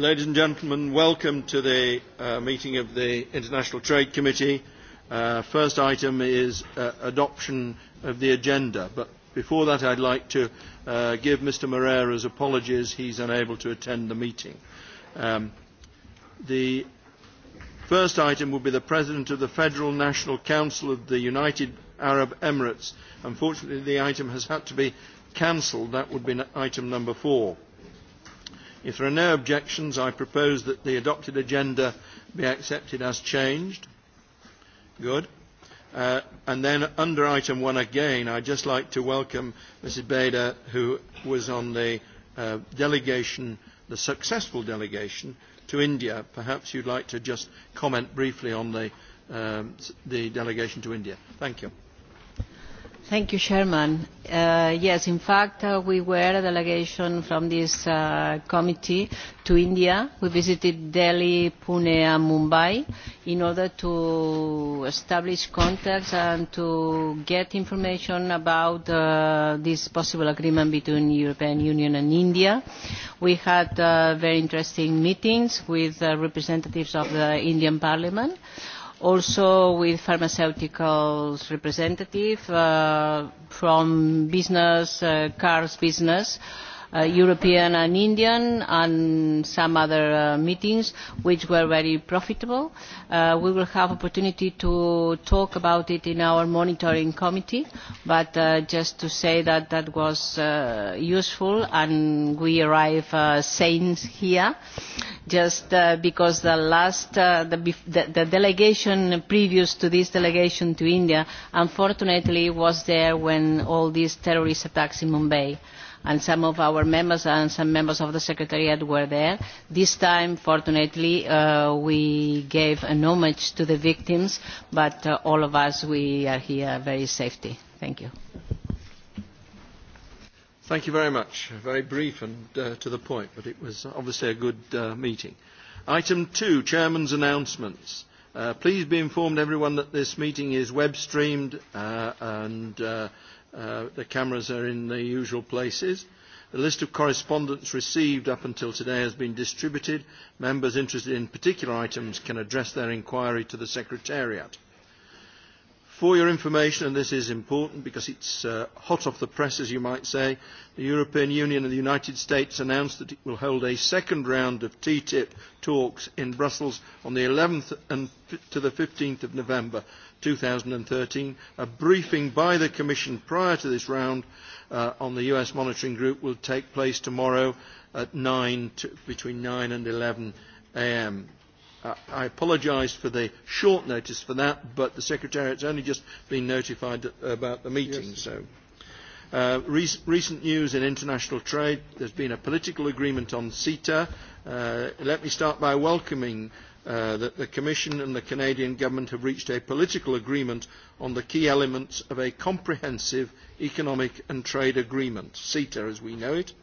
Ladies and gentlemen, welcome to the uh, meeting of the International Trade Committee. Uh, first item is uh, adoption of the agenda. But before that, I'd like to uh, give Mr. Moreira's apologies. He's unable to attend the meeting. Um, the first item will be the President of the Federal National Council of the United Arab Emirates. Unfortunately, the item has had to be cancelled. That would be item number four. If there are no objections, I propose that the adopted agenda be accepted as changed. Good. Uh, and then under item one again, I'd just like to welcome Mrs. Bader, who was on the uh, delegation, the successful delegation to India. Perhaps you'd like to just comment briefly on the, um, the delegation to India. Thank you. Thank you, Chairman. Uh, yes, in fact, uh, we were a delegation from this uh, committee to India. We visited Delhi, Pune and Mumbai in order to establish contacts and to get information about uh, this possible agreement between the European Union and India. We had uh, very interesting meetings with uh, representatives of the Indian Parliament also with pharmaceuticals representatives uh, from business, uh, cars business, uh, European and Indian and some other uh, meetings which were very profitable. Uh, we will have opportunity to talk about it in our monitoring committee, but uh, just to say that that was uh, useful and we arrive uh, saints here just uh, because the last uh, the, the, the delegation previous to this delegation to India unfortunately was there when all these terrorist attacks in Mumbai and some of our members and some members of the Secretariat were there. This time, fortunately, uh, we gave an homage to the victims, but uh, all of us, we are here very safety. Thank you. Thank you very much. Very brief and uh, to the point, but it was obviously a good uh, meeting. Item two, Chairman's announcements. Uh, please be informed, everyone, that this meeting is web streamed uh, and uh, Uh, the cameras are in the usual places. The list of correspondence received up until today has been distributed. Members interested in particular items can address their inquiry to the Secretariat. For your information, and this is important because it's uh, hot off the press, as you might say, the European Union and the United States announced that it will hold a second round of TTIP talks in Brussels on the 11th and to the 15th of November 2013. A briefing by the Commission prior to this round uh, on the US monitoring group will take place tomorrow at 9 to, between 9 and 11 a.m. Uh, I apologise for the short notice for that, but the Secretariat's only just been notified about the meeting. Yes. So. Uh, re recent news in international trade, there's been a political agreement on CETA. Uh, let me start by welcoming uh, that the Commission and the Canadian Government have reached a political agreement on the key elements of a comprehensive economic and trade agreement, CETA as we know it. Uh,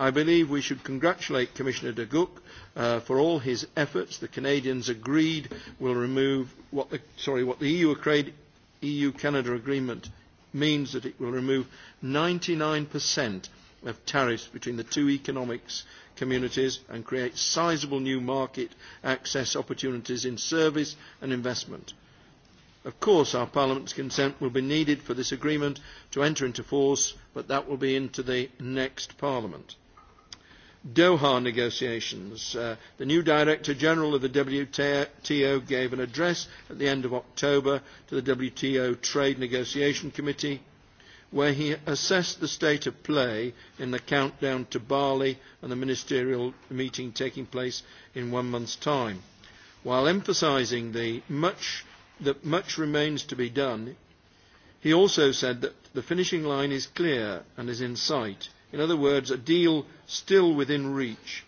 I believe we should congratulate Commissioner de Gucht uh, for all his efforts. The Canadians agreed will remove what the, sorry, what the EU, EU e Canada agreement means that it will remove 99% of tariffs between the two economics communities and create sizable new market access opportunities in service and investment. Of course, our Parliament's consent will be needed for this agreement to enter into force, but that will be into the next Parliament. Doha negotiations. Uh, the new Director General of the WTO gave an address at the end of October to the WTO Trade Negotiation Committee where he assessed the state of play in the countdown to Bali and the ministerial meeting taking place in one month's time. While emphasising much, that much remains to be done, he also said that the finishing line is clear and is in sight In other words, a deal still within reach,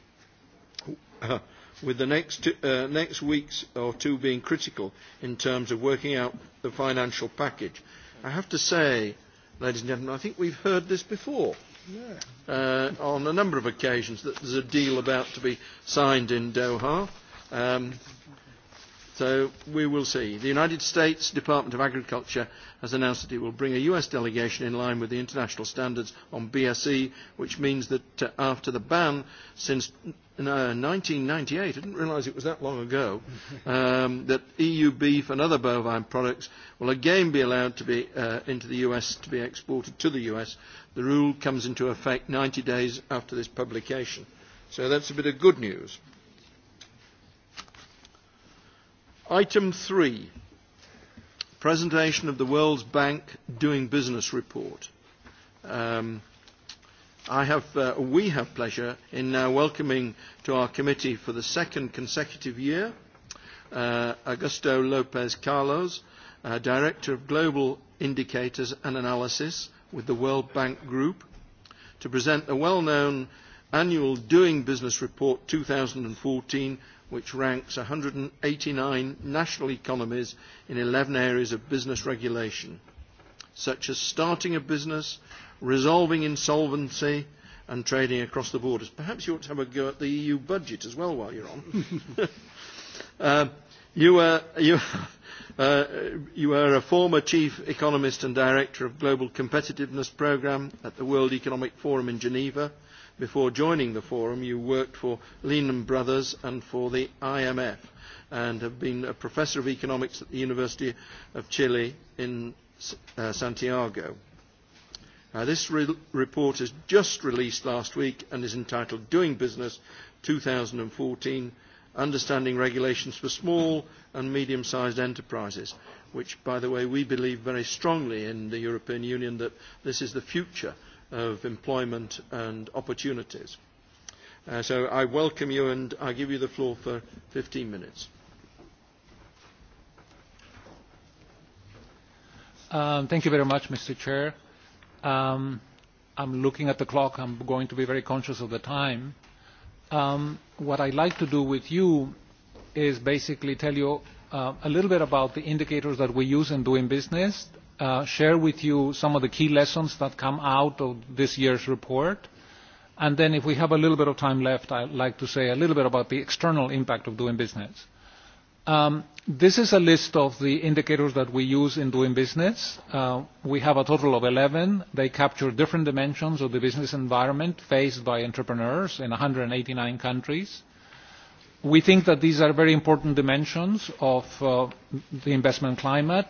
with the next, uh, next weeks or two being critical in terms of working out the financial package. I have to say, ladies and gentlemen, I think we've heard this before. Yeah. Uh, on a number of occasions that there's a deal about to be signed in Doha. Um, So we will see. The United States Department of Agriculture has announced that it will bring a US delegation in line with the international standards on BSE, which means that uh, after the ban since uh, 1998, I didn't realise it was that long ago, um, that EU beef and other bovine products will again be allowed to be uh, into the US to be exported to the US. The rule comes into effect 90 days after this publication. So that's a bit of good news. Item three, presentation of the World Bank Doing Business Report. Um, I have, uh, we have pleasure in now welcoming to our committee for the second consecutive year uh, Augusto Lopez Carlos, uh, Director of Global Indicators and Analysis with the World Bank Group, to present the well-known annual Doing Business Report 2014 which ranks 189 national economies in 11 areas of business regulation, such as starting a business, resolving insolvency, and trading across the borders. Perhaps you ought to have a go at the EU budget as well while you're on. uh, you, are, you, uh, you were a former chief economist and director of Global Competitiveness Programme at the World Economic Forum in Geneva before joining the forum, you worked for Lehman Brothers and for the IMF and have been a professor of economics at the University of Chile in uh, Santiago. this re report is just released last week and is entitled Doing Business 2014 Understanding Regulations for Small and Medium Sized Enterprises, which, by the way, we believe very strongly in the European Union that this is the future of employment and opportunities. Uh, so I welcome you and I give you the floor for 15 minutes. Um, thank you very much, Mr. Chair. Um, I'm looking at the clock. I'm going to be very conscious of the time. Um, what I'd like to do with you is basically tell you uh, a little bit about the indicators that we use in doing business Uh, share with you some of the key lessons that come out of this year's report. And then if we have a little bit of time left, I'd like to say a little bit about the external impact of doing business. Um, this is a list of the indicators that we use in doing business. Uh, we have a total of 11. They capture different dimensions of the business environment faced by entrepreneurs in 189 countries. We think that these are very important dimensions of uh, the investment climate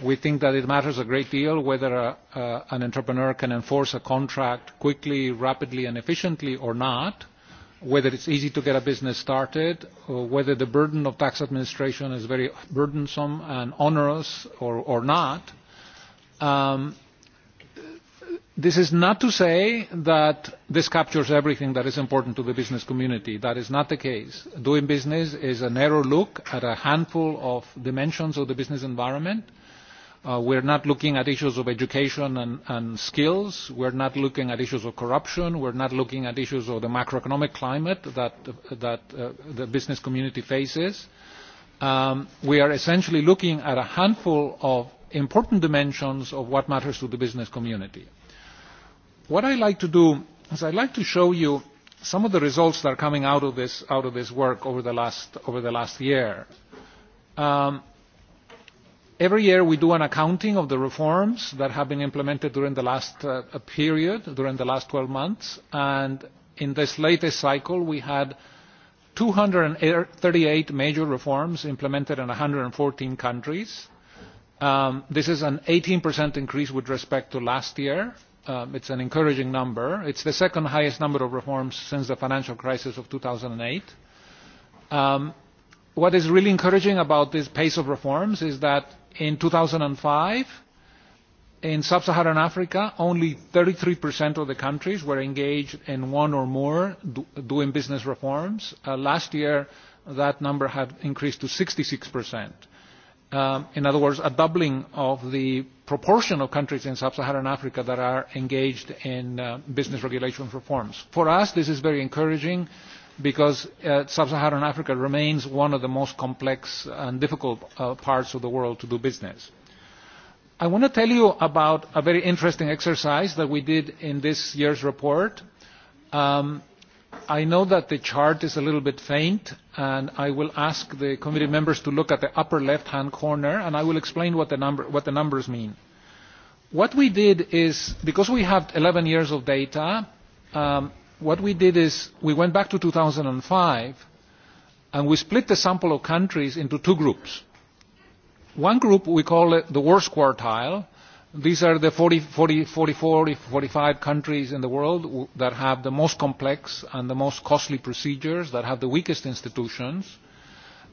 we think that it matters a great deal whether a, uh, an entrepreneur can enforce a contract quickly, rapidly and efficiently or not, whether it's easy to get a business started, or whether the burden of tax administration is very burdensome and onerous or, or not. Um, this is not to say that this captures everything that is important to the business community. That is not the case. Doing business is a narrow look at a handful of dimensions of the business environment – Uh, we are not looking at issues of education and, and skills. We are not looking at issues of corruption. We are not looking at issues of the macroeconomic climate that, that uh, the business community faces. Um, we are essentially looking at a handful of important dimensions of what matters to the business community. What I like to do is I like to show you some of the results that are coming out of this, out of this work over the last, over the last year. Um, Every year we do an accounting of the reforms that have been implemented during the last uh, period, during the last 12 months, and in this latest cycle we had 238 major reforms implemented in 114 countries. Um, this is an 18% increase with respect to last year. Um, it's an encouraging number. It's the second highest number of reforms since the financial crisis of 2008. Um, what is really encouraging about this pace of reforms is that In 2005, in sub-Saharan Africa, only 33% of the countries were engaged in one or more do, doing business reforms. Uh, last year, that number had increased to 66%. Um, in other words, a doubling of the proportion of countries in sub-Saharan Africa that are engaged in uh, business regulation reforms. For us, this is very encouraging. Uh, because uh, sub-Saharan Africa remains one of the most complex and difficult uh, parts of the world to do business. I want to tell you about a very interesting exercise that we did in this year's report. Um, I know that the chart is a little bit faint, and I will ask the committee members to look at the upper left-hand corner, and I will explain what the, number, what the numbers mean. What we did is, because we have 11 years of data, um, what we did is we went back to 2005 and we split the sample of countries into two groups. One group we call it the worst quartile. These are the 40, 40, 40, 40 45 countries in the world that have the most complex and the most costly procedures, that have the weakest institutions.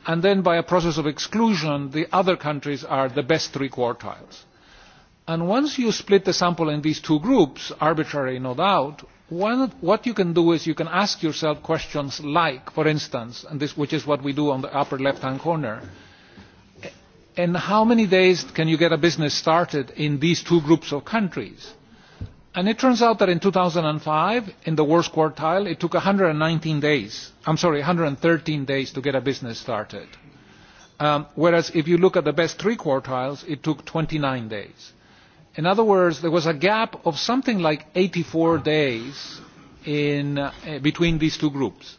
And then by a process of exclusion, the other countries are the best three quartiles. And once you split the sample in these two groups, arbitrary no doubt, One, what you can do is you can ask yourself questions like, for instance, and this, which is what we do on the upper left-hand corner, in how many days can you get a business started in these two groups of countries? And it turns out that in 2005, in the worst quartile, it took 119 days, I'm sorry, 113 days to get a business started. Um, whereas if you look at the best three quartiles, it took 29 days. In other words, there was a gap of something like 84 days in, uh, between these two groups.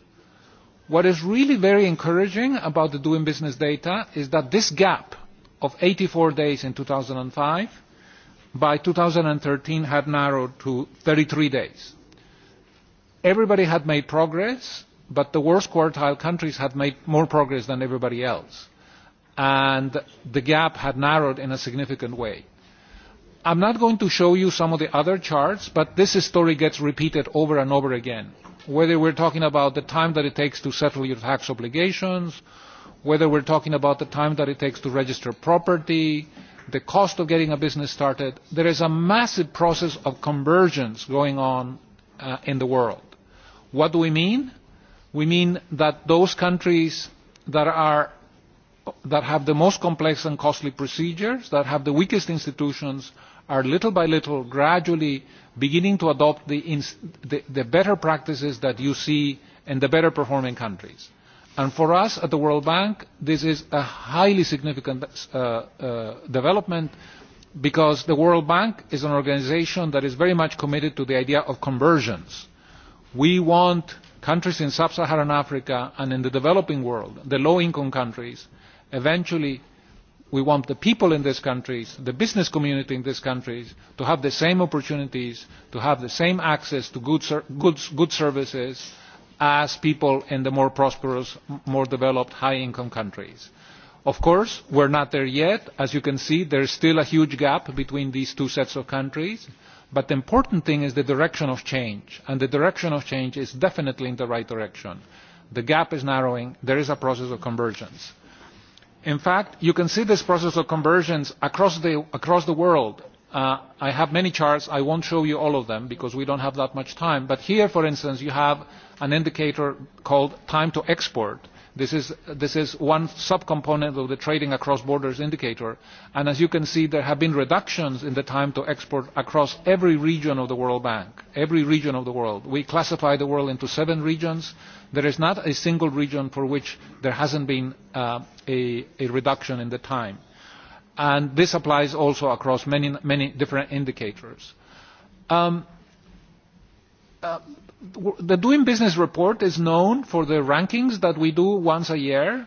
What is really very encouraging about the doing business data is that this gap of 84 days in 2005 by 2013 had narrowed to 33 days. Everybody had made progress, but the worst quartile countries had made more progress than everybody else. And the gap had narrowed in a significant way I'm not going to show you some of the other charts, but this story gets repeated over and over again. Whether we're talking about the time that it takes to settle your tax obligations, whether we're talking about the time that it takes to register property, the cost of getting a business started, there is a massive process of convergence going on uh, in the world. What do we mean? We mean that those countries that are that have the most complex and costly procedures, that have the weakest institutions, are little by little gradually beginning to adopt the, the, the better practices that you see in the better performing countries. And for us at the World Bank, this is a highly significant uh, uh, development because the World Bank is an organization that is very much committed to the idea of convergence. We want countries in sub-Saharan Africa and in the developing world, the low-income countries, eventually we want the people in these countries the business community in these countries to have the same opportunities to have the same access to good, services as people in the more prosperous more developed high income countries. of course we are not there yet. as you can see there is still a huge gap between these two sets of countries but the important thing is the direction of change and the direction of change is definitely in the right direction. the gap is narrowing there is a process of convergence in fact you can see this process of convergence across the, across the world. Uh, i have many charts i will not show you all of them because we do not have that much time but here for instance you have an indicator called time to export' This is, this is one subcomponent of the trading across borders indicator. And as you can see, there have been reductions in the time to export across every region of the World Bank, every region of the world. We classify the world into seven regions. There is not a single region for which there hasn't been uh, a, a reduction in the time. And this applies also across many, many different indicators. Um, uh, the Doing Business report is known for the rankings that we do once a year,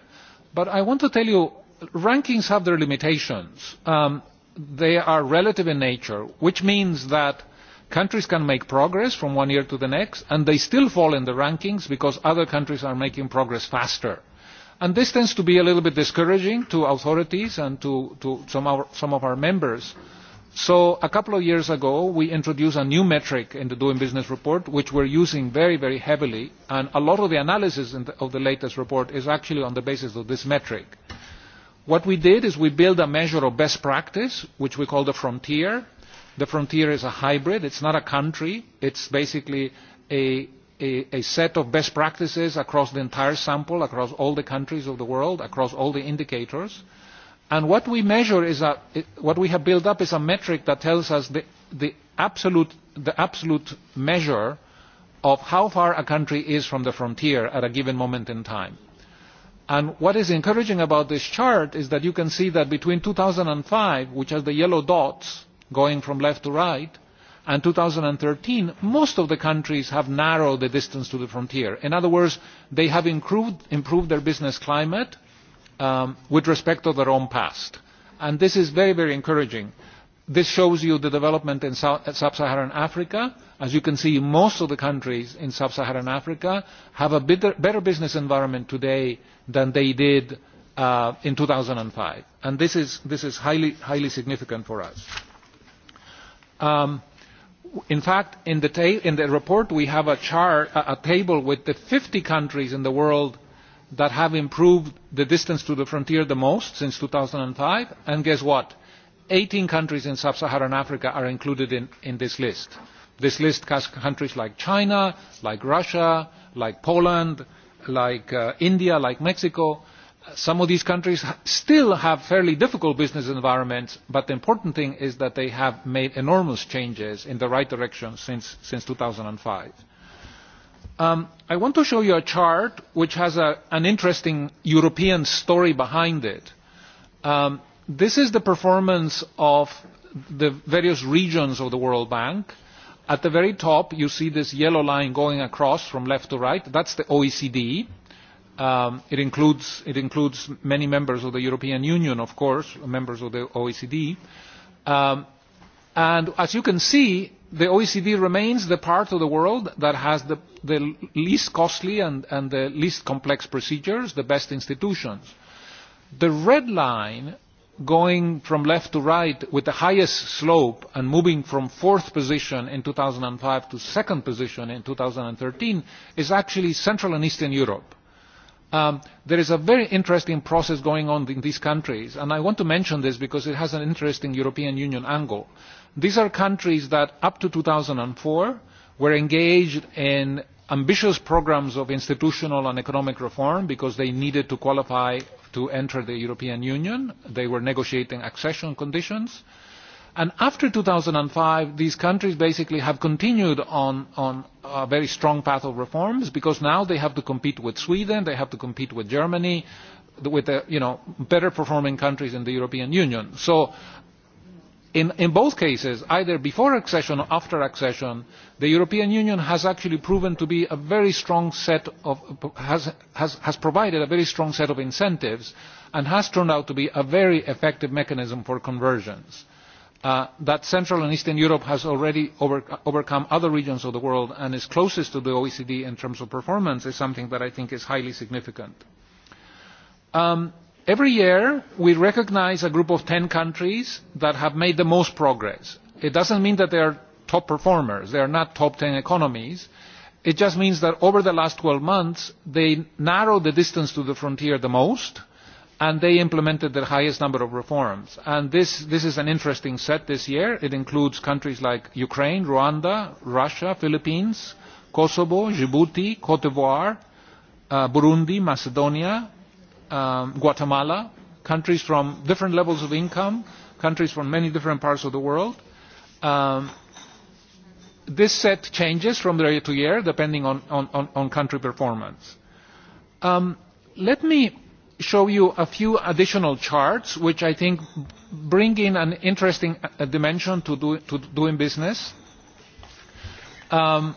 but I want to tell you, rankings have their limitations. Um, they are relative in nature, which means that countries can make progress from one year to the next, and they still fall in the rankings because other countries are making progress faster. And this tends to be a little bit discouraging to authorities and to, to some, our, some of our members so a couple of years ago we introduced a new metric in the doing business report which we are using very very heavily and a lot of the analysis the, of the latest report is actually on the basis of this metric. what we did is we built a measure of best practice which we call the frontier. the frontier is a hybrid it is not a country it is basically a, a, a set of best practices across the entire sample across all the countries of the world across all the indicators. And what we measure is a, what we have built up is a metric that tells us the, the, absolute, the absolute measure of how far a country is from the frontier at a given moment in time. And what is encouraging about this chart is that you can see that between 2005, which has the yellow dots going from left to right, and 2013, most of the countries have narrowed the distance to the frontier. In other words, they have improved, improved their business climate, um, with respect to their own past. And this is very, very encouraging. This shows you the development in uh, sub-Saharan Africa. As you can see, most of the countries in sub-Saharan Africa have a better business environment today than they did uh, in 2005. And this is, this is highly, highly significant for us. Um, in fact, in the, in the report, we have a, chart, a, a table with the 50 countries in the world that have improved the distance to the frontier the most since two thousand and five and guess what eighteen countries in sub saharan africa are included in, in this list. this list has countries like china like russia like poland like uh, india like mexico. some of these countries still have fairly difficult business environments but the important thing is that they have made enormous changes in the right direction since two thousand and five Um, I want to show you a chart which has a, an interesting European story behind it. Um, this is the performance of the various regions of the World Bank. At the very top, you see this yellow line going across from left to right. That's the OECD. Um, it, includes, it includes many members of the European Union, of course, members of the OECD. Um, and as you can see, the OECD remains the part of the world that has the, the least costly and, and the least complex procedures, the best institutions. The red line going from left to right with the highest slope and moving from fourth position in 2005 to second position in 2013 is actually Central and Eastern Europe Um, there is a very interesting process going on in these countries, and I want to mention this because it has an interesting European Union angle. These are countries that, up to 2004, were engaged in ambitious programmes of institutional and economic reform because they needed to qualify to enter the European Union. They were negotiating accession conditions And after 2005, these countries basically have continued on, on a very strong path of reforms because now they have to compete with Sweden, they have to compete with Germany, with the you know, better performing countries in the European Union. So in, in both cases, either before accession or after accession, the European Union has actually proven to be a very strong set of, has, has, has provided a very strong set of incentives and has turned out to be a very effective mechanism for convergence. Uh, that central and eastern europe has already overcome other regions of the world and is closest to the oecd in terms of performance is something that i think is highly significant. Um, every year we recognise a group of ten countries that have made the most progress. it does not mean that they are top performers they are not top ten economies it just means that over the last twelve months they narrowed the distance to the frontier the most and they implemented the highest number of reforms. And this, this is an interesting set this year. It includes countries like Ukraine, Rwanda, Russia, Philippines, Kosovo, Djibouti, Cote d'Ivoire, uh, Burundi, Macedonia, um, Guatemala, countries from different levels of income, countries from many different parts of the world. Um, this set changes from year to year depending on, on, on country performance. Um, let me show you a few additional charts which I think bring in an interesting uh, uh, dimension to, do, to doing business. Um,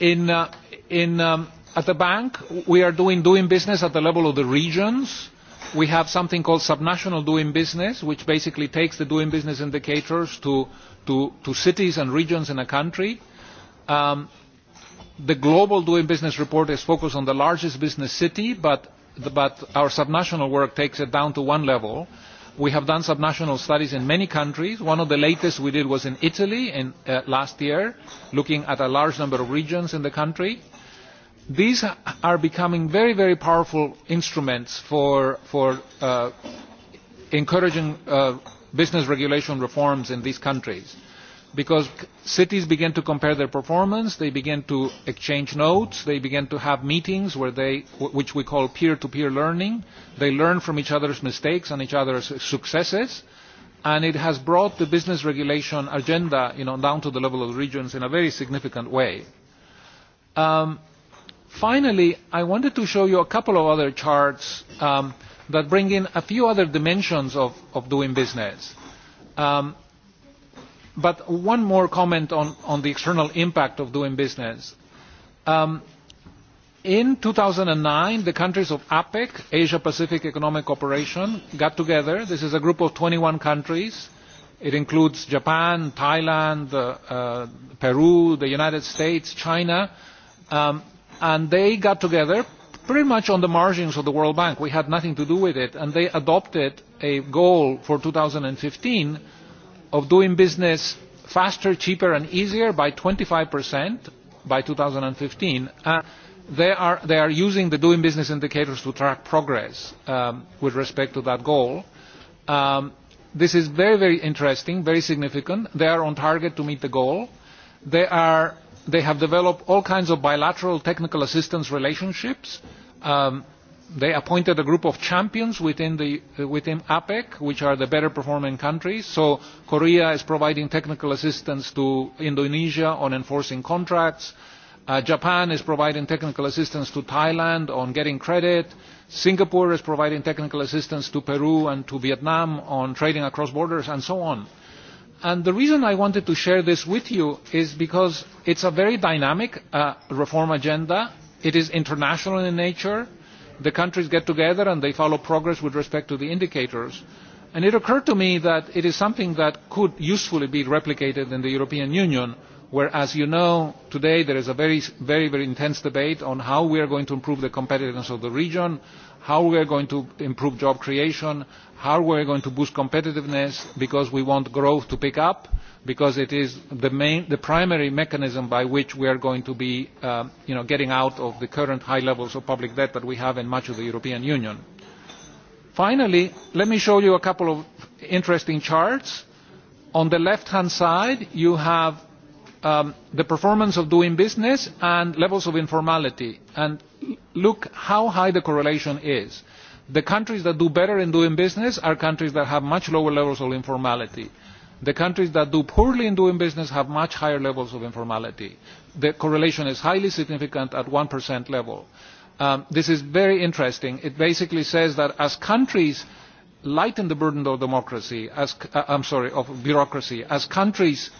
in, uh, in, um, at the bank, we are doing doing business at the level of the regions. We have something called subnational doing business, which basically takes the doing business indicators to, to, to cities and regions in a country. Um, the global doing business report is focused on the largest business city, but, but our subnational work takes it down to one level. We have done subnational studies in many countries. One of the latest we did was in Italy in, uh, last year, looking at a large number of regions in the country. These are becoming very, very powerful instruments for, for uh, encouraging uh, business regulation reforms in these countries because cities began to compare their performance, they began to exchange notes, they began to have meetings where they, which we call peer-to-peer -peer learning. They learn from each other's mistakes and each other's successes, and it has brought the business regulation agenda you know, down to the level of the regions in a very significant way. Um, finally, I wanted to show you a couple of other charts um, that bring in a few other dimensions of, of doing business. Um, But one more comment on, the external impact of doing business. Um, in 2009, the countries of APEC, Asia-Pacific Economic Cooperation, got together. This is a group of 21 countries. It includes Japan, Thailand, uh, uh, Peru, the United States, China. Um, and they got together pretty much on the margins of the World Bank. We had nothing to do with it. And they adopted a goal for 2015 of doing business faster, cheaper and easier by 25% by 2015. Uh, they, are, they are using the doing business indicators to track progress um, with respect to that goal. Um, this is very, very interesting, very significant. They are on target to meet the goal. They, are, they have developed all kinds of bilateral technical assistance relationships um, they appointed a group of champions within, the, uh, within APEC, which are the better performing countries. So Korea is providing technical assistance to Indonesia on enforcing contracts. Uh, Japan is providing technical assistance to Thailand on getting credit. Singapore is providing technical assistance to Peru and to Vietnam on trading across borders and so on. And the reason I wanted to share this with you is because it's a very dynamic uh, reform agenda. It is international in nature. Uh, the countries get together and they follow progress with respect to the indicators. And it occurred to me that it is something that could usefully be replicated in the European Union, where, as you know, today there is a very, very, very intense debate on how we are going to improve the competitiveness of the region, how we are going to improve job creation, how we are going to boost competitiveness because we want growth to pick up because it is the, main, the primary mechanism by which we are going to be um, you know, getting out of the current high levels of public debt that we have in much of the European Union. Finally, let me show you a couple of interesting charts. On the left-hand side, you have um, the performance of doing business and levels of informality. And look how high the correlation is. The countries that do better in doing business are countries that have much lower levels of informality the countries that do poorly in doing business have much higher levels of informality. The correlation is highly significant at 1% level. Um, this is very interesting. It basically says that as countries lighten the burden of democracy, as, uh, I'm sorry, of bureaucracy, as countries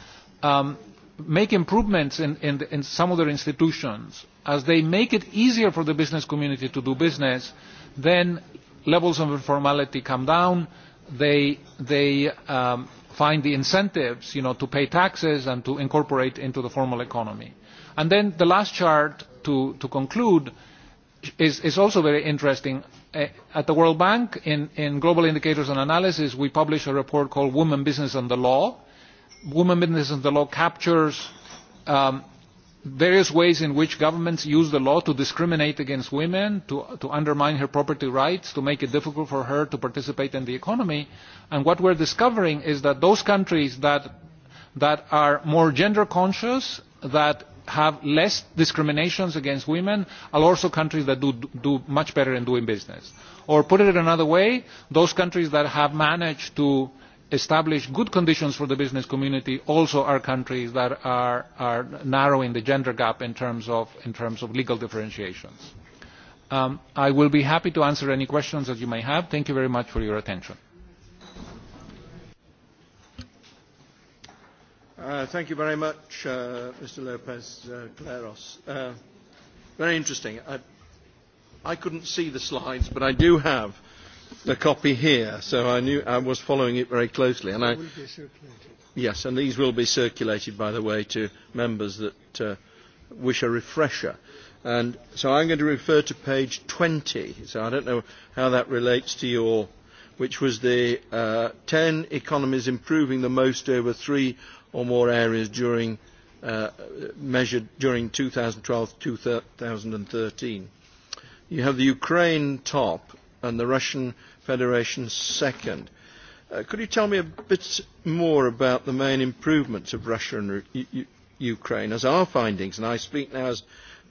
um, make improvements in, in, in some of their institutions, as they make it easier for the business community to do business, then levels of informality come down, they, they um, find the incentives you know, to pay taxes and to incorporate into the formal economy. And then the last chart, to, to conclude, is, is also very interesting. Eh, at the World Bank, in, in Global Indicators and Analysis, we publish a report called Women, Business and the Law. Women, Business and the Law captures um, various ways in which governments use the law to discriminate against women, to, to undermine her property rights, to make it difficult for her to participate in the economy. And what we're discovering is that those countries that, that are more gender conscious, that have less discriminations against women, are also countries that do, do much better in doing business. Or put it another way, those countries that have managed to uh, establish good conditions for the business community also are countries that are, are narrowing the gender gap in terms of, in terms of legal differentiations. Um, I will be happy to answer any questions that you may have. Thank you very much for your attention. Uh, thank you very much, uh, Mr. Lopez uh, Claros. Uh, very interesting. I, I couldn't see the slides, but I do have the copy here, so I knew I was following it very closely. And I, yes, and these will be circulated, by the way, to members that uh, wish a refresher. And so I'm going to refer to page 20. So I don't know how that relates to your, which was the uh, 10 economies improving the most over three or more areas during uh, measured during 2012-2013. You have the Ukraine top and the Russian Federation second. Uh, could you tell me a bit more about the main improvements of Russia and U U Ukraine as our findings? And I speak now as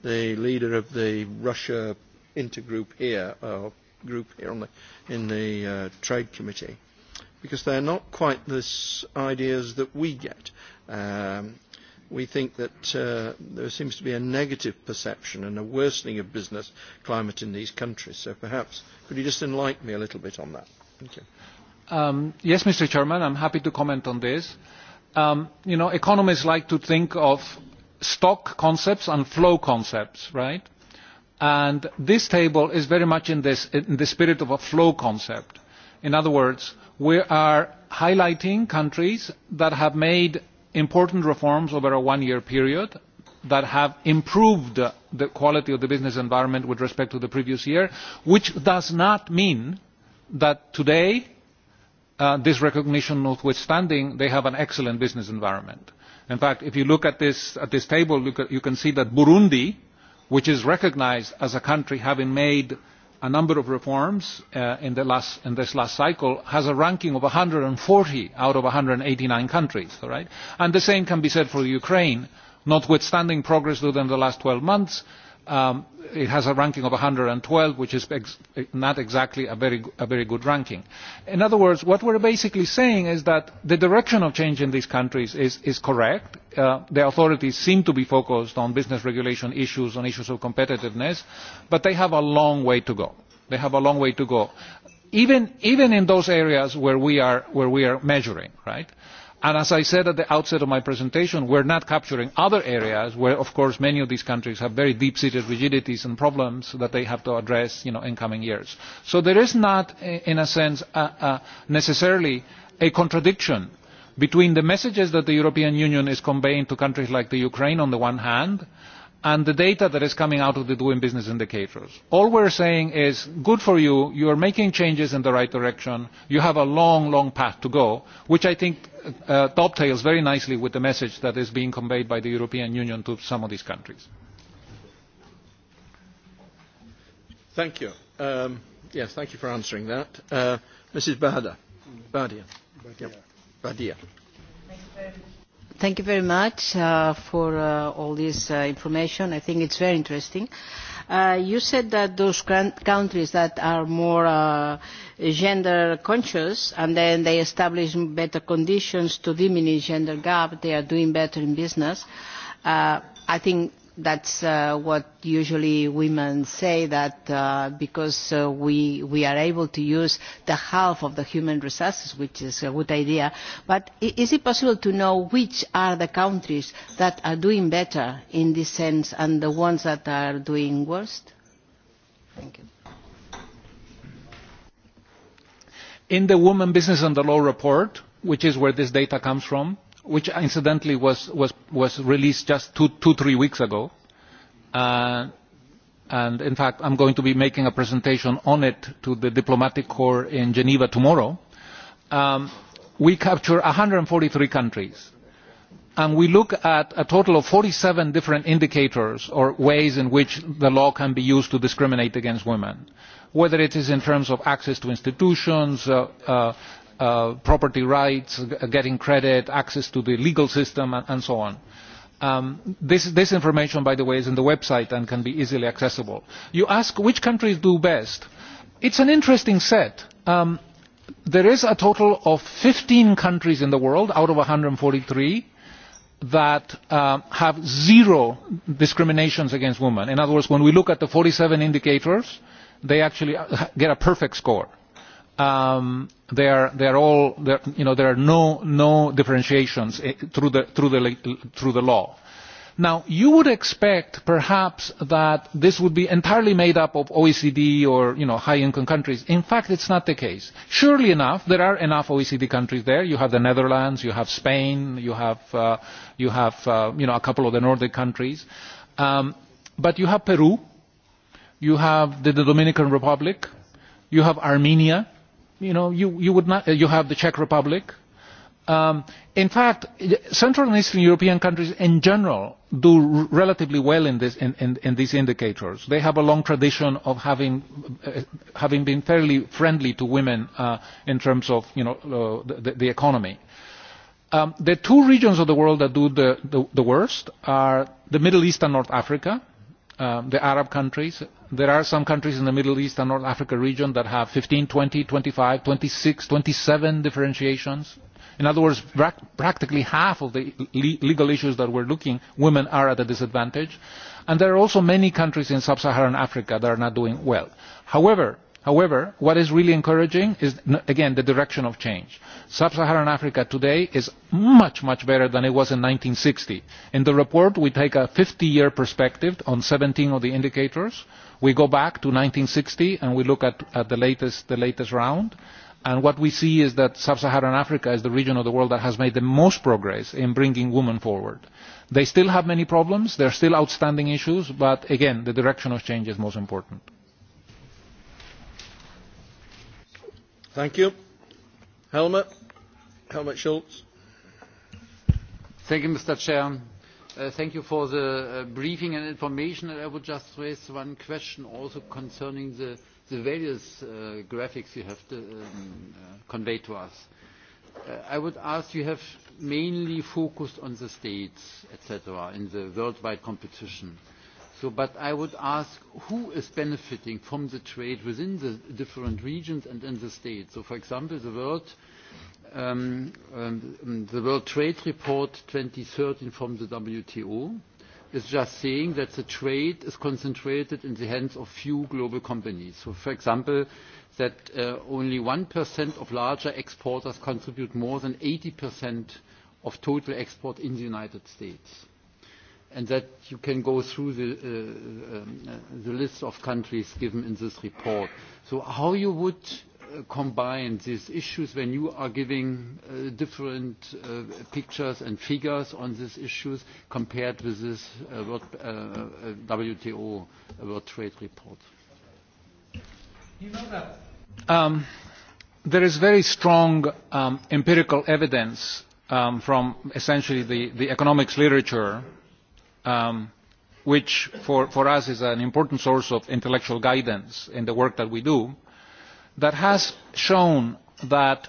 the leader of the Russia intergroup here, or uh, group here on the, in the uh, Trade Committee, because they're not quite the ideas that we get. Um, we think that uh, there seems to be a negative perception and a worsening of business climate in these countries. So perhaps could you just enlighten me a little bit on that? Thank you. Um, yes, Mr. Chairman, I'm happy to comment on this. Um, you know, economists like to think of stock concepts and flow concepts, right? And this table is very much in, this, in the spirit of a flow concept. In other words, we are highlighting countries that have made important reforms over a one year period that have improved the quality of the business environment with respect to the previous year which does not mean that today uh, this recognition notwithstanding they have an excellent business environment. in fact if you look at this, at this table you can see that burundi which is recognised as a country having made a number of reforms uh, in, the last, in this last cycle has a ranking of 140 out of 189 countries. right? And the same can be said for Ukraine, notwithstanding progress within the last 12 months Um, it has a ranking of 112, which is ex not exactly a very, a very good ranking. In other words, what we're basically saying is that the direction of change in these countries is, is correct. Uh, the authorities seem to be focused on business regulation issues, on issues of competitiveness, but they have a long way to go. They have a long way to go, even, even in those areas where we are, where we are measuring, right? Uh, And as i said at the outset of my presentation we are not capturing other areas where of course many of these countries have very deep seated rigidities and problems that they have to address in the coming years. so there is not in a sense necessarily a contradiction between the messages that the european union is conveying to countries like ukraine on the one hand and the data that is coming out of the doing business indicators. All we're saying is, good for you, you are making changes in the right direction, you have a long, long path to go, which I think uh, uh dovetails very nicely with the message that is being conveyed by the European Union to some of these countries. Thank you. Um, yes, thank you for answering that. Uh, Mrs. Bader. Badia. Badia. Badia. Thank you very much. Thank you very much uh, for uh, all this uh, information. I think it's very interesting. Uh, you said that those countries that are more uh, gender conscious and then they establish better conditions to diminish gender gap, they are doing better in business. Uh, I think that's uh, what usually women say that uh, because uh, we we are able to use the half of the human resources which is a good idea but is it possible to know which are the countries that are doing better in this sense and the ones that are doing worst thank you in the women business and the law report which is where this data comes from which incidentally was, was, was released just two, two, three weeks ago. Uh, and in fact, I'm going to be making a presentation on it to the diplomatic corps in Geneva tomorrow. Um, we capture 143 countries. And we look at a total of 47 different indicators or ways in which the law can be used to discriminate against women whether it is in terms of access to institutions, uh, uh, Uh, property rights, uh, getting credit, access to the legal system, and, and so on. Um, this, this information, by the way, is on the website and can be easily accessible. You ask which countries do best. It's an interesting set. Um, there is a total of 15 countries in the world out of 143 that uh, have zero discriminations against women. In other words, when we look at the 47 indicators, they actually uh, get a perfect score um, they are they are all you know there are no no differentiations eh, through the through the through the law now you would expect perhaps that this would be entirely made up of oecd or you know high income countries in fact it's not the case surely enough there are enough oecd countries there you have the netherlands you have spain you have uh, you have uh, you know a couple of the nordic countries um, but you have peru you have the dominican republic you have armenia you know you, you would not you have the czech republic um, in fact central and eastern european countries in general do relatively well in, this, in, in, in these indicators they have a long tradition of having uh, having been fairly friendly to women uh, in terms of you know uh, the, the economy um, the two regions of the world that do the, the, the worst are the Middle East and North Africa, um, the Arab countries, there are some countries in the middle east and north africa region that have fifteen twenty twenty five twenty six twenty seven differentiations. in other words practically half of the legal issues that we are looking at women are at a disadvantage and there are also many countries in sub saharan africa that are not doing well. however However, what is really encouraging is, again, the direction of change. Sub-Saharan Africa today is much, much better than it was in 1960. In the report, we take a 50-year perspective on 17 of the indicators, we go back to 1960 and and we look at, at the, latest, the latest round and what we see is that sub saharan africa is the region of the world that has made the most progress in bringing women forward. they still have many problems there are still outstanding issues but again the direction of change is most important. Thank you. Helmut. Helmut Schultz. Thank you, Mr. Chair Uh, thank you for the uh, briefing and information. And I would just raise one question also concerning the, the various uh, graphics you have to, uh, um, conveyed to us. I would ask, you have mainly focused on the states, etc., in the worldwide competition. So, but I would ask, who is benefiting from the trade within the different regions and in the states? So, for example, the world Um, um, um, the World Trade Report 2013 from the WTO is just saying that the trade is concentrated in the hands of few global companies. So, for example, that uh, only 1% of larger exporters contribute more than 80% of total export in the United States. And that you can go through the, uh, um, uh, the list of countries given in this report. So how you would combine these issues when you are giving uh, different uh, pictures and figures on these issues compared with this uh, World, uh, uh, WTO uh, World Trade Report? You know that um, there is very strong um, empirical evidence um, from essentially the, the economics literature um, which for, for us is an important source of intellectual guidance in the work that we do that has shown that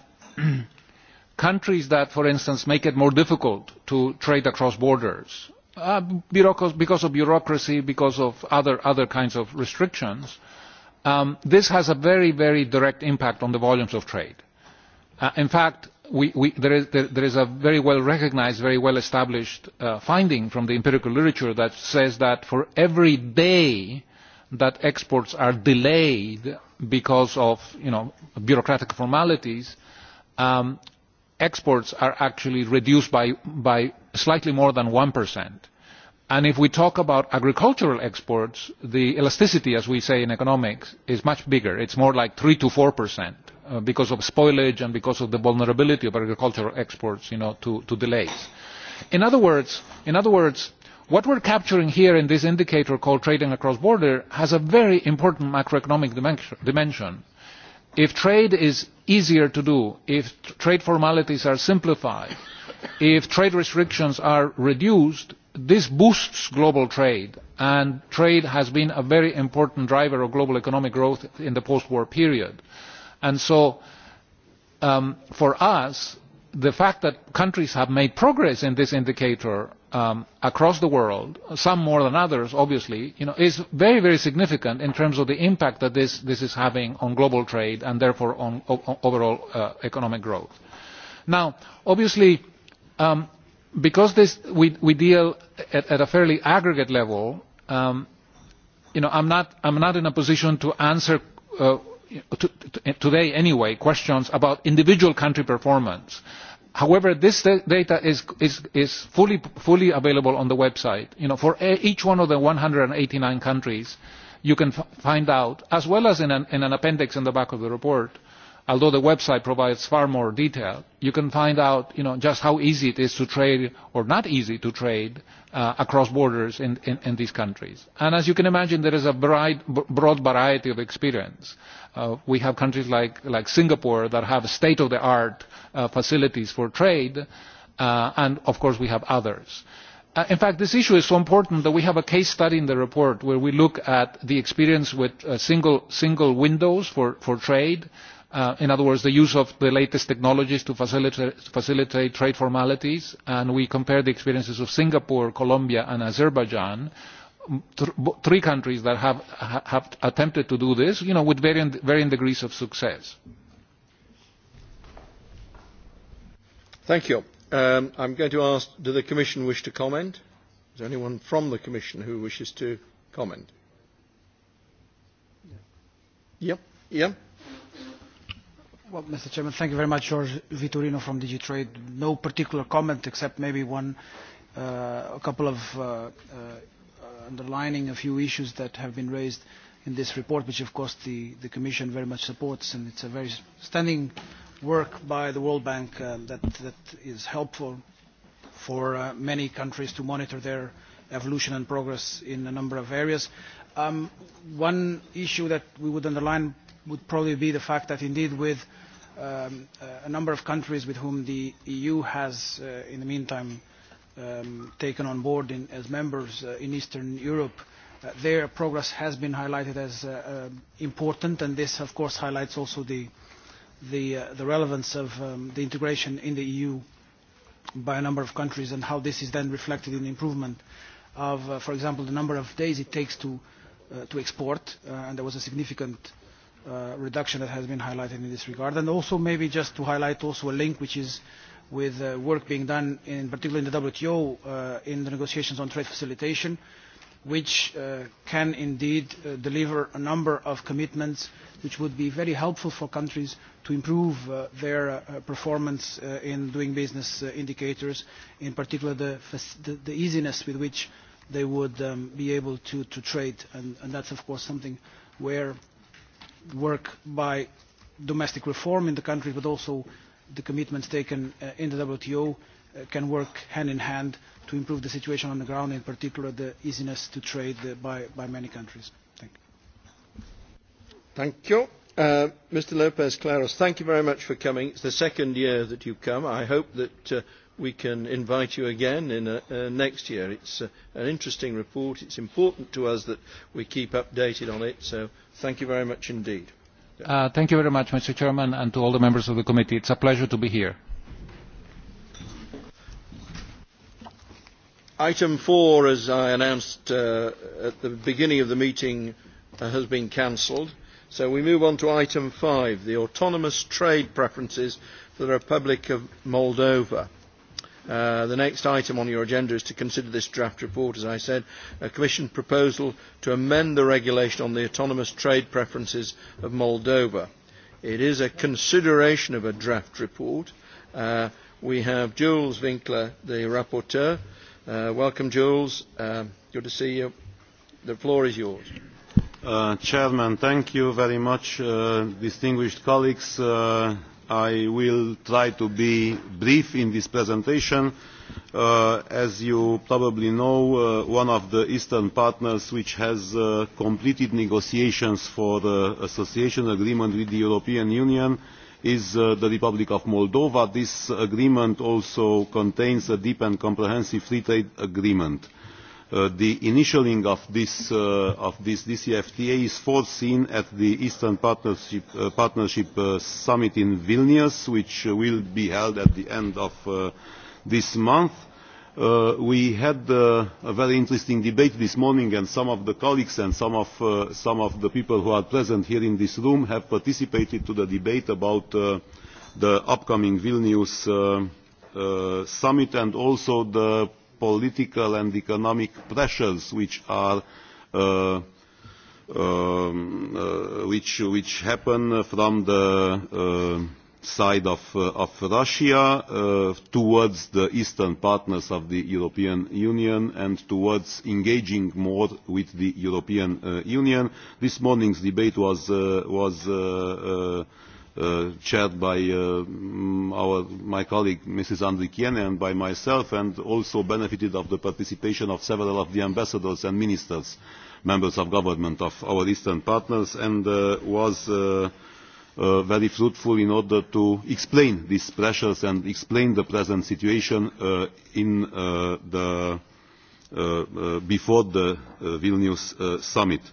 countries that, for instance, make it more difficult to trade across borders uh, because of bureaucracy, because of other, other kinds of restrictions, um, this has a very, very direct impact on the volumes of trade. Uh, in fact, we, we, there, is, there, there is a very well recognized, very well established uh, finding from the empirical literature that says that for every day that exports are delayed because of you know, bureaucratic formalities, um, exports are actually reduced by, by slightly more than 1%. And if we talk about agricultural exports, the elasticity, as we say in economics, is much bigger. It's more like 3 to 4% uh, because of spoilage and because of the vulnerability of agricultural exports you know, to, to delays. In other words, in other words what we are capturing here in this indicator called trading across borders has a very important macroeconomic dimension. if trade is easier to do if trade formalities are simplified if trade restrictions are reduced this boosts global trade and trade has been a very important driver of global economic growth in the post war period. And so um, for us the fact that countries have made progress in this indicator um, across the world, some more than others, obviously, you know, is very, very significant in terms of the impact that this, this is having on global trade and therefore on, o overall uh, economic growth. Now, obviously, um, because this, we, we deal at, at a fairly aggregate level, um, you know, I'm not, I'm not in a position to answer uh, to, to, today anyway questions about individual country performance however this data is, is, is fully, fully available on the website. You know, for e, each one of the one hundred and eighty nine countries you can find out as well as in an, in an appendix in the back of the report although the website provides far more detail, you can find out you know, just how easy it is to trade or not easy to trade uh, across borders in, in, in these countries. And as you can imagine, there is a broad variety of experience. Uh, we have countries like, like Singapore that have state-of-the-art uh, facilities for trade, uh, and of course we have others. Uh, in fact this issue is so important that we have a case study in the report where we look at the experience with uh, single, single windows for, for trade Uh, in other words, the use of the latest technologies to facilitate, trade formalities, and we compare the experiences of Singapore, Colombia, and Azerbaijan, three countries that have, attempted to do this, you know, with varying, degrees of success. Thank you. Um, I'm going to ask, does the Commission wish to comment? Is there anyone from the Commission who wishes to comment? Yep, Well, Mr. Chairman, thank you very much, George Vitorino from DigiTrade. No particular comment except maybe one, uh, a couple of uh, uh, underlining a few issues that have been raised in this report, which of course the, the Commission very much supports, and it's a very standing work by the World Bank uh, that, that is helpful for uh, many countries to monitor their evolution and progress in a number of areas. Um, one issue that we would underline would probably be the fact that indeed with um, a number of countries with whom the EU has uh, in the meantime um, taken on board in, as members uh, in Eastern Europe, uh, their progress has been highlighted as uh, uh, important and this of course highlights also the, the, uh, the relevance of um, the integration in the EU by a number of countries and how this is then reflected in the improvement of, uh, for example, the number of days it takes to, uh, to export. Uh, and there was a significant uh, Uh, reduction that has been highlighted in this regard. And also maybe just to highlight also a link which is with uh, work being done in particular in the WTO uh, in the negotiations on trade facilitation which uh, can indeed uh, deliver a number of commitments which would be very helpful for countries to improve uh, their uh, performance uh, in doing business uh, indicators, in particular the, the, the easiness with which they would um, be able to, to trade. And, and that's, of course, something where work by domestic reform in the country, but also the commitments taken uh, in the WTO uh, can work hand in hand to improve the situation on the ground, in particular the easiness to trade uh, by, by many countries. Thank you. Thank you. Uh, Mr. Lopez Claros, thank you very much for coming. It's the second year that you've come. I hope that uh, we can invite you again in a, uh, next year. It's uh, an interesting report. It's important to us that we keep updated on it. So thank you very much indeed. Uh, thank you very much, Mr. Chairman, and to all the members of the committee. It's a pleasure to be here. Item 4, as I announced uh, at the beginning of the meeting, uh, has been cancelled. So we move on to item 5, the autonomous trade preferences for the Republic of Moldova Uh, the next item on your agenda is to consider this draft report, as I said, a Commission proposal to amend the regulation on the autonomous trade preferences of Moldova. It is a consideration of a draft report. Uh, we have Jules Winkler, the rapporteur. Uh, welcome, Jules. Uh, good to see you. The floor is yours. Uh, Chairman, thank you very much, uh, distinguished colleagues. Uh, I will try to be brief in this presentation. Uh, as you probably know, uh, one of the Eastern partners which has uh, completed negotiations for the association agreement with the European Union is the Republic of Moldova. This agreement also contains a deep and comprehensive free trade agreement. Uh, the initialling of this, uh, of this DCFTA is foreseen at the Eastern Partnership, uh, Partnership uh, Summit in Vilnius, which will be held at the end of uh, this month. Uh, we had uh, a very interesting debate this morning and some of the colleagues and some of, uh, some of the people who are present here in this room have participated to the debate about uh, the upcoming Vilnius uh, uh, summit and also the political and economic pressures which are uh, um, uh, which which happen from the uh, side of uh, of Russia uh, towards the eastern partners of the European Union and towards engaging more with the European uh, Union. This morning's debate was uh, was. Uh, uh, uh, chaired by uh, our, my colleague Mrs. Andrikiene and by myself and also benefited of the participation of several of the ambassadors and ministers, members of government of our eastern partners and uh, was uh, uh, very fruitful in order to explain these pressures and explain the present situation uh, in uh, the, uh, uh, before the uh, Vilnius uh, summit. Uh,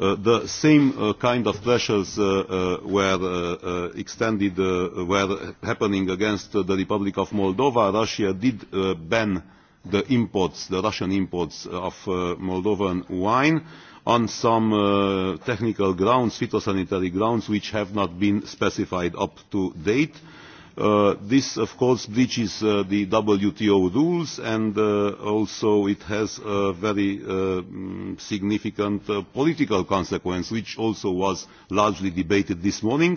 Uh, the same uh, kind of clashes uh, uh, were uh, uh, extended, uh, were happening against uh, the Republic of Moldova. Russia did uh, ban the imports, the Russian imports of uh, Moldovan wine on some uh, technical grounds, phytosanitary grounds, which have not been specified up to date. Uh, Uh, this, of course, breaches uh, the WTO rules and uh, also it has a very uh, mm, significant uh, political consequence, which also was largely debated this morning.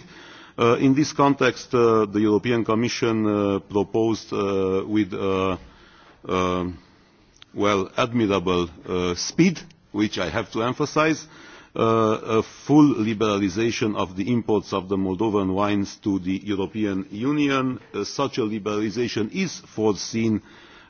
Uh, in this context, uh, the European Commission uh, proposed uh, with uh, uh, well, admirable uh, speed, which I have to emphasize, uh, uh, a uh, full liberalisation of the imports of the Moldovan wines to the European Union. Uh, such a liberalisation is foreseen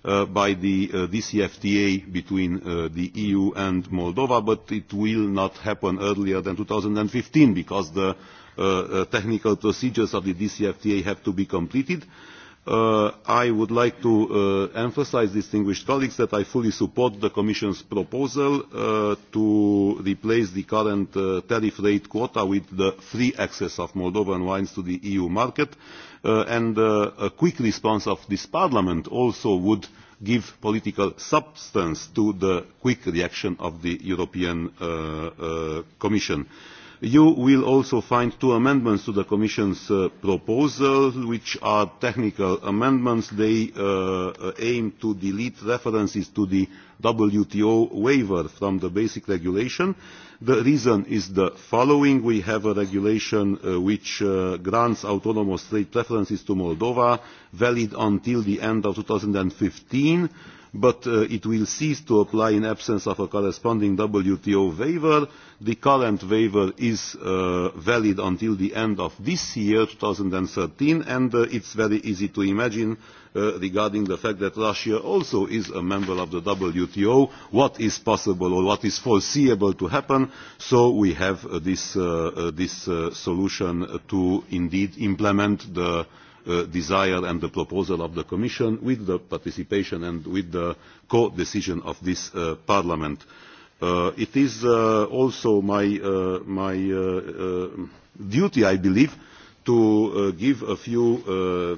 uh, by the uh, DCFTA between uh, the EU and Moldova, but it will not happen earlier than 2015 because the uh, uh, technical procedures of the DCFTA have to be completed. Uh, Uh, I would like to uh, emphasise, distinguished colleagues, that I fully support the Commission's proposal uh, to replace the current tariff rate quota with the free access of Moldovan wines to the EU market, and a quick response of this Parliament also would give political substance to the quick reaction of the European Commission you will also find two amendments to the commission's uh, proposal which are technical amendments. they uh, uh aim to delete references to the wto waiver from the basic regulation. the reason is the following we have a regulation uh, which uh, grants autonomous trade preferences to moldova valid until the end of two thousand and fifteen but uh, it will cease to apply in absence of a corresponding WTO waiver. The current waiver is uh, valid until the end of this year, 2013, and uh, it's very easy to imagine uh, regarding the fact that Russia also is a member of the WTO, what is possible or what is foreseeable to happen, so we have uh, this, uh, uh, this uh, solution to indeed implement the uh, Uh, desire and the proposal of the Commission with the participation and with the co-decision of this uh, Parliament. Uh, it is uh, also my, uh, my uh, uh, duty, I believe, to uh, give a few uh,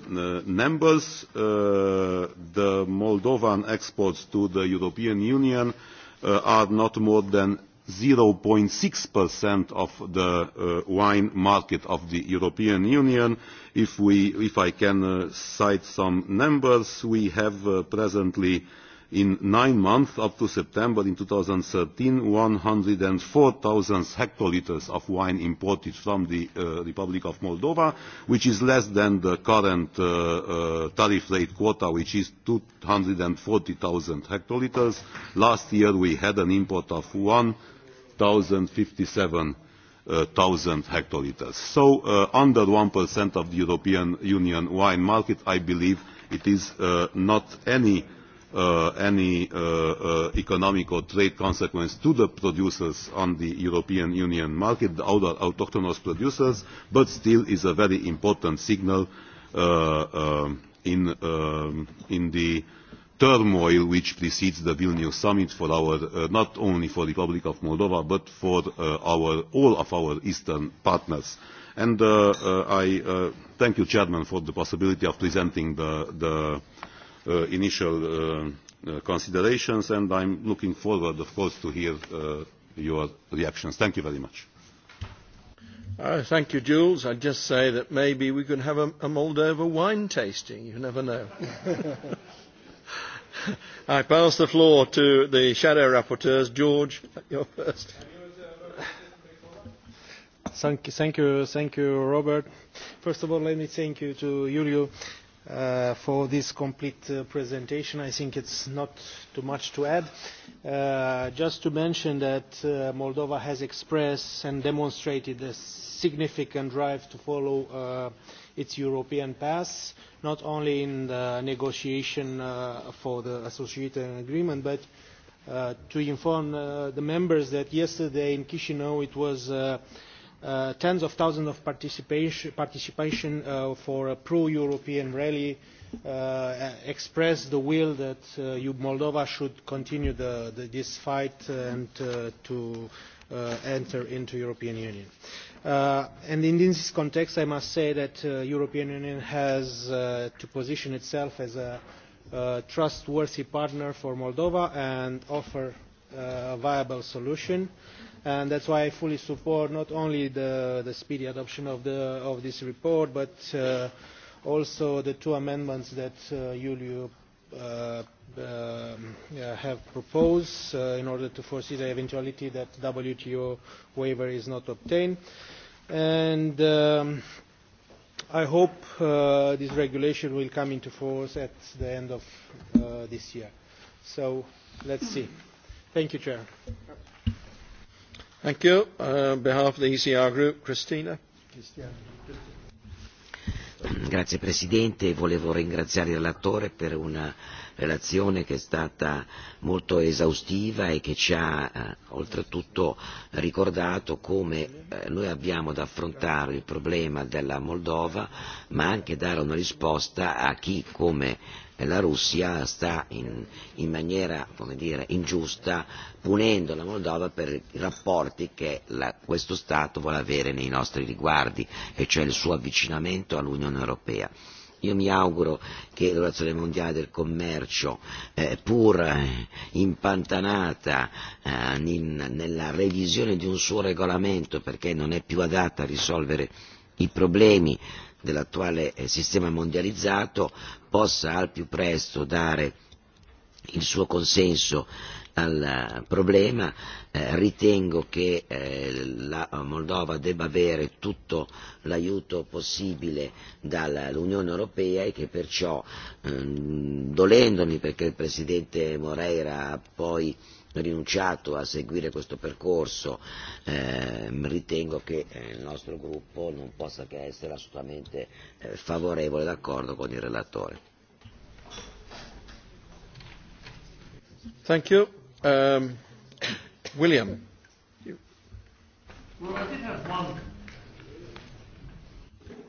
uh numbers. Uh, the Moldovan exports to the European Union uh, are not more than 0.6% of the uh, wine market of the European Union. If, we, if I can uh, cite some numbers, we have uh, presently in nine months up to September in 2013, 104,000 hectoliters of wine imported from the uh, Republic of Moldova, which is less than the current uh, uh, tariff rate quota, which is 240,000 hectoliters. Last year we had an import of 1 1,057 uh, hectoliters. So uh, under 1% of the European Union wine market, I believe it is uh, not any, uh, any uh, uh, economic or trade consequence to the producers on the European Union market, the autochthonous producers, but still is a very important signal uh, uh, in, uh, in the uh, turmoil which precedes the Vilnius summit for our, uh, not only for the Republic of Moldova, but for uh, our, all of our eastern partners. And uh, uh, I uh, thank you, Chairman, for the possibility of presenting the, the uh, initial uh, uh, considerations, and I'm looking forward, of course, to hear uh, your reactions. Thank you very much. Uh, thank you, Jules. I'd just say that maybe we could have a, a Moldova wine tasting. You never know. I pass the floor to the shadow rapporteurs. George, you're first. Thank you, thank you, thank you Robert. First of all, let me thank you to Julio uh, for this complete uh, presentation. I think it's not too much to add. Uh, just to mention that uh, Moldova has expressed and demonstrated a significant drive to follow uh, its European path, not only in the negotiation uh, for the association agreement, but uh, to inform uh, the members that yesterday in Chisinau it was uh, uh, tens of thousands of participation, participation uh, for a pro-European rally uh, express the will that uh, you, Moldova should continue the, the, this fight and uh, to uh, enter into European Union. Uh, Uh, and in this context, I must say that the uh, European Union has uh, to position itself as a uh, trustworthy partner for Moldova and offer uh, a viable solution. And that's why I fully support not only the, the speedy adoption of, the, of this report, but uh, also the two amendments that uh, Uh, uh, have proposed uh, in order to foresee the eventuality that WTO waiver is not obtained. And um, I hope uh, this regulation will come into force at the end of uh, this year. So let's see. Thank you, Chair. Thank you. Uh, on behalf of the ECR Group, Christina. Christina. Grazie Presidente, volevo ringraziare il relatore per una relazione che è stata molto esaustiva e che ci ha eh, oltretutto ricordato come eh, noi abbiamo da affrontare il problema della Moldova ma anche dare una risposta a chi come Eh, la Russia sta in, in maniera come dire, ingiusta punendo la Moldova per i rapporti che la, questo Stato vuole avere nei nostri riguardi, e cioè il suo avvicinamento all'Unione Europea. Io mi auguro che l'Orazione Mondiale del Commercio, eh, pur eh, impantanata eh, in, nella revisione di un suo regolamento perché non è più adatta a risolvere i problemi dell'attuale eh, sistema mondializzato possa al più presto dare il suo consenso al eh, problema, eh, ritengo che eh, la Moldova debba avere tutto l'aiuto possibile dall'Unione Europea e che perciò, ehm, dolendoli perché il Presidente Moreira ha poi eh, rinunciato a seguire questo percorso, eh, ritengo che eh, il nostro gruppo non possa che essere assolutamente eh, favorevole e d'accordo con il relatore. Thank you. Um, William. Well, I did have one,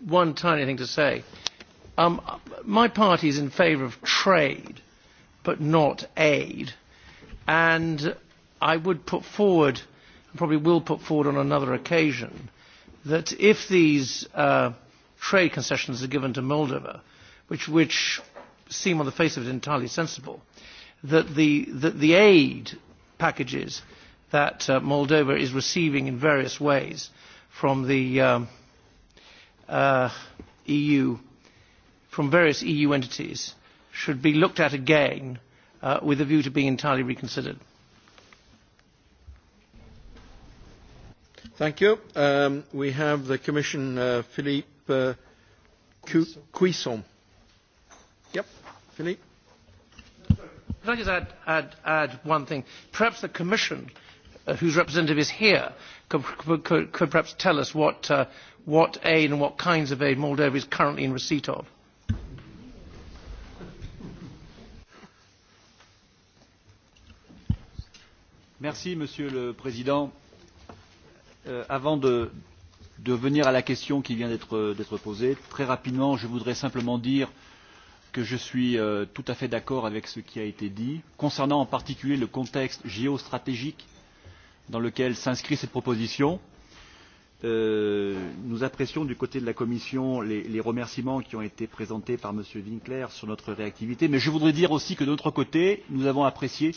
one tiny thing to say. Um, my party is in favour of trade, but not aid. Uh, and I would put forward, and probably will put forward on another occasion, that if these uh, trade concessions are given to Moldova, which, which seem on the face of it entirely sensible, that the, that the aid packages that uh, Moldova is receiving in various ways from the um, uh, EU, from various EU entities, should be looked at again uh, with a view to being entirely reconsidered. Thank you. Um, we have the Commission, uh, Philippe uh, Cuisson. Yep, Philippe. Can I just add, add, add one thing? Perhaps the Commission, uh, whose representative is here, could, could, could perhaps tell us what, uh, what aid and what kinds of aid Moldova is currently in receipt of Monsieur le Président. Euh, avant de, de venir à la question qui vient d'être posée, très rapidement, je voudrais simplement dire que je suis euh, tout à fait d'accord avec ce qui a été dit, concernant en particulier le contexte géostratégique dans lequel s'inscrit cette proposition. Euh, nous apprécions du côté de la Commission les, remerciements qui ont été présentés par M. Winkler sur notre réactivité, mais je voudrais dire aussi que de notre côté, nous avons apprécié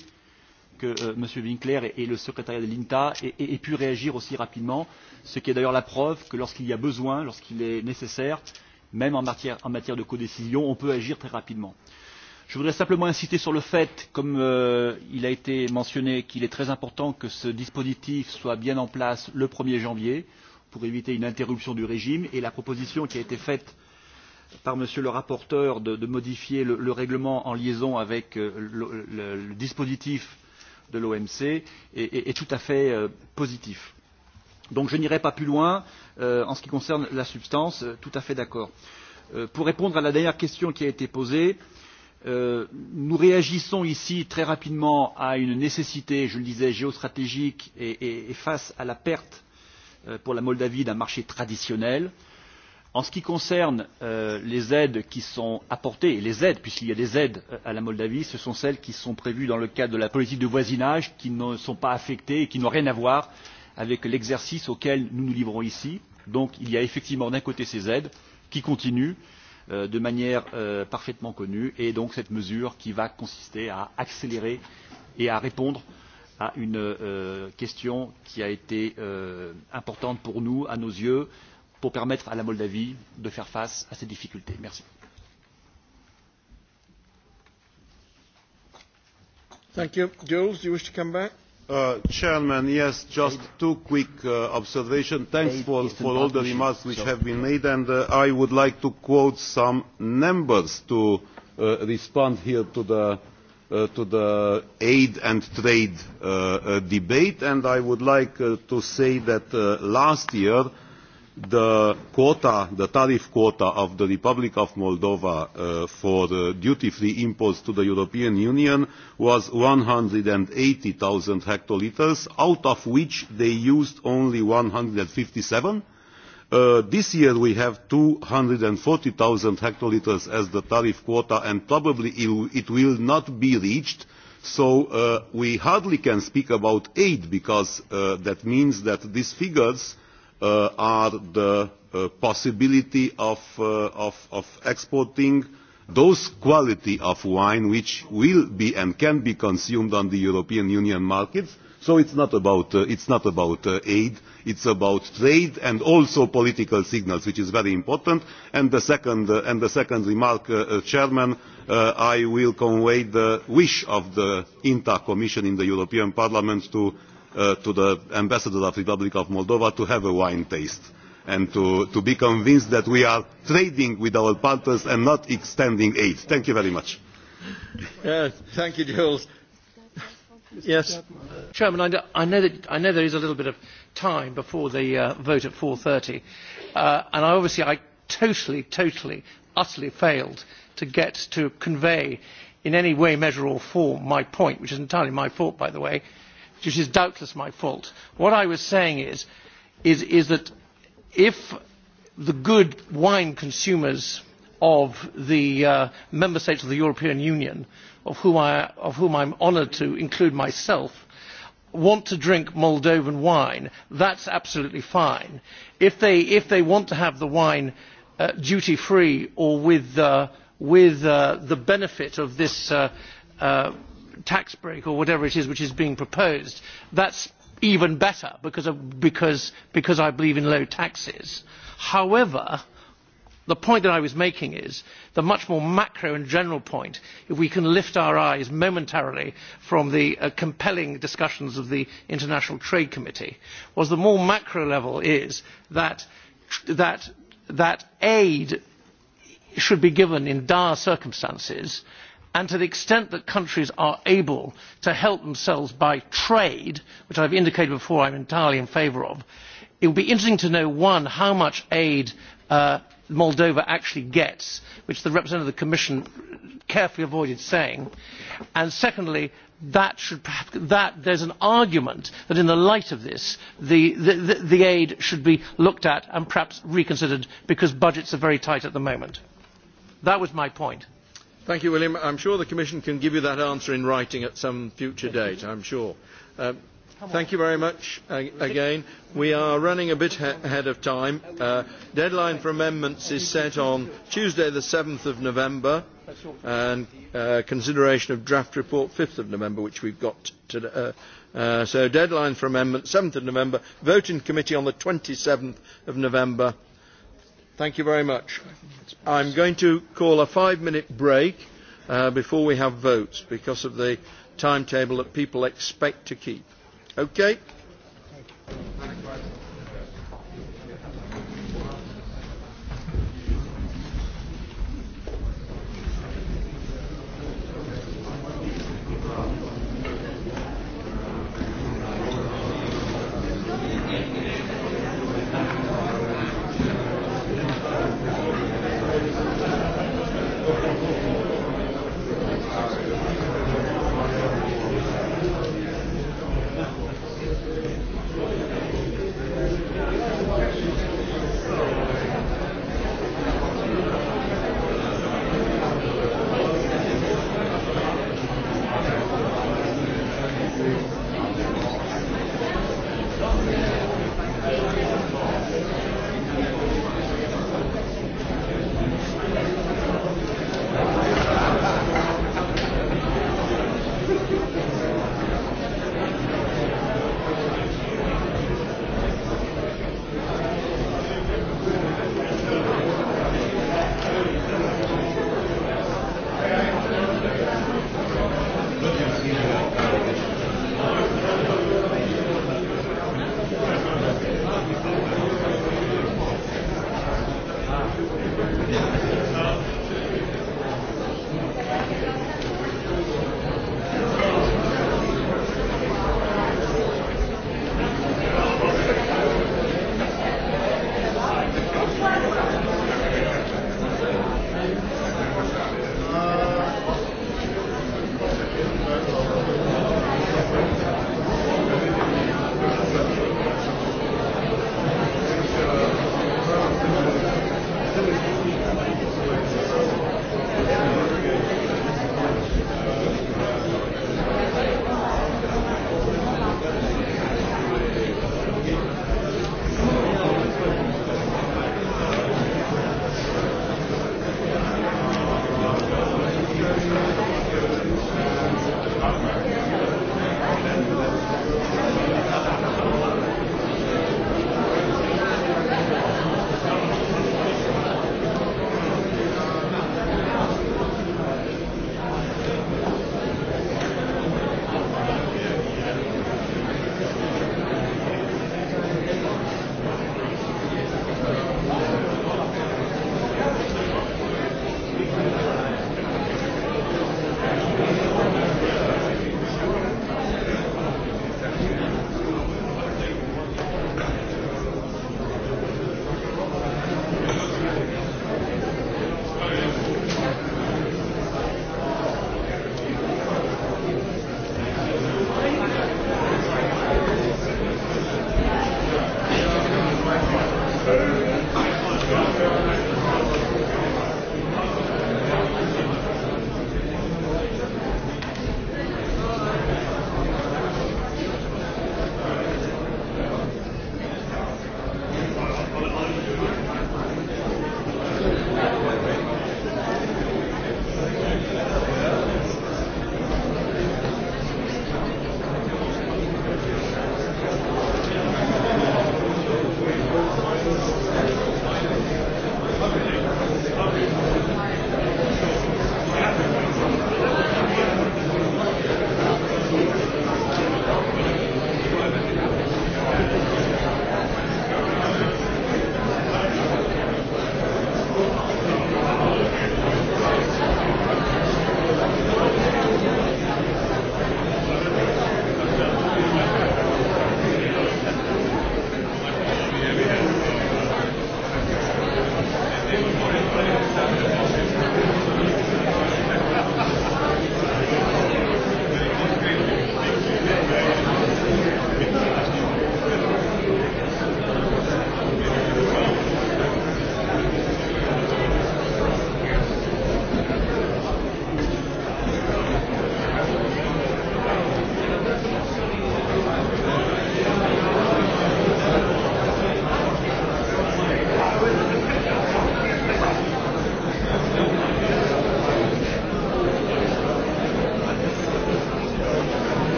que euh, M. Winkler et, et le secrétariat de l'INTA aient, aient pu réagir aussi rapidement, ce qui est d'ailleurs la preuve que lorsqu'il y a besoin, lorsqu'il est nécessaire, même en matière, en matière de codécision, on peut agir très rapidement. Je voudrais simplement insister sur le fait, comme euh, il a été mentionné, qu'il est très important que ce dispositif soit bien en place le 1er janvier pour éviter une interruption du régime et la proposition qui a été faite par Monsieur le rapporteur de, de modifier le, le règlement en liaison avec euh, le, le, le dispositif de l'omc est, tout à fait euh, positif. donc je n'irai pas plus loin euh, en ce qui concerne la substance euh, tout à fait d'accord. pour répondre à la dernière question qui a été posée nous réagissons ici très rapidement à une nécessité je le disais géostratégique et, face à la perte pour la moldavie d'un marché traditionnel En ce qui concerne euh, les aides qui sont apportées, et les aides, puisqu'il y a des aides euh, à la Moldavie, ce sont celles qui sont prévues dans le cadre de la politique de voisinage, qui ne sont pas affectées et qui n'ont rien à voir avec l'exercice auquel nous nous livrons ici. Donc il y a effectivement d'un côté ces aides qui continuent euh, de manière euh, parfaitement connue, et donc cette mesure qui va consister à accélérer et à répondre à une euh, question qui a été euh, importante pour nous, à nos yeux, pour permettre à la moldavie de faire face à ces difficultés. merci. Thank you. Jules, do you wish to come back? Uh, Chairman, yes, just two quick uh, observations. Thanks for, for all the remarks which have been made, and uh, I would like to quote some numbers to uh, respond here to the, uh, to the aid and trade uh, uh, debate. And I would like uh, to say that uh, last year, uh, the quota, the tariff quota of the Republic of Moldova uh, for uh, duty-free imports to the European Union was 180,000 hectoliters, out of which they used only 157. Uh, this year we have 240,000 hectoliters as the tariff quota and probably it will not be reached so uh, we hardly can speak about aid because uh, that means that these figures Uh, are the uh, possibility of, uh, of, of exporting those quality of wine which will be and can be consumed on the European Union markets. So it's not about, uh, it's not about uh, aid, it's about trade and also political signals, which is very important. And the second, uh, and the second remark, uh, uh, Chairman, uh, I will convey the wish of the INTA Commission in the European Parliament to Uh, to the ambassador of the Republic of Moldova to have a wine taste and to, to be convinced that we are trading with our partners and not extending aid. Thank you very much. Uh, thank you, Jules. Yes, Chairman, I, I, know that, I know there is a little bit of time before the uh, vote at 4.30, uh, and I obviously I totally, totally, utterly failed to get to convey in any way, measure or form my point, which is entirely my fault, by the way, uh, which is doubtless my fault. What I was saying is, that if the good wine consumers of the uh, member states of the European Union, of whom, I, am honoured to include myself, want to drink Moldovan wine, that is absolutely fine. If they, want to have the wine uh, duty free or with, uh, the benefit of this tax break or whatever it is which is being proposed that is even better because, of, because, because i believe in low taxes. however the point that i was making is the much more macro and general point if we can lift our eyes momentarily from the uh, compelling discussions of the international trade committee was the more macro level is that, that, that aid should be given in dire circumstances and and to the extent that countries are able to help themselves by trade which i have indicated before i am entirely in favour of it would be interesting to know firstly how much aid uh, moldova actually gets which the representative of the commission carefully avoided saying and secondly that, there is an argument that in the light of this the aid should be looked at and perhaps reconsidered because budgets are very tight at the moment. that was my point. Thank you, William. I'm sure the Commission can give you that answer in writing at some future date, I'm sure. Um, thank you very much uh, again. We are running a bit ahead of time. Uh, deadline for amendments is set on Tuesday the 7th of November and uh, consideration of draft report 5th of November, which we've got today. Uh, uh so deadline for amendments 7th of November, vote in committee on the 27th of November Thank you very much. I'm going to call a five-minute break uh, before we have votes because of the timetable that people expect to keep. Okay? Thank you.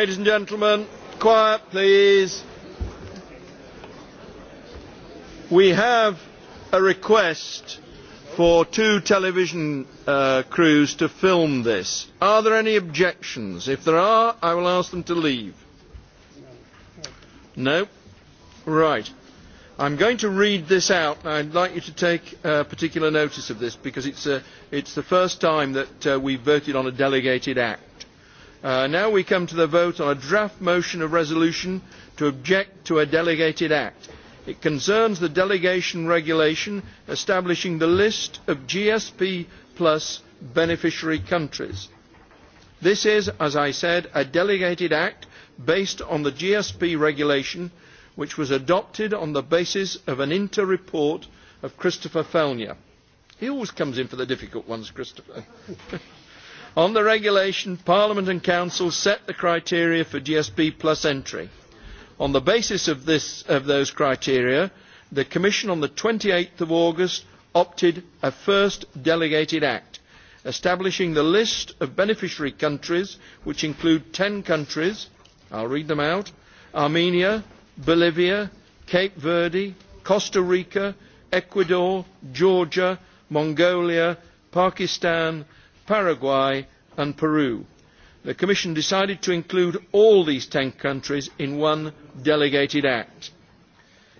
Ladies and gentlemen, quiet please. We have a request for two television uh, crews to film this. Are there any objections? If there are, I will ask them to leave. No? Right. I'm going to read this out. I'd like you to take uh, particular notice of this because it's, uh, it's the first time that uh, we've voted on a delegated act Uh, now we come to the vote on a draft motion of resolution to object to a delegated act. It concerns the delegation regulation establishing the list of GSP beneficiary countries. This is, as I said, a delegated act based on the GSP regulation which was adopted on the basis of an inter-report of Christopher fjellner. He always comes in for the difficult ones, Christopher. on the regulation parliament and council set the criteria for gsp entry. on the basis of, this, of those criteria the commission on twenty eight august opted a first delegated act establishing the list of beneficiary countries which include ten countries i will read them out armenia bolivia cape verde costa rica ecuador georgia mongolia pakistan Paraguay and Peru. The Commission decided to include all these ten countries in one delegated act.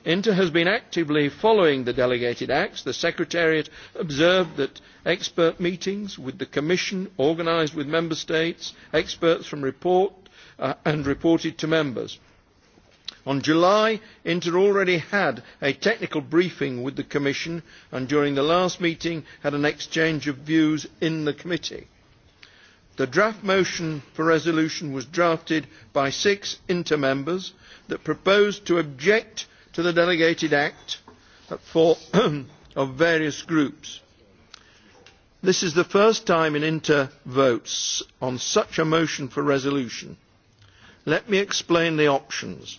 Inter has been actively following the delegated acts. The Secretariat observed that expert meetings with the Commission organised with Member States, experts from report uh, and reported to members in july inter already had a technical briefing with the commission and during the last meeting had an exchange of views in the committee. the draft motion for resolution was drafted by six inter members that proposed to object to the delegated act for, of various groups. this is the first time in inter votes on such a motion for resolution. let me explain the options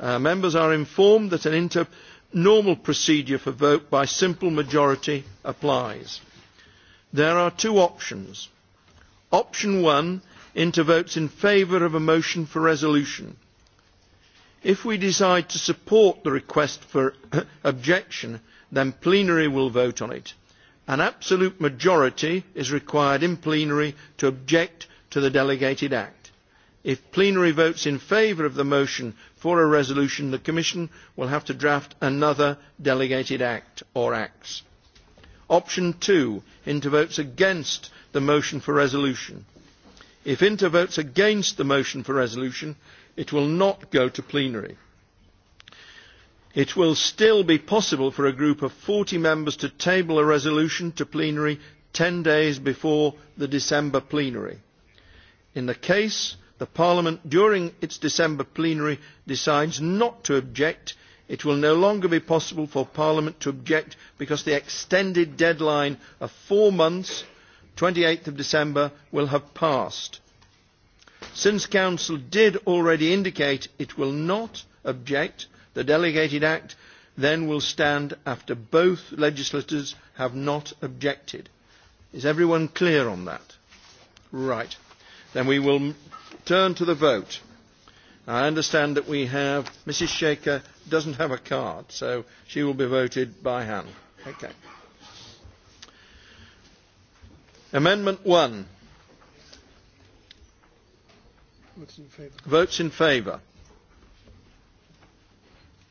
Uh, members are informed that an inter normal procedure for vote by simple majority applies. There are two options. Option one, inter votes in favour of a motion for resolution. If we decide to support the request for objection, then plenary will vote on it. An absolute majority is required in plenary to object to the delegated act if plenary votes in favour of the motion for a resolution the commission will have to draft another delegated act or acts. option two inter votes against the motion for resolution. if inter votes against the motion for resolution it will not go to plenary. it will still be possible for a group of forty members to table a resolution to plenary ten days before the december plenary. in the case the parliament during its december plenary decides not to object it will no longer be possible for parliament to object because the extended deadline of four months twenty eight december will have passed. since council did already indicate it will not object the delegated act then will stand after both legislators have not objected. is everyone clear on that? right. then we will turn to the vote. I understand that we have Mrs. Shaker doesn't have a card, so she will be voted by hand. Okay. Amendment one. Votes in favour. Votes in favour.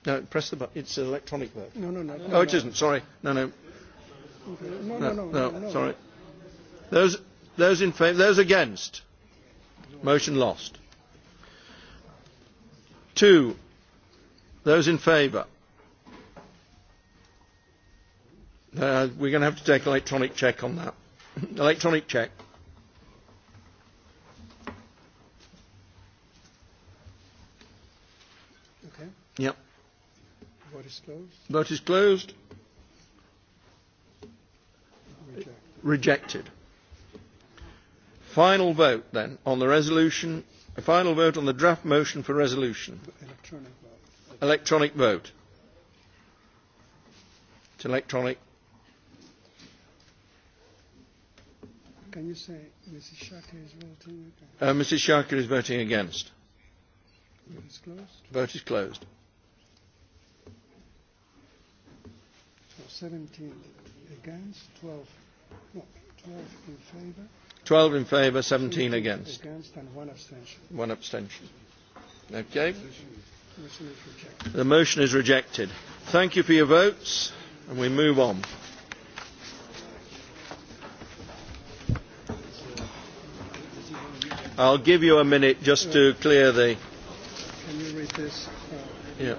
No, press the button. It's an electronic vote. No, no, no. no oh, it no. isn't. Sorry. No, no. No, no, no. no, no, no sorry. Those, those in favour. Those against. Motion lost. Two. Those in favour? Uh, we're going to have to take electronic check on that. electronic check. Okay. Yep. Vote is closed. Vote is closed. Rejected. Rejected final vote then on the resolution final vote on the draft motion for resolution electronic vote, it's electronic Can you say Mrs. Shaka is voting against? Uh, Mrs. Shaka is voting against. Vote is closed. Vote is closed. So 17 against, 12, no, 12 in favour. 12 in favour, 17 against. one abstention. Okay. The motion is rejected. Thank you for your votes and we move on. I'll give you a minute just to clear the. Can you read this? Uh, yeah.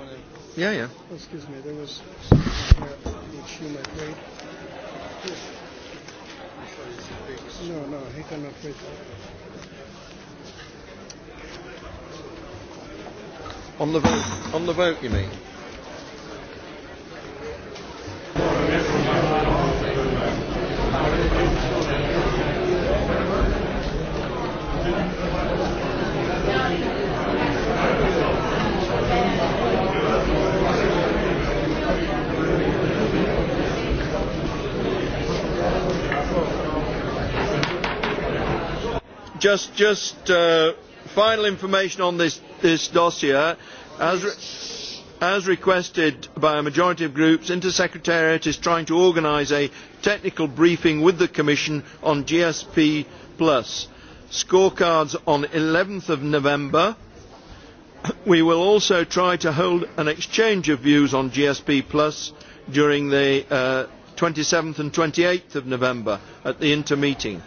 Yeah, yeah. Oh, excuse me, there was something here which you might read. No, no, he cannot wait. On the vote, on the vote, you mean? just just uh, final information on this this dossier as as requested by a majority of groups inter secretariat is trying to organise a technical briefing with the commission on gsp plus scorecards on 11th of november we will also try to hold an exchange of views on gsp plus during the uh, 27th and 28th of november at the inter meeting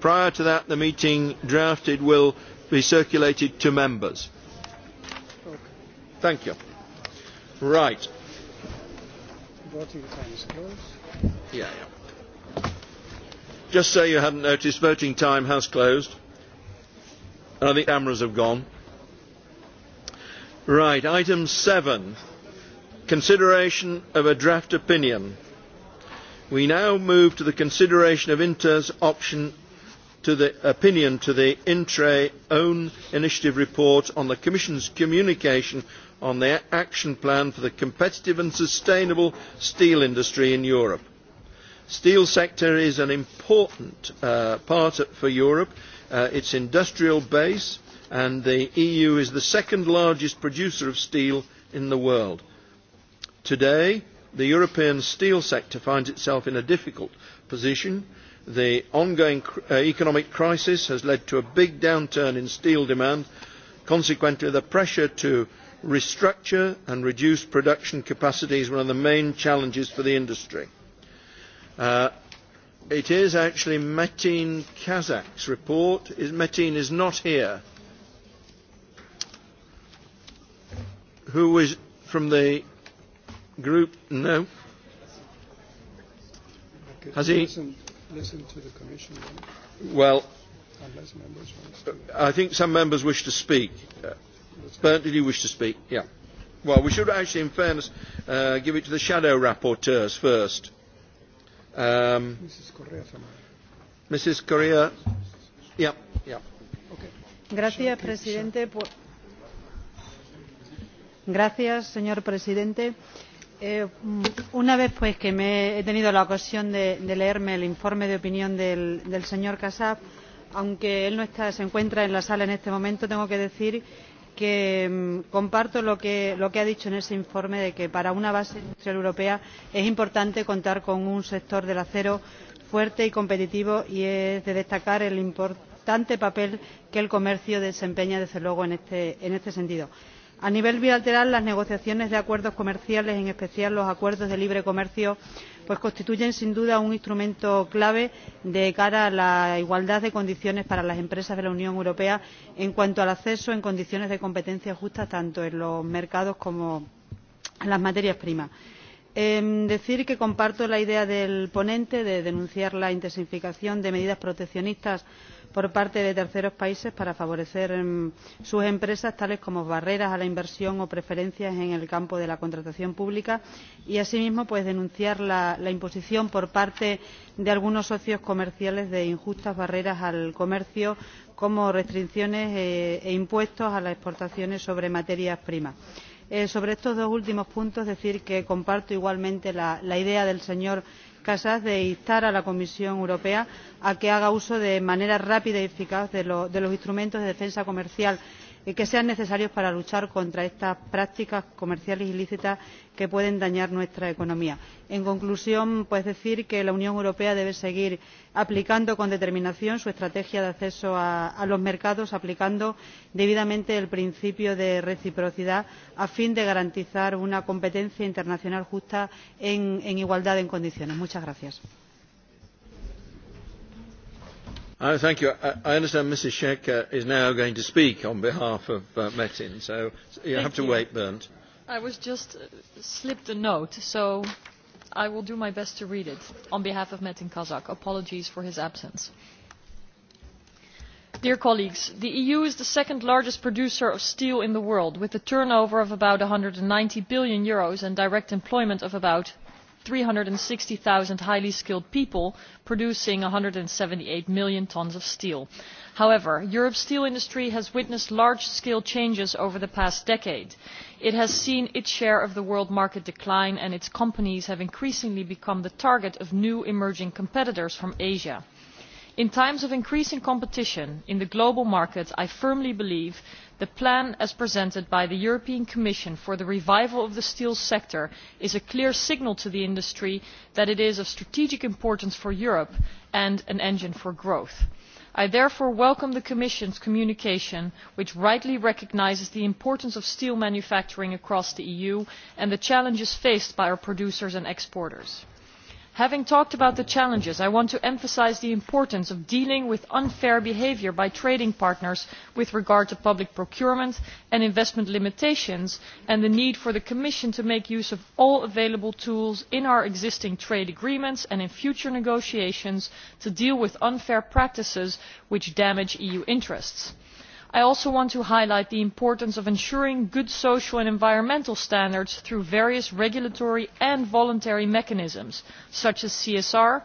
Prior to that, the meeting drafted will be circulated to members. Thank you. Right. Voting time is closed. Yeah, yeah. Just so you hadn't noticed, voting time has closed. And uh, I think cameras have gone. Right, item seven, consideration of a draft opinion. We now move to the consideration of Inter's option to the opinion to the intre own initiative report on the commission's communication on their action plan for the competitive and sustainable steel industry in europe. the steel sector is an important uh, part for europe uh, its industrial base and the eu is the second largest producer of steel in the world. today the european steel sector finds itself in a difficult position the ongoing uh, economic crisis has led to a big downturn in steel demand. consequently the pressure to restructure and reduce production capacity is one of the main challenges for the industry. Uh, it is actually Metin Kazak's report. Metin is not here. Who is from the group? No. Has he? listen to the Commission Well, Unless members want to I think some members wish to speak. Uh, Bernd, did you wish to speak? Yeah. Well, we should actually, in fairness, uh, give it to the shadow rapporteurs first. Um, Mrs. Correa. Mrs. Correa. Yeah, yeah. Okay. Gracias, presidente. Gracias, señor presidente. Eh, mm, una vez que me he tenido la ocasión de, leerme el informe de opinión del, señor kasab aunque él no se encuentra en la sala en este momento tengo que decir que mm, comparto lo que, ha dicho en ese informe de que para una base industrial europea es importante contar con un sector del acero fuerte y competitivo y es de destacar el importante papel que el comercio desempeña desde luego en este, sentido a nivel bilateral las negociaciones de acuerdos comerciales en especial los acuerdos de libre comercio constituyen sin duda un instrumento clave de cara a la igualdad de condiciones para las empresas de la unión europea en cuanto al acceso en condiciones de competencia justa tanto en los mercados como en las materias primas. quiero decir que comparto la idea del ponente de denunciar la intensificación de medidas proteccionistas por parte de terceros países para favorecer sus empresas tales como barreras a la inversión o preferencias en el campo de la contratación pública y asimismo pues, denunciar la, la imposición por parte de algunos socios comerciales de injustas barreras al comercio como restricciones eh, e impuestos a las exportaciones sobre materias primas. Eh, sobre estos dos últimos puntos decir que comparto igualmente la, la idea del señor escasas de instar a la comisión europea a que haga uso de manera rápida y eficaz de los instrumentos de defensa comercial y que sean necesarios para luchar contra estas prácticas comerciales ilícitas que pueden dañar nuestra economía. en conclusión puedo decir que la unión europea debe seguir aplicando con determinación su estrategia de acceso a, los mercados aplicando debidamente el principio de reciprocidad a fin de garantizar una competencia internacional justa en, igualdad de condiciones. Uh, I, understand Mrs. Sheck is now going to speak on behalf of uh, Metin, so you have to wait, Bernd. I was just uh, slipped a note, so I will do my best to read it on behalf of Metin Kazak. Apologies for his absence. Dear colleagues, the EU is the second largest producer of steel in the world, with a turnover of about 190 billion and direct employment of about three hundred and sixty zero highly skilled people producing one hundred and seventy eight million tonnes of steel. however europe's steel industry has witnessed large scale changes over the past decade. it has seen its share of the world market decline and its companies have increasingly become the target of new emerging competitors from asia. in times of increasing competition in the global market i firmly believe that the plan as presented by the european commission for the revival of the steel sector is a clear signal to the industry that it is of strategic importance for europe and an engine for growth. i therefore welcome the commission's communication which rightly recognises the importance of steel manufacturing across the eu and the challenges faced by our producers and exporters having talked about the challenges i want to emphasise the importance of dealing with unfair behaviour by trading partners with regard to public procurement and investment limitations and the need for the commission to make use of all available tools in our existing trade agreements and in future negotiations to deal with unfair practices which damage eu interests i also want to highlight the importance of ensuring good social and environmental standards through various regulatory and voluntary mechanisms such as csr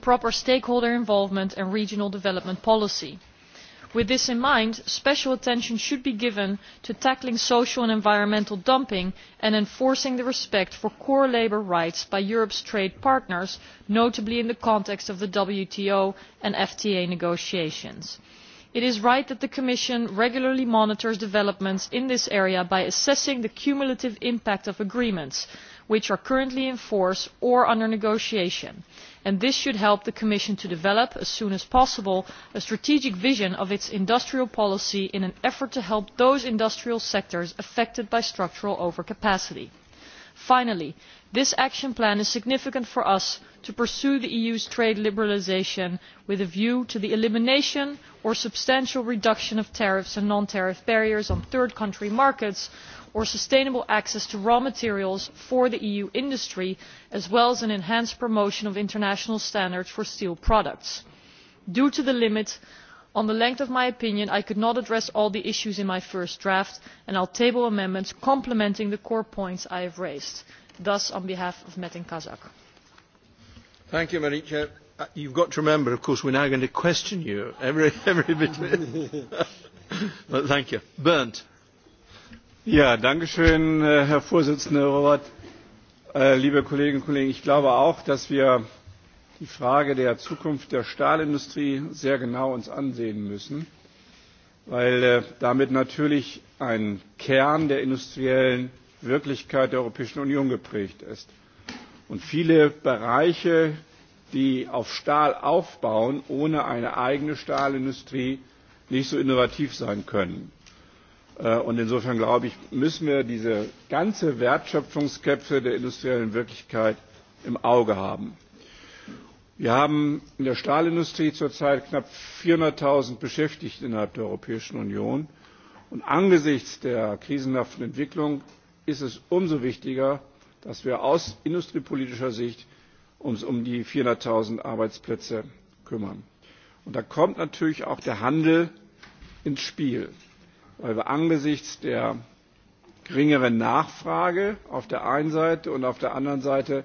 proper stakeholder involvement and regional development policy. with this in mind special attention should be given to tackling social and environmental dumping and enforcing the respect for core labour rights by europe's trade partners notably in the context of the wto and fta negotiations it is right that the commission regularly monitors developments in this area by assessing the cumulative impact of agreements which are currently in force or under negotiation and this should help the commission to develop as soon as possible a strategic vision of its industrial policy in an effort to help those industrial sectors affected by structural overcapacity. finally this action plan is significant for us to pursue the eu's trade liberalisation with a view to the elimination or substantial reduction of tariffs and non tariff barriers on third country markets or sustainable access to raw materials for the eu industry as well as an enhanced promotion of international standards for steel products. due to the limit on the length of my opinion i could not address all the issues in my first draft and i will table amendments complementing the core points i have raised thus on behalf of metin kazak. Uh, you've got to remember, of course, we're now going to question you every, every bit of But thank you. Bernd. Ja, danke schön, äh, Herr Vorsitzender Robert. Äh, liebe Kolleginnen und Kollegen, ich glaube auch, dass wir die Frage der Zukunft der Stahlindustrie sehr genau uns ansehen müssen, weil äh, damit natürlich ein Kern der industriellen Wirklichkeit der Europäischen Union geprägt ist. Und viele Bereiche die auf Stahl aufbauen, ohne eine eigene Stahlindustrie nicht so innovativ sein können. Äh, und insofern glaube ich, müssen wir diese ganze Wertschöpfungskette der industriellen Wirklichkeit im Auge haben. Wir haben in der Stahlindustrie zurzeit knapp 400.000 Beschäftigte innerhalb der Europäischen Union. Und angesichts der krisenhaften Entwicklung ist es umso wichtiger, dass wir aus industriepolitischer Sicht uns um die vierhundert null Arbeitsplätze kümmern. Und da kommt natürlich auch der Handel ins Spiel, weil wir angesichts der geringeren Nachfrage auf der einen Seite und auf der anderen Seite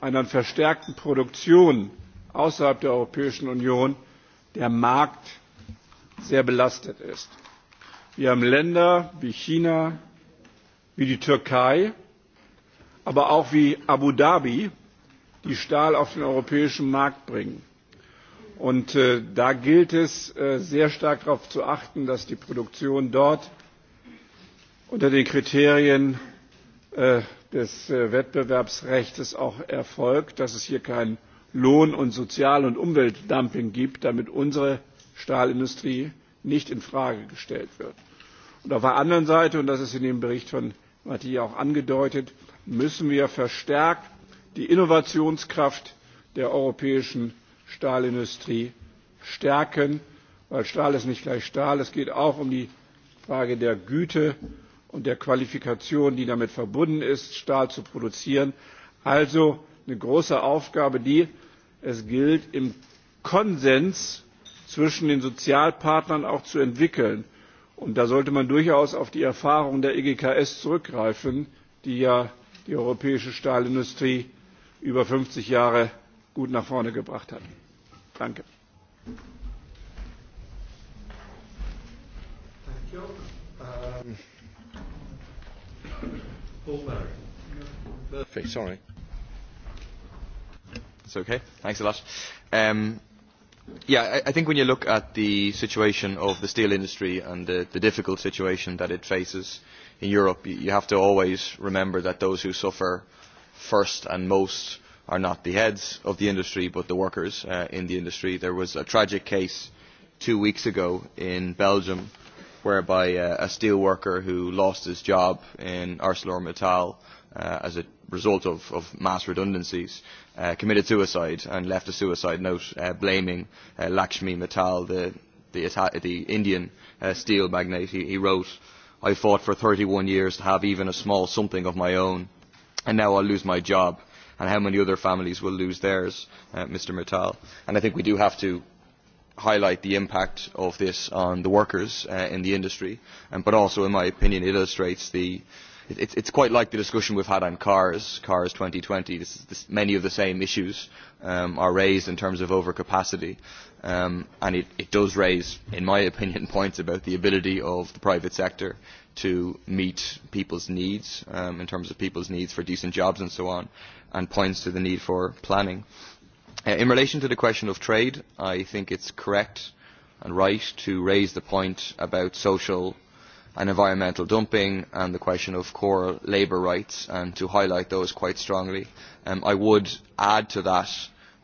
einer verstärkten Produktion außerhalb der Europäischen Union der Markt sehr belastet ist. Wir haben Länder wie China, wie die Türkei, aber auch wie Abu Dhabi, die Stahl auf den europäischen Markt bringen. Und äh, da gilt es, äh, sehr stark darauf zu achten, dass die Produktion dort unter den Kriterien äh, des äh, Wettbewerbsrechts auch erfolgt, dass es hier kein Lohn- und Sozial- und Umweltdumping gibt, damit unsere Stahlindustrie nicht in Frage gestellt wird. Und auf der anderen Seite, und das ist in dem Bericht von Mattia auch angedeutet, müssen wir verstärkt die innovationskraft der europäischen stahlindustrie stärken denn stahl ist nicht gleich stahl es geht auch um die frage der güte und der qualifikation die damit verbunden ist stahl zu produzieren also eine große aufgabe die es gilt im konsens zwischen den sozialpartnern auch zu entwickeln. und da sollte man durchaus auf die erfahrungen der egks zurückgreifen die ja die europäische stahlindustrie über 50 Jahre gut nach vorne gebracht hat. Danke. Um, sorry. It's okay. Thanks a lot. Um, yeah, I, I think when you look at the situation of the steel industry and the, the difficult situation that it faces in Europe, you, you have to always remember that those who suffer first and most are not the heads of the industry but the workers uh, in the industry. There was a tragic case two weeks ago in Belgium whereby uh, a steel worker who lost his job in ArcelorMittal uh, as a result of, of mass redundancies uh, committed suicide and left a suicide note uh, blaming uh, Lakshmi Mittal, the, the, Ita the Indian uh, steel magnate. He, he wrote, I fought for 31 years to have even a small something of my own and now I'll lose my job, and how many other families will lose theirs, uh, Mr Mittal. And I think we do have to highlight the impact of this on the workers uh, in the industry, um, but also, in my opinion, it illustrates the it, it's quite like the discussion we've had on cars, cars 2020. This, is this, many of the same issues um, are raised in terms of overcapacity, um, and it, it does raise, in my opinion, points about the ability of the private sector to meet people's needs um, in terms of people's needs for decent jobs and so on, and points to the need for planning. Uh, in relation to the question of trade, I think it's correct and right to raise the point about social and environmental dumping and the question of core labour rights and to highlight those quite strongly. Um, I would add to that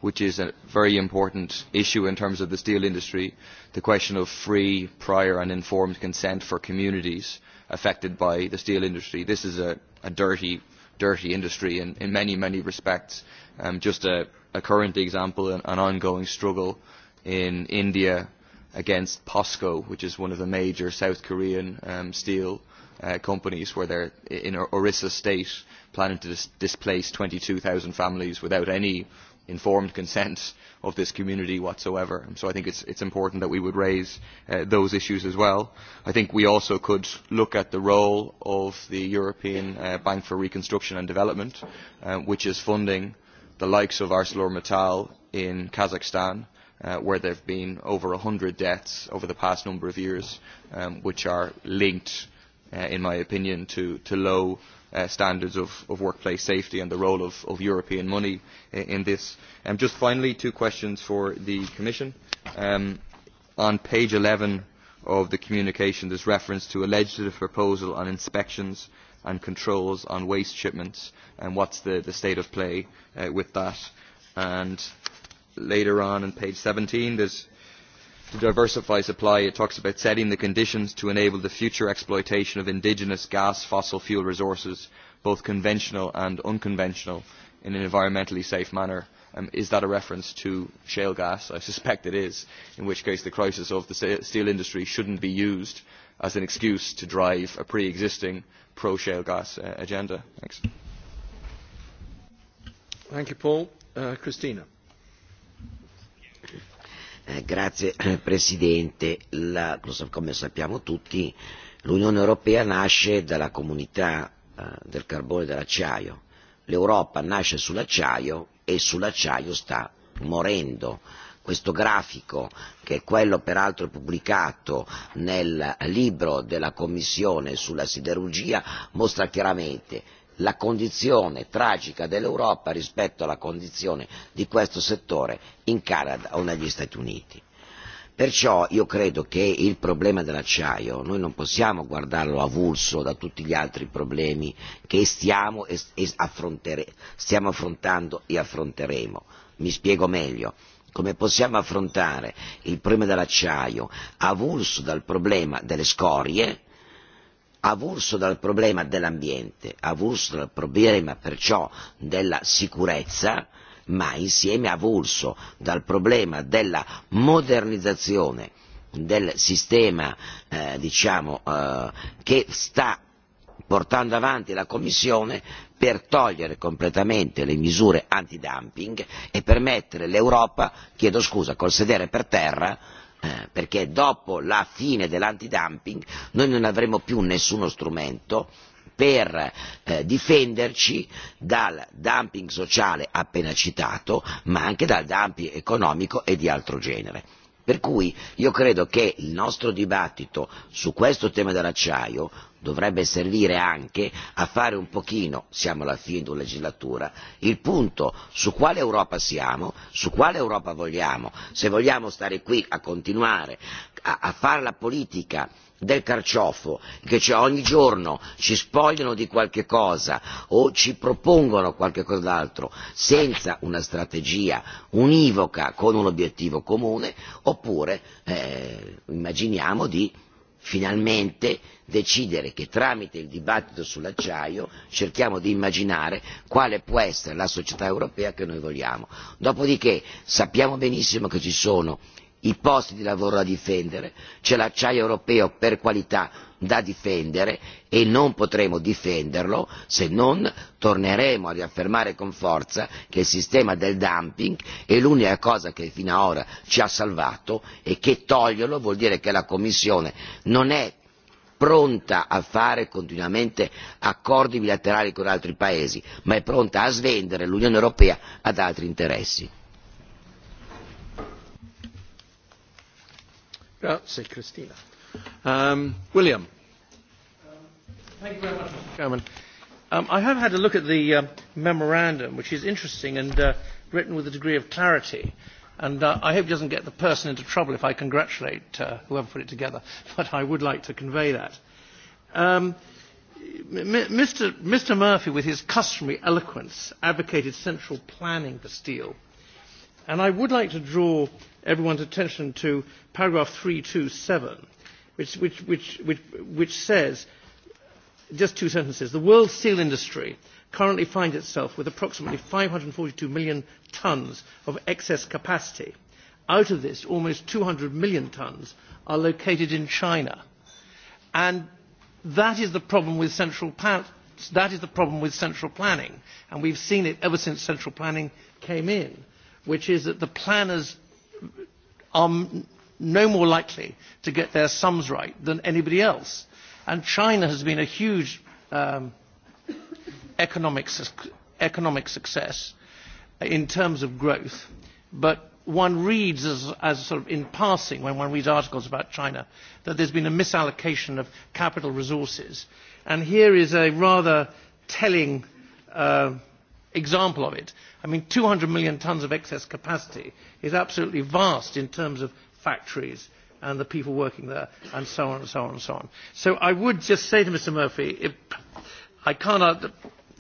which is a very important issue in terms of the steel industry, the question of free, prior and informed consent for communities affected by the steel industry. This is a, a dirty, dirty industry in, in many, many respects. Um, just a, a current example, an, an ongoing struggle in India against POSCO, which is one of the major South Korean um, steel uh, companies where they're in Orissa state planning to dis displace 22,000 families without any informed consent of this community whatsoever. And so I think it's, it's important that we would raise uh, those issues as well. I think we also could look at the role of the European uh, Bank for Reconstruction and Development, uh, which is funding the likes of ArcelorMittal in Kazakhstan, uh, where there have been over 100 deaths over the past number of years, um, which are linked, uh, in my opinion, to, to low Uh, standards of, workplace safety and the role of, European money in this. Um, just finally, two questions for the Commission. Um, on page 11 of the communication, there's reference to a legislative proposal on inspections and controls on waste shipments, and what's the, the state of play uh, with that. And later on, on page 17, there's to diversify supply it talks about setting the conditions to enable the future exploitation of indigenous gas fossil fuel resources both conventional and unconventional in an environmentally safe manner. Um, is that a reference to shale gas? I suspect it is, in which case the crisis of the steel industry shouldn't be used as an excuse to drive a pre-existing pro-shale gas uh, agenda. Thanks. Thank you, Paul. Uh, Christina. Eh, grazie eh, Presidente. La, come sappiamo tutti, l'Unione Europea nasce dalla comunità eh, del carbone e dell'acciaio. L'Europa nasce sull'acciaio e sull'acciaio sta morendo questo grafico, che è quello peraltro pubblicato nel libro della Commissione sulla siderurgia, mostra chiaramente la condizione tragica dell'Europa rispetto alla condizione di questo settore in Canada o negli Stati Uniti. Perciò io credo che il problema dell'acciaio noi non possiamo guardarlo avulso da tutti gli altri problemi che stiamo, stiamo affrontando e affronteremo. Mi spiego meglio. Come possiamo affrontare il problema dell'acciaio avulso dal problema delle scorie, avulso dal problema dell'ambiente, avulso dal problema perciò della sicurezza, ma insieme avulso dal problema della modernizzazione del sistema eh, diciamo, eh, che sta portando avanti la Commissione per togliere completamente le misure antidumping e permettere l'Europa, chiedo scusa, col sedere per terra, eh, Eh, perché dopo la fine dell'antidumping noi non avremo più nessuno strumento per eh, difenderci dal dumping sociale appena citato, ma anche dal dumping economico e di altro genere. Per cui io credo che il nostro dibattito su questo tema dell'acciaio dovrebbe servire anche a fare un pochino, siamo alla fine di una legislatura, il punto su quale Europa siamo, su quale Europa vogliamo, se vogliamo stare qui a continuare a, a fare la politica del carciofo che cioè ogni giorno ci spogliano di qualche cosa o ci propongono qualche cos'altro senza una strategia univoca con un obiettivo comune oppure eh, immaginiamo di finalmente decidere che tramite il dibattito sull'acciaio cerchiamo di immaginare quale può essere la società europea che noi vogliamo. dopodiché sappiamo benissimo che ci sono i posti di lavoro da difendere c'è l'acciaio europeo per qualità da difendere e non potremo difenderlo se non torneremo a riaffermare con forza che il sistema del dumping è l'unica cosa che fino ad ora ci ha salvato e che toglierlo vuol dire che la commissione non è pronta a fare continuamente accordi bilaterali con altri paesi ma è pronta a svendere l'unione europea ad altri interessi. Um, William. Um, I have had a look at the uh, memorandum, which is interesting and uh, written with a degree of clarity. And uh, I hope it doesn't get the person into trouble if I congratulate whoever put it together, but I would like to convey that. Mr. Um, Murphy, with his customary eloquence, advocated central planning for steel. And I would like to draw everyone's attention to paragraph 327, which, which, which, which, which says, just two sentences, the world steel industry currently finds itself with approximately 542 million tonnes of excess capacity. Out of this, almost 200 million tonnes are located in China. And that is the problem with central that is the problem with central planning and we have seen it ever since central planning came in which is that the planners are no more likely to get their sums right than anybody else. And China has been a huge um, economic, su economic success in terms of growth, but one reads as, as sort of in passing when one reads articles about China that there's been a misallocation of capital resources. And here is a rather telling uh, example of it. I mean, 200 million tonnes of excess capacity is absolutely vast in terms of factories and the people working there and so on and so on and so on. So I would just say to Mr Murphy, if, I, can't,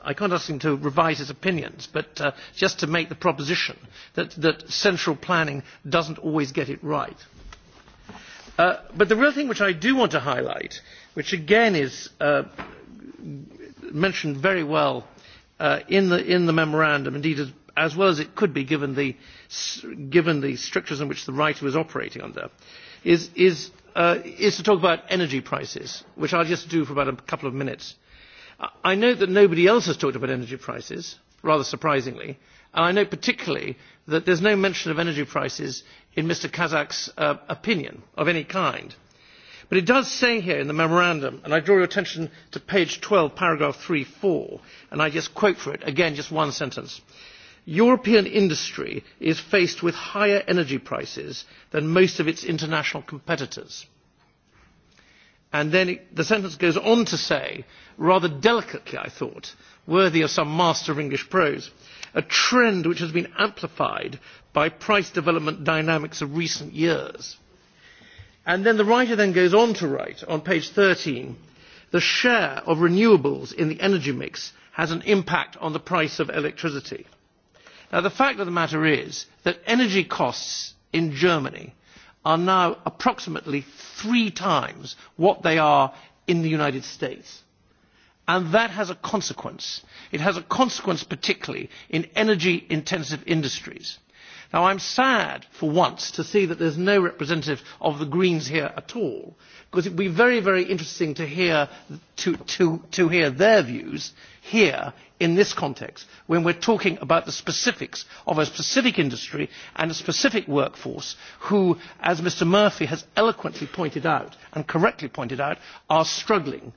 I can't ask him to revise his opinions, but uh, just to make the proposition that, that central planning doesn't always get it right. Uh, but the real thing which I do want to highlight, which again is uh, mentioned very well Uh, in, the, in the memorandum, indeed as, as well as it could be given the, given the strictures in which the writer was operating under, is, is, uh, is to talk about energy prices, which I'll just do for about a couple of minutes. I note that nobody else has talked about energy prices, rather surprisingly, and I note particularly that there's no mention of energy prices in Mr Kazak's uh, opinion of any kind. Uh, but it does say here in the memorandum and i draw your attention to page twelve paragraph three four and i just quote from it again just one sentence european industry is faced with higher energy prices than most of its international competitors and then it, the sentence goes on to say rather delicately i thought worthy of some master of english prose a trend which has been amplified by price development dynamics of recent years. And then the writer then goes on to write on page 13, the share of renewables in the energy mix has an impact on the price of electricity. Now, the fact of the matter is that energy costs in Germany are now approximately three times what they are in the United States. And that has a consequence. It has a consequence particularly in energy intensive industries Now, i am sad for once to see that there is no representative of the Greens here at all, because it would be very, very interesting to hear, their views here in this context when we are talking about the specifics of a specific industry and a specific workforce who as mr murphy has eloquently pointed out and correctly pointed out are struggling.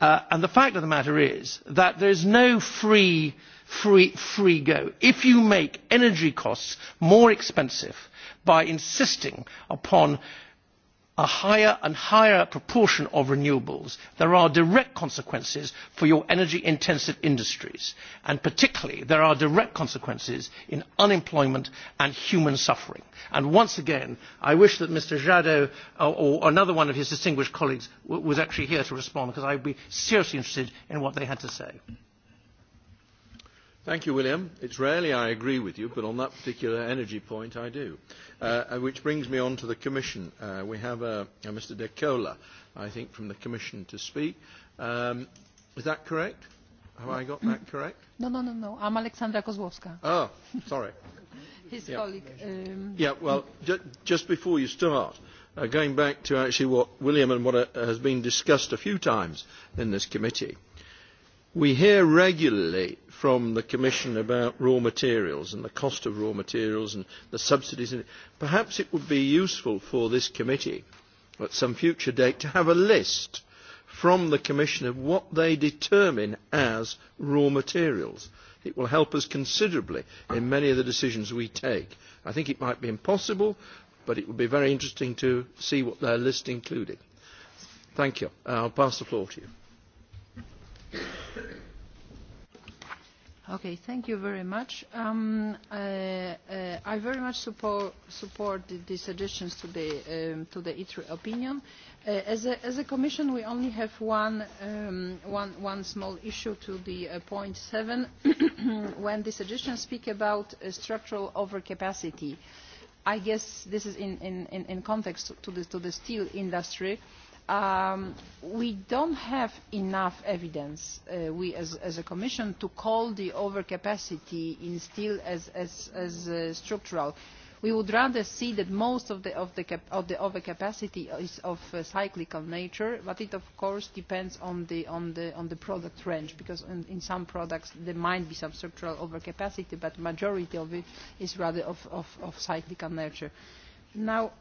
Uh, the fact of the matter is that there is no free free, free go. If you make energy costs more expensive by insisting upon a higher and higher proportion of renewables there are direct consequences for your energy intensive industries and particularly there are direct consequences in unemployment and human suffering. And once again i wish that mr jadot or, uh, or another one of his distinguished colleagues was actually here to respond because i would be seriously interested in what they had to say. Thank you, William. It's rarely I agree with you, but on that particular energy point, I do. Uh, uh which brings me on to the Commission. Uh, we have a, a Mr. De Cola, I think, from the Commission to speak. Um, is that correct? Have I got that correct? No, no, no, no. I'm Alexandra Kozłowska. Oh, sorry. His yeah. colleague. Um... Yeah, well, ju just before you start, uh, going back to actually what William and what uh, has been discussed a few times in this committee, we hear regularly from the commission about raw materials and the cost of raw materials and the subsidies perhaps it would be useful for this committee at some future date to have a list from the commission of what they determine as raw materials. it will help us considerably in many of the decisions we take. i think it might be impossible but it would be very interesting to see what their list included. thank you. i'll pass the floor to you. Okay, thank you very much. Um, uh, uh, I very much support, support the, the suggestions to the, um, to the ITRE opinion. Uh, as, a, as a Commission, we only have one, um, one, one small issue to the uh, point seven, when the suggestions speak about uh, structural overcapacity. I guess this is in, in, in context to the, to the steel industry Um, we do not have enough evidence, uh, we as, a Commission, to call the overcapacity in steel as, uh, structural. We would rather see that most of the, overcapacity is of a uh, cyclical nature, but it of course depends on the, product range, because in, some products there might be some structural overcapacity, but the majority of it is rather of, of, of cyclical nature. Now,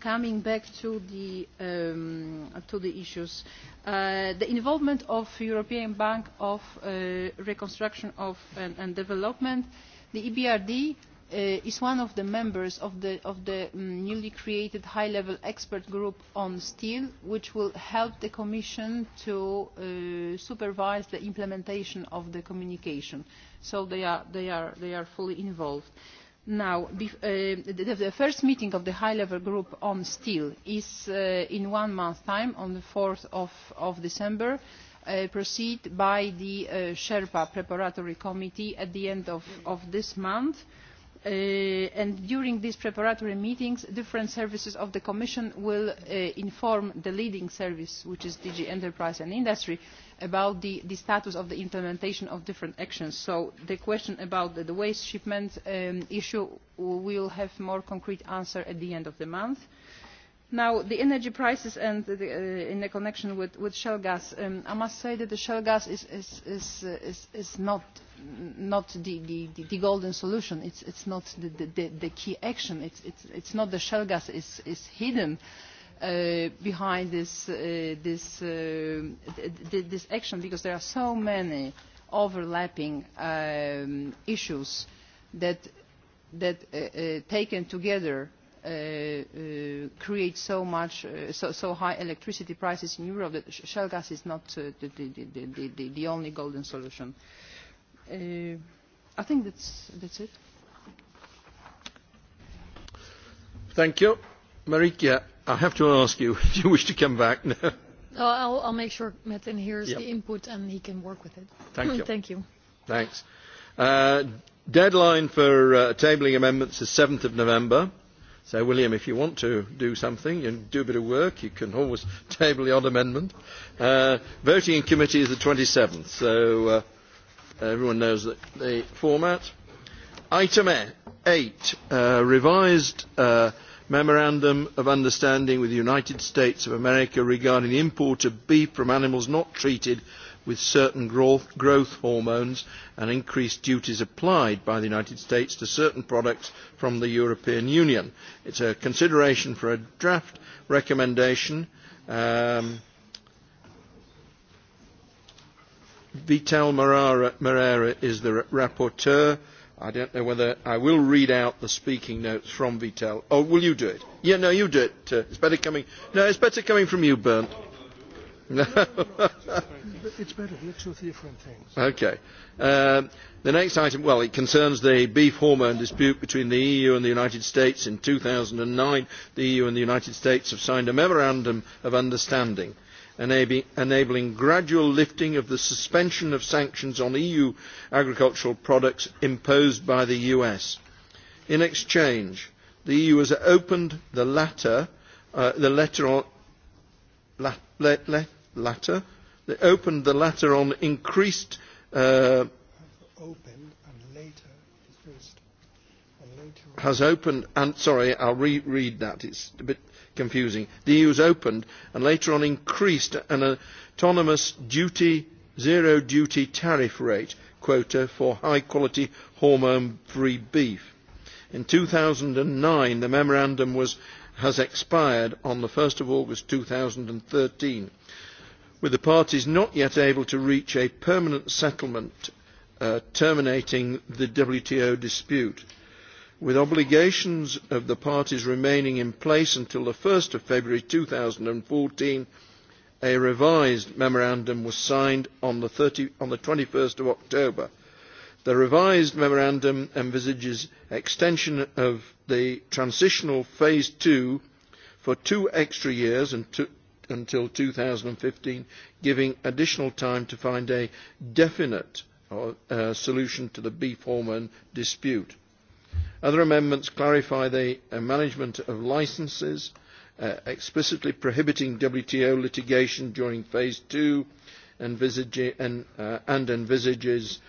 coming back to the, um, to the issues, uh, the involvement of European Bank of uh, Reconstruction of, and, and Development, the EBRD uh, is one of the members of the, of the um, newly created high-level expert group on steel, which will help the Commission to uh, supervise the implementation of the communication. So they are, they are, they are fully involved. Uh, the first meeting of the high level group on steel is uh, in one month's time on four december uh, preceded by the sherpa preparatory committee at the end of this month and during these preparatory meetings different services of the commission will inform the leading service which is dg enterprise and industry about the, the status of the implementation of different actions so the question about the, the waste shipment um, issue will have a more concrete answer at the end of the month. now the energy prices and the, uh, in connection with, with shale gas um, i must say that the shale gas is, is, is, uh, is, is not, not the, the, the golden solution it's, it's not the, the, the key action it's, it's, it's not the shale gas is, is hidden uh, uh, behind this, uh, this, uh, th th this action because there are so many overlapping um, issues that, that uh, uh, taken together uh, uh, create so much, uh, so, so high electricity prices in Europe that sh shell gas is not uh, the, the, the, the, the only golden solution. Uh, I think that's, that's it. Thank you. Marikia I have to ask you, do you wish to come back No, I'll, I'll make sure Metin hears yep. the input and he can work with it. Thank you. Thank you. Thanks. Uh, deadline for uh, tabling amendments is 7th of November. So, William, if you want to do something and do a bit of work, you can always table the odd amendment. Uh, voting in committee is the 27th, so uh, everyone knows the, the format. Item 8, e, uh, revised uh, memorandum of understanding with the united states of america regarding the import of beef from animals not treated with certain growth, hormones and increased duties applied by the united states to certain products from the european union. it is a consideration for a draft recommendation um, vital moreira is the rapporteur. I don't know whether I will read out the speaking notes from Vitel. or oh, will you do it? Yeah, no, you do it. it uh, it's better coming. No, it's better coming from you, Bernd. it's better. It's two different things. Okay. Um, the next item, well, it concerns the beef hormone dispute between the EU and the United States. In 2009, the EU and the United States have signed a memorandum of understanding. Uh, enabling gradual lifting of the suspension of sanctions on eu agricultural products imposed by the us. in exchange the eu has opened the latter, uh, the letter on, la, le, le, latter, they opened the latter on increased uh, open and later first and later has opened and sorry i'll reread that it's a bit confusing. The EU has opened and later on increased an autonomous duty, zero duty tariff rate quota for high quality hormone free beef. In two thousand and nine the memorandum was, has expired on one august two thousand and thirteen with the parties not yet able to reach a permanent settlement uh, terminating the WTO dispute with obligations of the parties remaining in place until one february two thousand and fourteen a revised memorandum was signed on twenty one october. the revised memorandum envisages extension of the transitional phase two for two extra years until two thousand and fifteen giving additional time to find a definite uh, solution to the beef hormone dispute. Other amendments clarify the uh, management of licences, uh, explicitly prohibiting WTO litigation during Phase two, envisage, and, uh, and envisages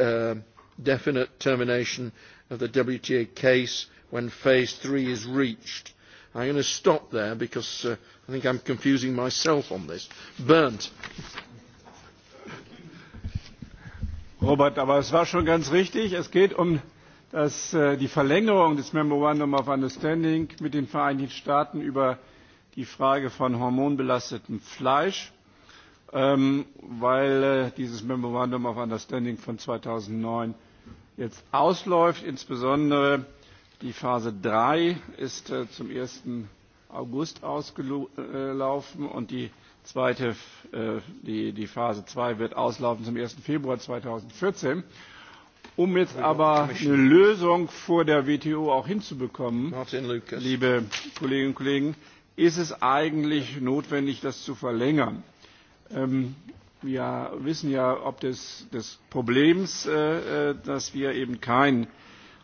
uh, definite termination of the WTO case when Phase three is reached. I'm going to stop there because uh, I think I'm confusing myself on this. Bernd. Robert, aber es war schon ganz richtig. Es geht um dass äh, die Verlängerung des Memorandum of Understanding mit den Vereinigten Staaten über die Frage von hormonbelastetem Fleisch, ähm, weil äh, dieses Memorandum of Understanding von 2009 jetzt ausläuft. Insbesondere die Phase 3 ist äh, zum 1. August ausgelaufen und die zweite, äh, die, die Phase 2 wird auslaufen zum 1. Februar 2014 um jetzt aber eine Lösung vor der WTO auch hinzubekommen, liebe Kolleginnen und Kollegen, ist es eigentlich notwendig, das zu verlängern. Ähm, wir wissen ja ob des, des Problems, äh, äh, dass wir eben kein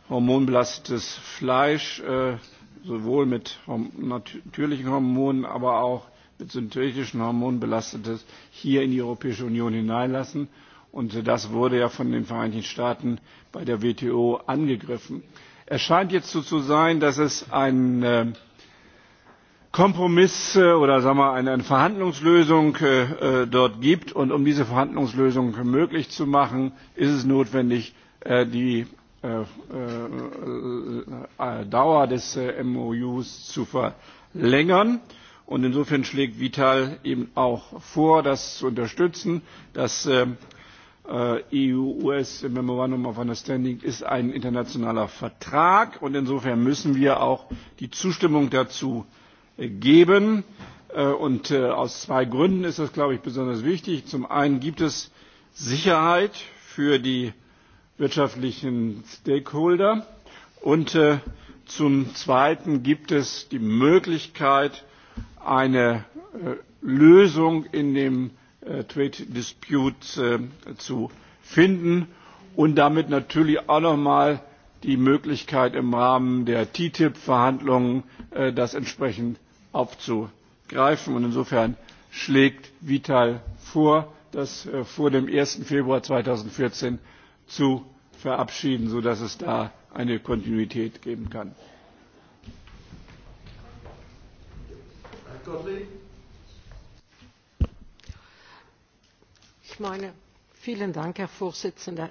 hormonbelastetes Fleisch äh, sowohl mit horm natürlichen Hormonen, aber auch mit synthetischen Hormonen belastetes hier in die Europäische Union hineinlassen Und das wurde ja von den Vereinigten Staaten bei der WTO angegriffen. Es scheint jetzt so zu sein, dass es ein äh, Kompromiss äh, oder sagen wir eine Verhandlungslösung äh, dort gibt. Und um diese Verhandlungslösung möglich zu machen, ist es notwendig, die Dauer des MOUs zu verlängern. Und insofern schlägt Vital eben auch vor, das zu unterstützen, dass Äh, EU-US Memorandum of Understanding ist ein internationaler Vertrag und insofern müssen wir auch die Zustimmung dazu äh, geben. Äh, und aus zwei Gründen ist das, glaube ich, besonders wichtig. Zum einen gibt es Sicherheit für die wirtschaftlichen Stakeholder und zum zweiten gibt es die Möglichkeit, eine Lösung in dem Äh, Trade Disputes äh, zu finden und damit natürlich auch noch einmal die Möglichkeit im Rahmen der TTIP-Verhandlungen äh, das entsprechend aufzugreifen. insofern schlägt Vital vor, das vor dem eins Februar zweitausendvierzehn zu verabschieden, sodass es da eine Kontinuität geben kann. Herr Gottlieb? Ich meine, Herr Vorsitzender,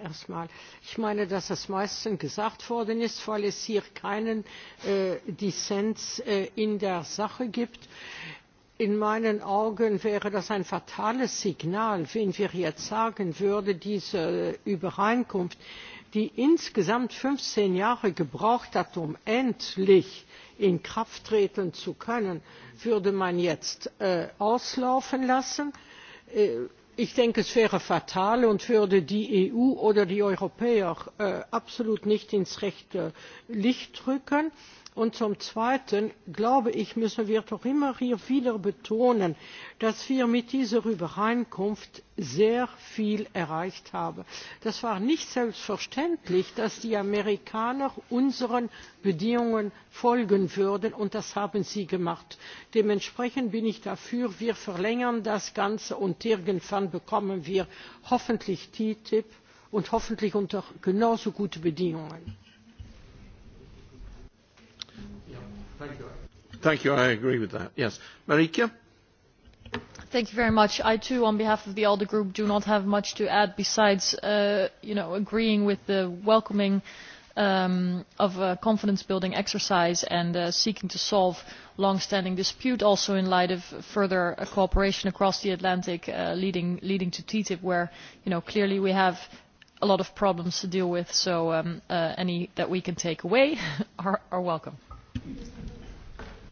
Ich meine, dass das meiste gesagt worden ist, weil es hier keinen äh, Dissens äh, in der Sache gibt. In meinen Augen wäre das ein fatales Signal, wenn wir jetzt sagen würden, diese Übereinkunft, die insgesamt fünfzehn Jahre gebraucht hat, um endlich in Kraft treten zu können, würde man jetzt äh, auslaufen lassen ich denke es wäre fatal und würde die eu oder die europäer äh, absolut nicht ins rechte licht rücken und zum zweiten glaube ich müssen wir doch immer wieder betonen dass wir mit dieser übereinkunft sehr viel erreicht haben. es war nicht selbstverständlich dass die amerikaner unseren bedingungen folgen würden und das haben sie gemacht. dementsprechend bin ich dafür dass wir das ganze verlängern und irgendwann bekommen wir hoffentlich ttip und hoffentlich unter genauso guten bedingungen. Thank you. Thank you. I agree with that. Yes. Marike? Thank you very much. I too, on behalf of the ALDE group, do not have much to add besides uh, you know, agreeing with the welcoming um, of a confidence building exercise and uh, seeking to solve long standing dispute also in light of further uh, cooperation across the Atlantic uh, leading, leading to TTIP where you know, clearly we have a lot of problems to deal with so um, uh, any that we can take away are, are welcome. Thank you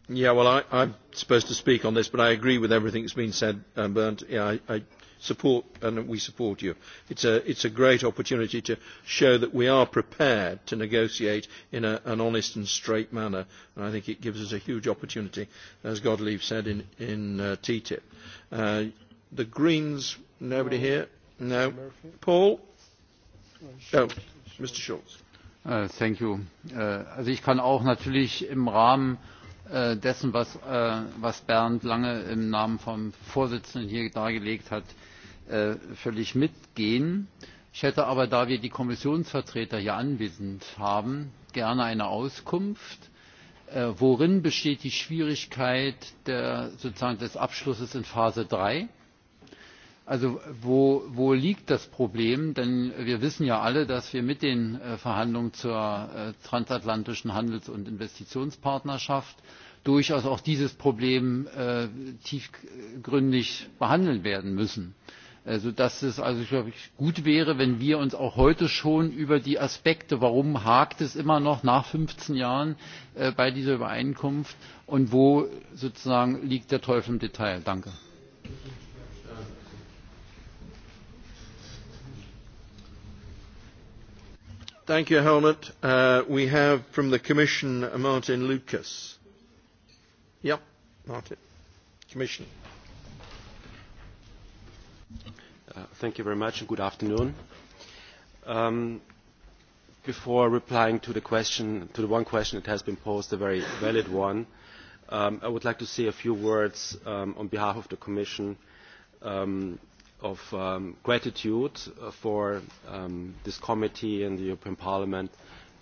well, I, am supposed to speak on this, but I agree with everything that has been said, um, Bernd. I, support and we support you. it is a great opportunity to show that we are prepared to negotiate in an honest and straight manner. And I think it gives us a huge opportunity, as Godlieb said in, uh, TTIP. Uh, the Greens, nobody here? No. Paul? Oh, Mr. Schulz. thank you. Uh, also ich kann auch natürlich im Rahmen Äh, dessen äh, was, bernd lange im namen des vorsitzenden hier dargelegt hat äh, völlig mitgehen. ich hätte aber da wir die kommissionsvertreter hier anwesend haben gerne eine auskunft worin besteht die schwierigkeit des abschlusses in phase drei? also wo, liegt das problem? denn wir wissen ja alle dass wir mit den äh, verhandlungen zur äh, transatlantischen handels und investitionspartnerschaft durchaus auch dieses problem äh, tiefgründig behandeln werden müssen sodass es also gut wäre wenn wir uns auch heute schon über die aspekte warum hakt es immer noch nach fünfzehn jahren bei dieser übereinkunft und wo sozusagen liegt der teufel im detail liegen. Thank you, Helmut. Uh, we have from the Commission uh, Martin Lucas. Yep, Martin. Commission. Uh, thank you very much and good afternoon. Um, before replying to the question, to the one question that has been posed, a very valid one, um, I would like to say a few words um, on behalf of the Commission um, of um, gratitude uh, for um, this committee and the European Parliament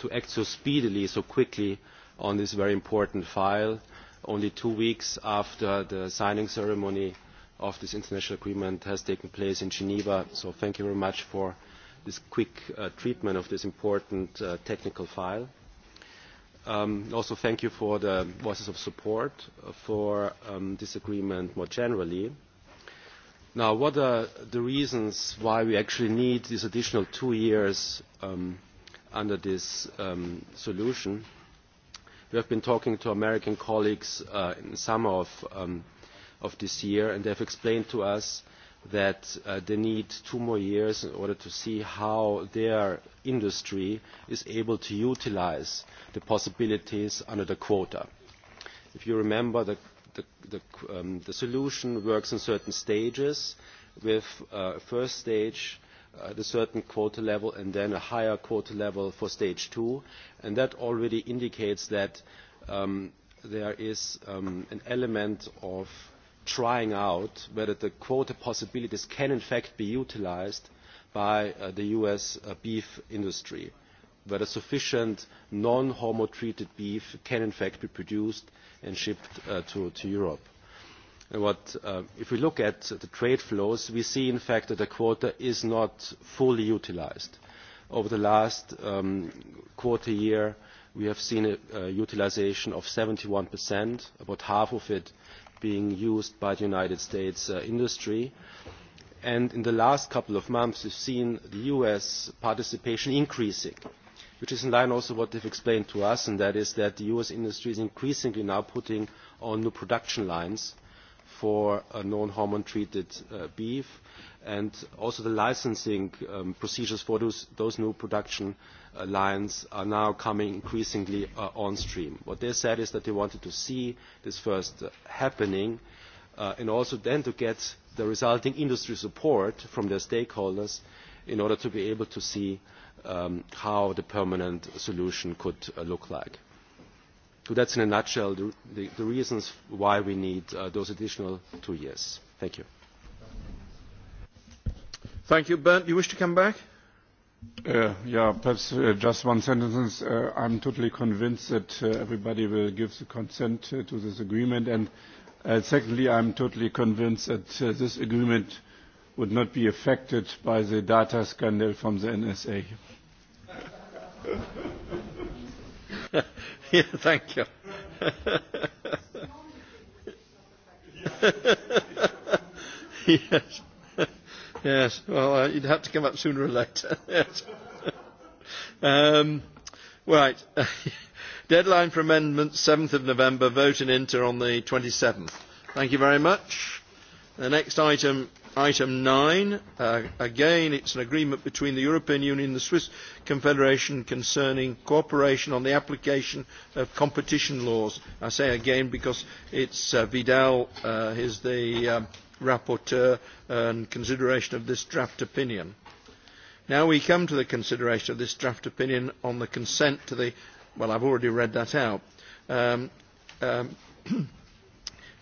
to act so speedily, so quickly on this very important file, only two weeks after the signing ceremony of this international agreement has taken place in Geneva. So thank you very much for this quick uh, treatment of this important uh, technical file. Um, also thank you for the voices of support for um, this agreement more generally. Now, what are the reasons why we actually need these additional two years um, under this um, solution? We have been talking to American colleagues uh, in the summer of, um, of this year, and they have explained to us that uh, they need two more years in order to see how their industry is able to utilize the possibilities under the quota. If you remember, the the, um, the solution works in certain stages with uh, first stage uh, at a certain quota level and then a higher quota level for stage two. And that already indicates that um, there is um, an element of trying out whether the quota possibilities can in fact be utilized by uh, the US uh, beef industry, whether sufficient non-homo-treated beef can in fact be produced and shipped uh, to, to Europe. What, uh, if we look at the trade flows, we see in fact that the quota is not fully utilized. Over the last um, quarter year, we have seen a, a utilization of 71%, about half of it being used by the United States uh, industry. And in the last couple of months, we've seen the U.S. participation increasing which is in line also with what they have explained to us and that is that the us industry is increasingly now putting on new production lines for non hormone treated uh, beef and also the licensing um, procedures for those, those new production uh, lines are now coming increasingly uh, on stream. What they said is that they wanted to see this first uh, happening uh, and also then to get the resulting industry support from their stakeholders in order to be able to see um, how the permanent solution could uh, look like. So that's in a nutshell the, the, the reasons why we need uh, those additional two years. Thank you. Thank you. Bernd, you wish to come back? Uh, yeah, perhaps uh, just one sentence. Uh, I'm totally convinced that uh, everybody will give the consent uh, to this agreement. And uh, secondly, I'm totally convinced that uh, this agreement uh, would not be affected by the data scandal from the NSA. yeah, thank you. yes. Yes. Well, uh, you'd have to come up sooner or later. yes. um, right. Deadline for amendments 7th of November. Vote in Inter on the 27th. Thank you very much. The next item Item 9, again uh, again, it's an agreement between the European Union and the Swiss Confederation concerning cooperation on the application of competition laws. I say again because it's uh, Vidal uh, is the um, rapporteur and consideration of this draft opinion. Now we come to the consideration of this draft opinion on the consent to the, well, I've already read that out. Um, um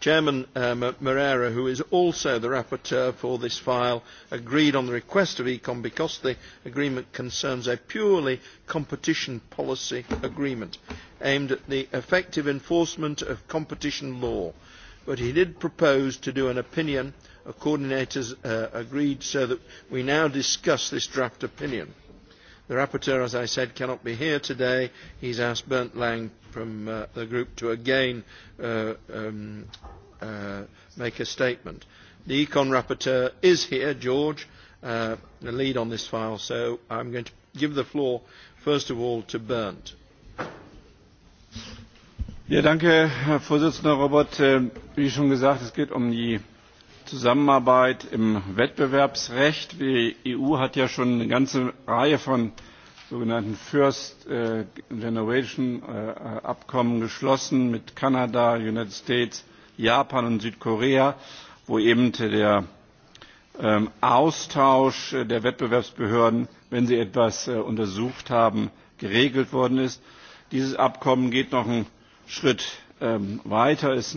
Chairman uh, Moreira, who is also the rapporteur for this file, agreed on the request of Econ because the agreement concerns a purely competition policy agreement aimed at the effective enforcement of competition law. But he did propose to do an opinion, a coordinators uh, agreed, so that we now discuss this draft opinion The rapporteur, as I said, cannot be here today. He's asked Bernd Lang from uh, the group to again uh, um, uh, make a statement. The Econ rapporteur is here, George, uh, the lead on this file, so I'm going to give the floor first of all to Bernd. Ja, danke, Herr Vorsitzender Robert. Ähm, wie schon gesagt, es geht um die Zusammenarbeit im Wettbewerbsrecht. Die EU hat ja schon eine ganze Reihe von sogenannten First äh, Generation äh, Abkommen geschlossen mit Kanada, United States, Japan und Südkorea, wo eben der ähm, Austausch der Wettbewerbsbehörden, wenn sie etwas äh, untersucht haben, geregelt worden ist. Dieses Abkommen geht noch einen Schritt ähm, weiter, ist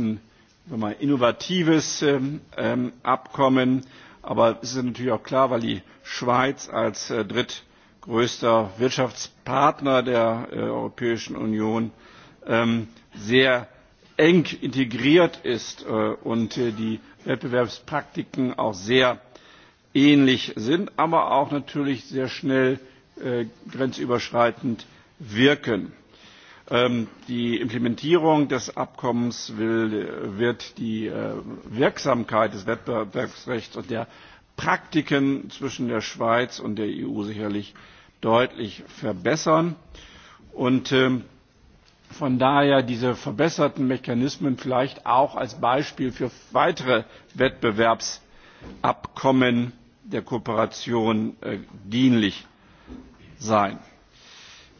mal, innovatives ähm, ähm, Abkommen. Aber es ist natürlich auch klar, weil die Schweiz als äh, drittgrößter Wirtschaftspartner der äh, Europäischen Union ähm, sehr eng integriert ist äh, und äh, die Wettbewerbspraktiken auch sehr ähnlich sind, aber auch natürlich sehr schnell äh, grenzüberschreitend wirken. Ähm, die Implementierung des Abkommens wird die äh, Wirksamkeit des Wettbewerbsrechts und der Praktiken zwischen der Schweiz und der EU sicherlich deutlich verbessern. Und ähm, von daher diese verbesserten Mechanismen vielleicht auch als Beispiel für weitere Wettbewerbsabkommen der Kooperation äh, dienlich sein.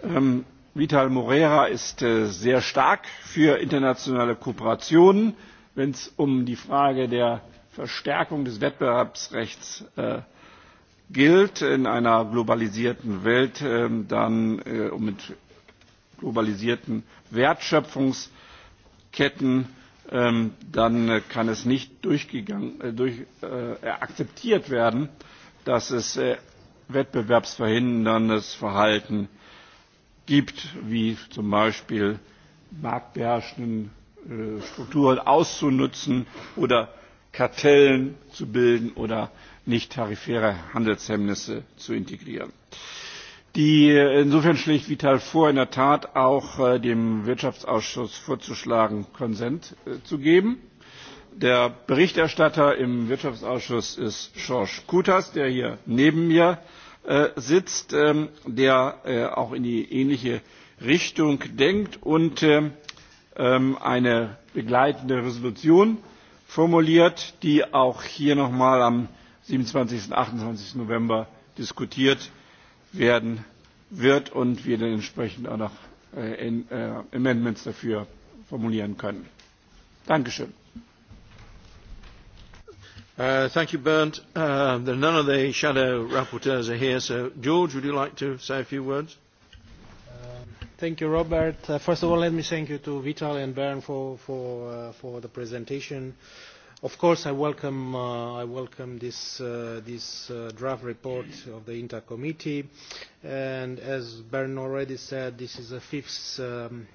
Ähm, vital moreira ist äh, sehr stark für internationale kooperation wenn es um die frage der verstärkung des wettbewerbsrechts äh, geht in einer globalisierten welt ähm, dann äh, um mit globalisierten wertschöpfungsketten ähm, dann kann es nicht akzeptiert werden dass es wettbewerbsverhinderndes verhalten gibt, wie zum Beispiel marktbeherrschenden äh, Strukturen auszunutzen oder Kartellen zu bilden oder nichttarifäre Handelshemmnisse zu integrieren. Die, äh, insofern schlägt Vital vor, in der Tat auch äh, dem Wirtschaftsausschuss vorzuschlagen, Konsent zu geben. Der Berichterstatter im Wirtschaftsausschuss ist George Kutas, der hier neben mir Äh, sitzt, ähm, der äh, auch in die ähnliche Richtung denkt und äh, ähm, eine begleitende entschließung formuliert, die auch hier noch einmal am siebenundzwanzig und 28. November diskutiert werden wird und wir dann entsprechend auch noch änderungsanträge dafür formulieren können. Dankeschön. Uh, thank you, Bernd. Uh, none of the shadow rapporteurs are here, so George, would you like to say a few words? Um, thank you, Robert. Uh, first of all, let me thank you to Vital and Bern for, for, uh, for the presentation. Of course, I welcome, uh, I welcome this, uh, this uh, draft report of the INTA committee. And as Bern already said, this is the fifth um,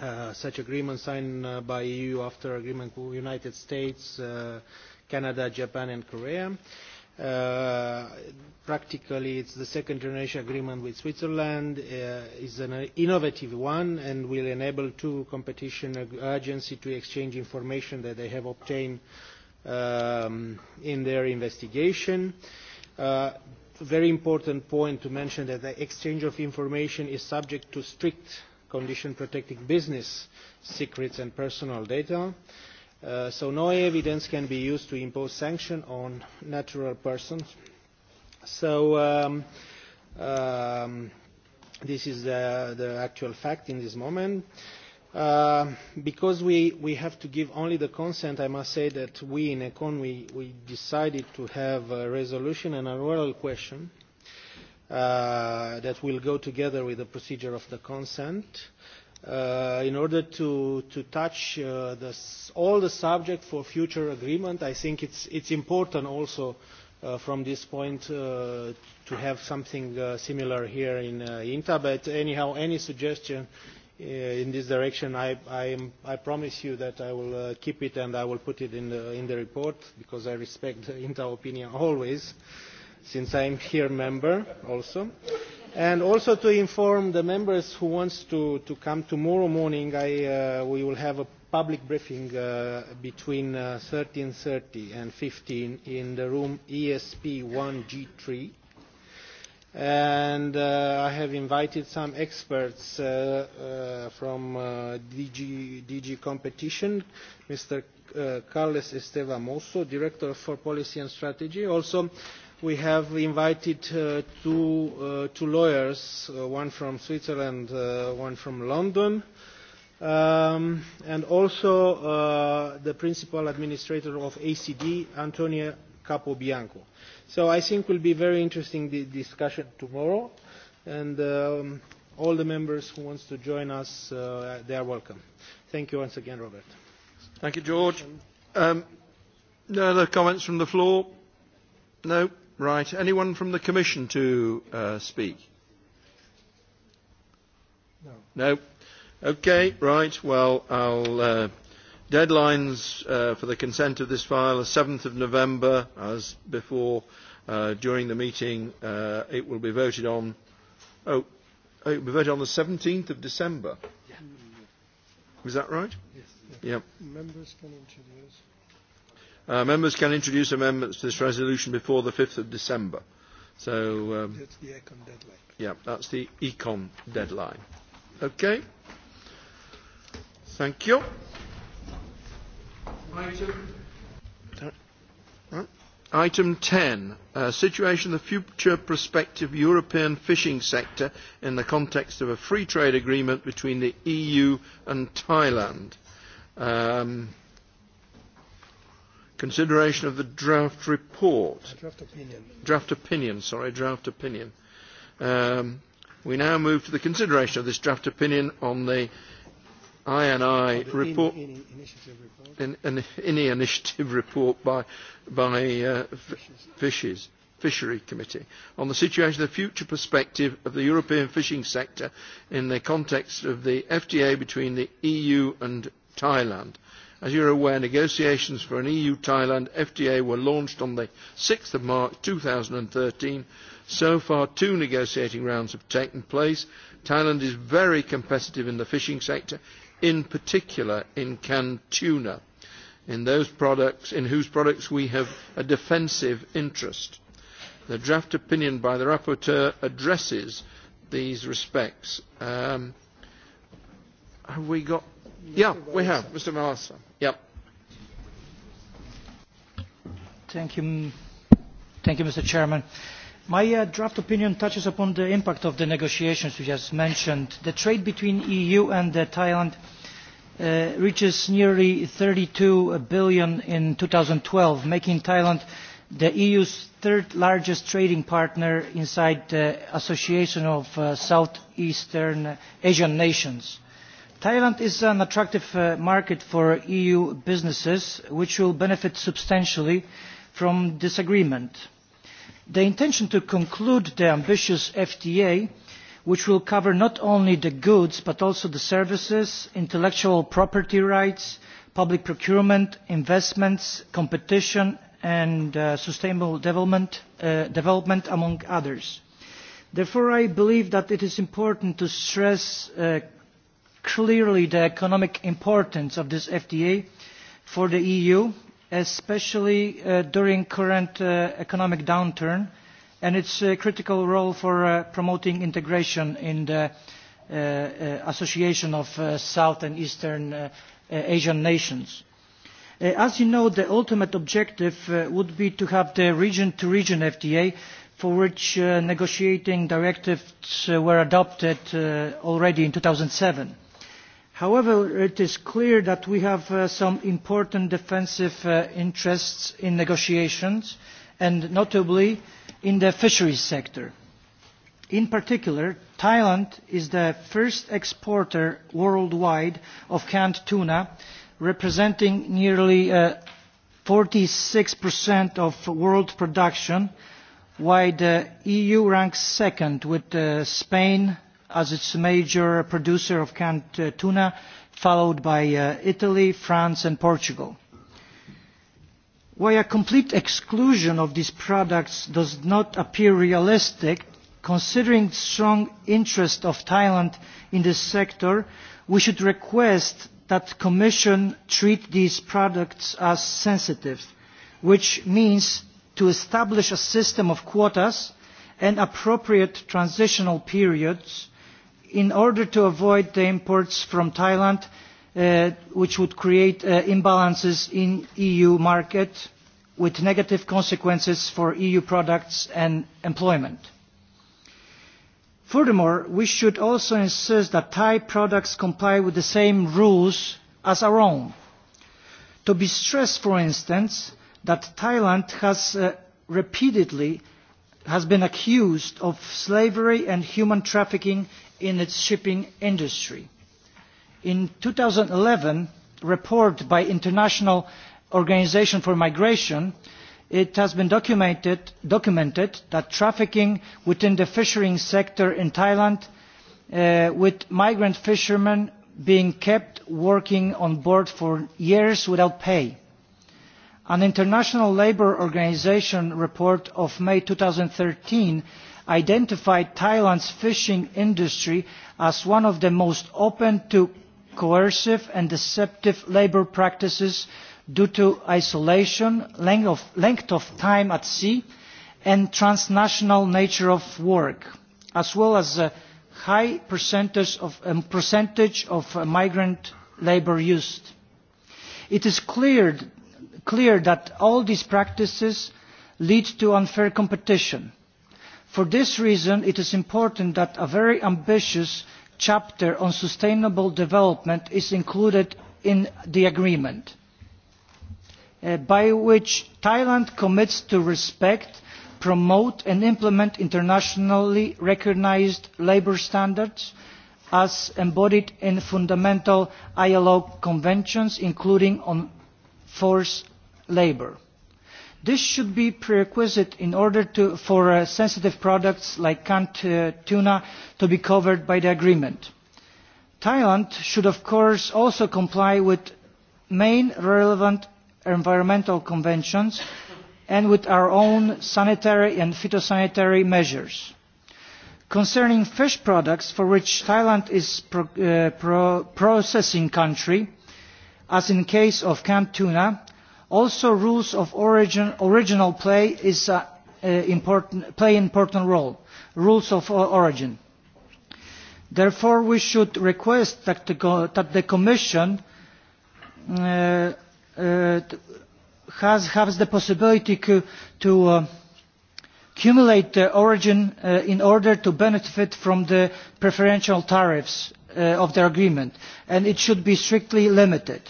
uh, such agreement signed uh, by EU after agreement with the United States uh, Canada, Japan and Korea. Uh, practically it's the second generation agreement with Switzerland. Uh, is an innovative one and will enable two competition agencies to exchange information that they have obtained um, in their investigation. Uh, very important point to mention that the exchange of information is subject to strict conditions protecting business secrets and personal data. Uh, Uh, so no evidence can be used to impose sanctions on natural persons. So um, um, this is the, the actual fact in this moment. Uh, because we, we have to give only the consent, I must say that we in ECON, we, we decided to have a resolution and an oral question uh, that will go together with the procedure of the consent. Uh, Uh, in order to, to touch uh, this, all the subject for future agreement, I think it's, it's important also uh, from this point uh, to have something uh, similar here in uh, INTA, but anyhow, any suggestion uh, in this direction, I, I, I promise you that I will uh, keep it and I will put it in the, in the report because I respect the INTA opinion always, since I'm here member also and also to inform the members who want to, to come tomorrow morning I, uh, we will have a public briefing uh, between uh, 13.30 and 15 in the room esp 1g3 and uh, I have invited some experts uh, uh, from uh, DG, DG Competition, Mr. Uh, Carles Esteva Mosso, Director for Policy and Strategy, also we have invited uh, two, uh, two lawyers, uh, one from Switzerland, uh, one from London, um, and also uh, the principal administrator of ACD, Antonia Capobianco. So I think will be very interesting the discussion tomorrow, and um, all the members who want to join us, uh, they are welcome. Thank you once again, Robert. Thank you, George. Um, um no other comments from the floor? No. Right. Anyone from the Commission to uh, speak? No. No. Okay. Right. Well, I'll. Uh, deadlines uh, for the consent of this file are 7th of November, as before. Uh, during the meeting, uh, it will be voted on. Oh, oh it will be voted on the 17th of December. Yeah. Is that right? Yes. Yeah. Members can introduce. Uh, members can introduce amendments to this resolution before the 5th of December. So um, that's the econ deadline. Yeah, that's the econ deadline. Okay. Thank you. Item, uh, item 10, uh, situation of the future prospective European fishing sector in the context of a free trade agreement between the EU and Thailand. Um, Consideration of the draft report. Draft opinion. Draft opinion, sorry, draft opinion. Um, we now move to the consideration of this draft opinion on the INI oh, report, in, initiative report. In, in, in INI initiative report by, by uh, fishes. Fishery Committee on the situation of the future perspective of the European fishing sector in the context of the FTA between the EU and Thailand. As you are aware, negotiations for an EU-Thailand FTA were launched on six march. two thousand and thirteen So far, two negotiating rounds have taken place. Thailand is very competitive in the fishing sector, in particular in canned tuna, in, those products, in whose products we have a defensive interest. The draft opinion by the rapporteur addresses these respects. Um, have we got have. Mr. Malassa. Thank you. Mr. Chairman. My uh, draft opinion touches upon the impact of the negotiations you just mentioned. The trade between EU and uh, Thailand uh, reaches nearly 32 billion in 2012, making Thailand the EU's third largest trading partner inside the Association of Southeastern Asian Nations Thailand is an attractive uh, market for EU businesses, which will benefit substantially from this agreement. The intention to conclude the ambitious FTA, which will cover not only the goods but also the services, intellectual property rights, public procurement, investments, competition and uh, sustainable development, uh, development, among others. Therefore, I believe that it is important to stress uh, clearly the economic importance of this FTA for the EU, especially uh, during current uh, economic downturn, and its uh, critical role for uh, promoting integration in the uh, uh, association of uh, South and Eastern uh, uh Asian nations. Uh, as you know, the ultimate objective uh, would be to have the region-to-region -region FTA for which uh, negotiating directives uh, were adopted uh, already in 2007 However, it is clear that we have uh, some important defensive uh, interests in negotiations, and notably in the fisheries sector. In particular, Thailand is the first exporter worldwide of canned tuna, representing nearly uh, 46% of world production, while the EU ranks second with uh, Spain, as its major producer of canned uh, tuna, followed by uh, Italy, France and Portugal. While a complete exclusion of these products does not appear realistic, considering the strong interest of Thailand in this sector, we should request that the Commission treat these products as sensitive, which means to establish a system of quotas and appropriate transitional periods in order to avoid the imports from Thailand, uh, which would create uh, imbalances in EU market with negative consequences for EU products and employment. Furthermore, we should also insist that Thai products comply with the same rules as our own. To be stressed, for instance, that Thailand has uh, repeatedly has been accused of slavery and human trafficking in its shipping industry. In 2011 report by International Organization for Migration, it has been documented, documented that trafficking within the fishing sector in Thailand, uh, with migrant fishermen being kept working on board for years without pay. An International Labour Organization report of May 2013 identified Thailand's fishing industry as one of the most open to coercive and deceptive labour practices due to isolation, length of, length of time at sea, and transnational nature of work, as well as a high percentage of, um, percentage of uh, migrant labour used. It is clear that all these practices lead to unfair competition for this reason it is important that a very ambitious chapter on sustainable development is included in the agreement uh, by which thailand commits to respect promote and implement internationally recognised labour standards as embodied in fundamental ilo conventions including on forced labour. This should be prerequisite in order to, for uh, sensitive products like canned uh, tuna to be covered by the agreement. Thailand should of course also comply with main relevant environmental conventions and with our own sanitary and phytosanitary measures. Concerning fish products for which Thailand is pro, uh, pro processing country, as in case of canned tuna, Also, rules of origin, original play is, uh, uh important, play an important role. Rules of uh, origin. Therefore, we should request that the, that the Commission uh, uh, has, has the possibility to, to uh, accumulate the origin uh, in order to benefit from the preferential tariffs uh, of the agreement, and it should be strictly limited.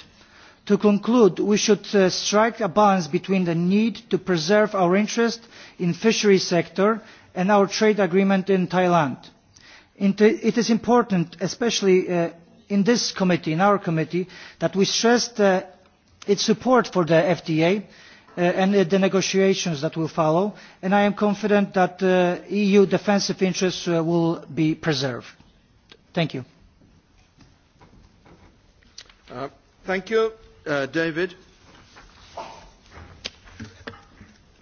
To conclude, we should uh, strike a balance between the need to preserve our interest in the fisheries sector and our trade agreement in Thailand. It is important, especially uh, in this committee, in our committee, that we stress its support for the FTA uh, and the negotiations that will follow, and I am confident that EU defensive interests will be preserved. Thank you. Thank you. Uh, David.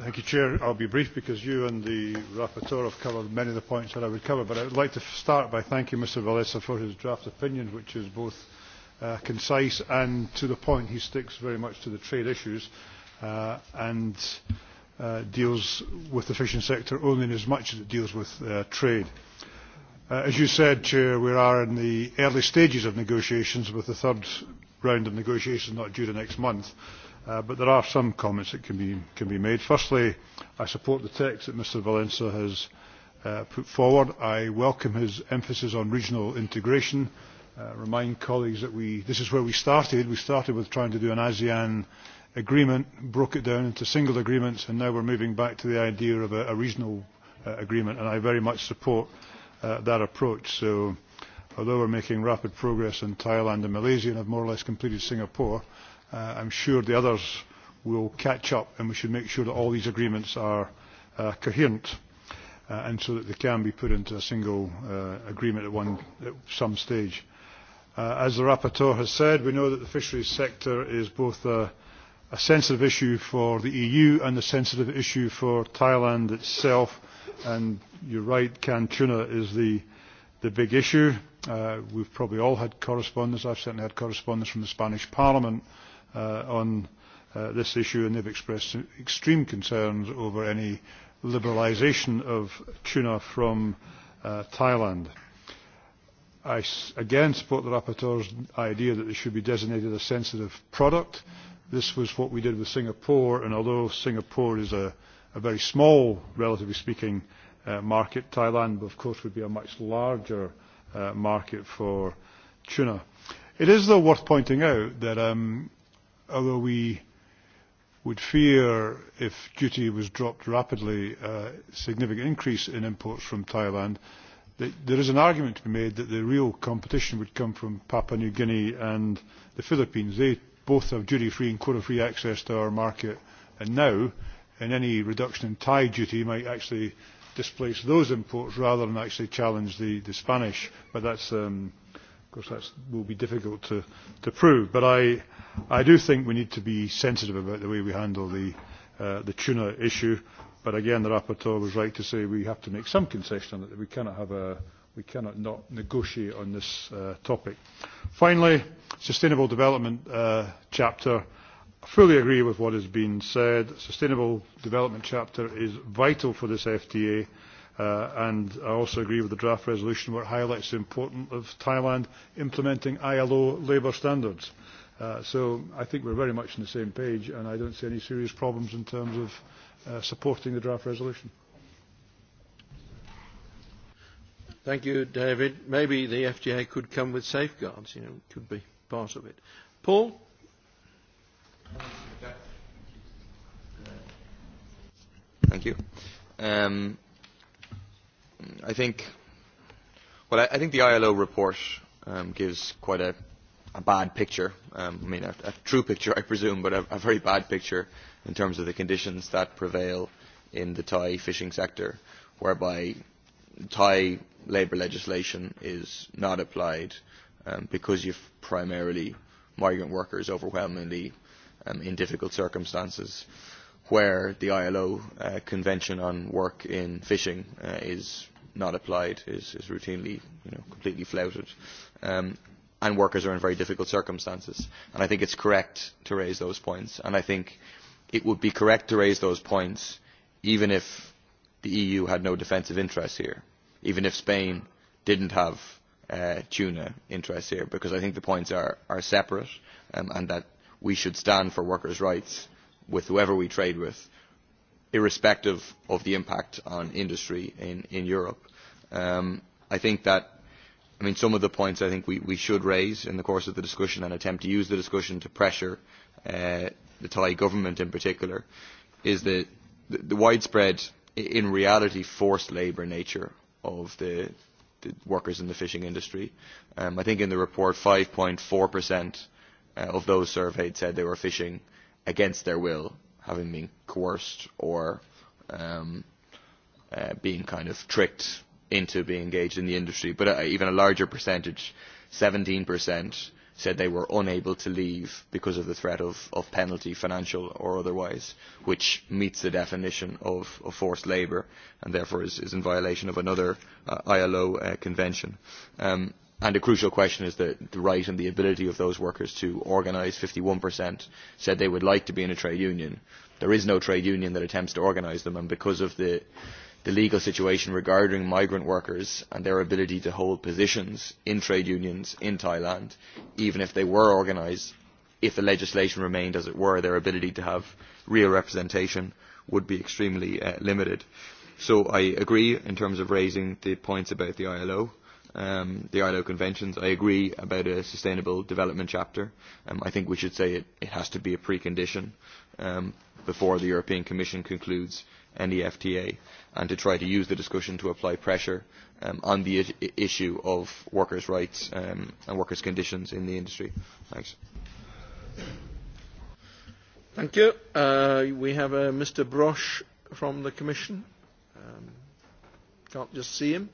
Thank you, Chair. I'll be brief because you and the Rapporteur have covered many of the points that I would cover, but I would like to start by thanking Mr Valesa for his draft opinion, which is both uh, concise and to the point. He sticks very much to the trade issues uh, and uh, deals with the fishing sector only in as much as it deals with uh, trade. Uh, as you said, Chair, we are in the early stages of negotiations with the third round of negotiations not due to next month. Uh, but there are some comments that can be, can be made. Firstly, I support the text that Mr Valenza has uh, put forward. I welcome his emphasis on regional integration. Uh, remind colleagues that we, this is where we started. We started with trying to do an ASEAN agreement, broke it down into single agreements, and now we're moving back to the idea of a, a regional uh, agreement, and I very much support uh, that approach. So although we are making rapid progress in thailand and malaysia and have more or less completed singapore uh, i am sure the others will catch up and we should make sure that all these agreements are uh, coherent uh, and so that they can be put into a single uh, agreement at, one, at some stage. Uh, as the rapporteur has said, we know that the fisheries sector is both a, a sensitive issue for the EU and a sensitive issue for Thailand itself. And you're right, canned tuna is the, the big issue. Uh, we've probably all had correspondence. I've certainly had correspondence from the Spanish Parliament uh, on uh, this issue, and they've expressed extreme concerns over any liberalisation of tuna from uh, Thailand. I again support the rapporteur's idea that it should be designated a sensitive product. This was what we did with Singapore, and although Singapore is a, a very small, relatively speaking, uh, market, Thailand, of course, would be a much larger uh, uh, market for tuna. It is, though, worth pointing out that um, although we would fear if duty was dropped rapidly a uh, significant increase in imports from Thailand, that there is an argument to be made that the real competition would come from Papua New Guinea and the Philippines. They both have duty-free and quota-free access to our market, and now, and any reduction in Thai duty might actually displace those imports rather than actually challenge the, the Spanish. But that's, um, of course, that will be difficult to, to prove. But I, I do think we need to be sensitive about the way we handle the, uh, the tuna issue. But again, the rapporteur was right to say we have to make some concession on it. We cannot have a we cannot not negotiate on this uh, topic. Finally, sustainable development uh, chapter I fully agree with what has been said. The Sustainable Development chapter is vital for this FTA, uh, and I also agree with the draft resolution where it highlights the importance of Thailand implementing ILO labour standards. Uh, so I think we're very much on the same page, and I don't see any serious problems in terms of uh, supporting the draft resolution. Thank you, David. Maybe the FTA could come with safeguards. You know, it could be part of it. Paul? Thank you. Um, I think, well, I, I think the ILO report um, gives quite a, a bad picture. Um, I mean, a, a true picture, I presume, but a, a very bad picture in terms of the conditions that prevail in the Thai fishing sector, whereby Thai labour legislation is not applied um, because you've primarily migrant workers overwhelmingly um, in difficult circumstances where the ILO uh, Convention on Work in Fishing uh, is not applied, is, is routinely, you know, completely flouted, um, and workers are in very difficult circumstances. And I think it's correct to raise those points. And I think it would be correct to raise those points even if the EU had no defensive interests here, even if Spain didn't have uh, tuna interests here, because I think the points are, are separate um, and that we should stand for workers' rights with whoever we trade with, irrespective of the impact on industry in, in Europe. Um, I think that I mean, some of the points I think we, we should raise in the course of the discussion and attempt to use the discussion to pressure uh, the Thai government in particular is the, the, widespread, in reality, forced labour nature of the, the workers in the fishing industry. Um, I think in the report, 5.4 uh, of those surveyed said they were fishing against their will, having been coerced or um, uh, being kind of tricked into being engaged in the industry. But uh, even a larger percentage, 17%, said they were unable to leave because of the threat of, of penalty, financial or otherwise, which meets the definition of, of forced labour and therefore is, is in violation of another uh, ILO uh, convention. Um, And the crucial question is the, the right and the ability of those workers to organise. 51% said they would like to be in a trade union. There is no trade union that attempts to organise them, and because of the, the legal situation regarding migrant workers and their ability to hold positions in trade unions in Thailand, even if they were organised, if the legislation remained as it were, their ability to have real representation would be extremely uh, limited. So I agree in terms of raising the points about the ILO um, the ILO conventions. I agree about a sustainable development chapter. Um, I think we should say it, it has to be a precondition um, before the European Commission concludes any FTA and to try to use the discussion to apply pressure um, on the I issue of workers' rights um, and workers' conditions in the industry. Thanks. Thank you. Uh, we have uh, Mr. Brosh from the Commission. Um, can't just see him.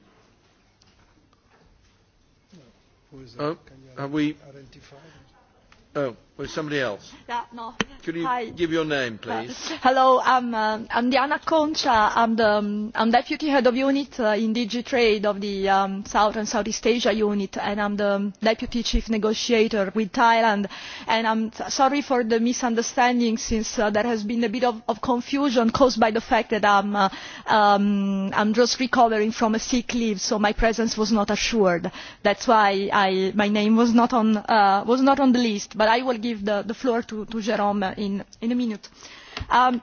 Uh, have we Oh, with somebody else. Yeah, no. Could you Hi. give your name, please? Uh, hello, I'm, uh, I'm Diana Concha. I'm the um, I'm deputy head of unit uh, in DG Trade of the um, South and Southeast Asia unit, and I'm the um, deputy chief negotiator with Thailand. And I'm sorry for the misunderstanding, since uh, there has been a bit of, of confusion caused by the fact that I'm uh, um, I'm just recovering from a sick leave, so my presence was not assured. That's why I my name was not on uh, was not on the list, but but i will give the, the floor to, to jrme in, in a minute. Um,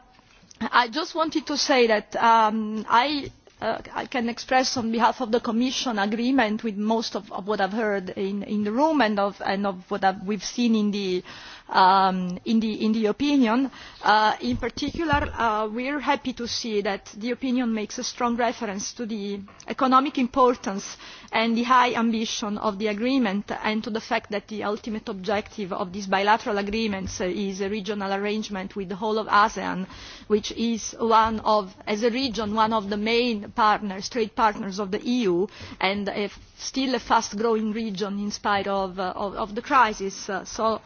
i just wanted to say that um, I, uh, i can express on behalf of the commission agreement with most of, of what i have heard in, in the room and of, and of what we have seen in the um, in, the, in the opinion. Uh, in particular, uh, we are happy to see that the opinion makes a strong reference to the economic importance and the high ambition of the agreement and to the fact that the ultimate objective of these bilateral agreements is a regional arrangement with the whole of ASEAN, which is one of, as a region, one of the main partners, trade partners of the EU and a, still a fast-growing region in spite of, uh, of, of the crisis. Uh, so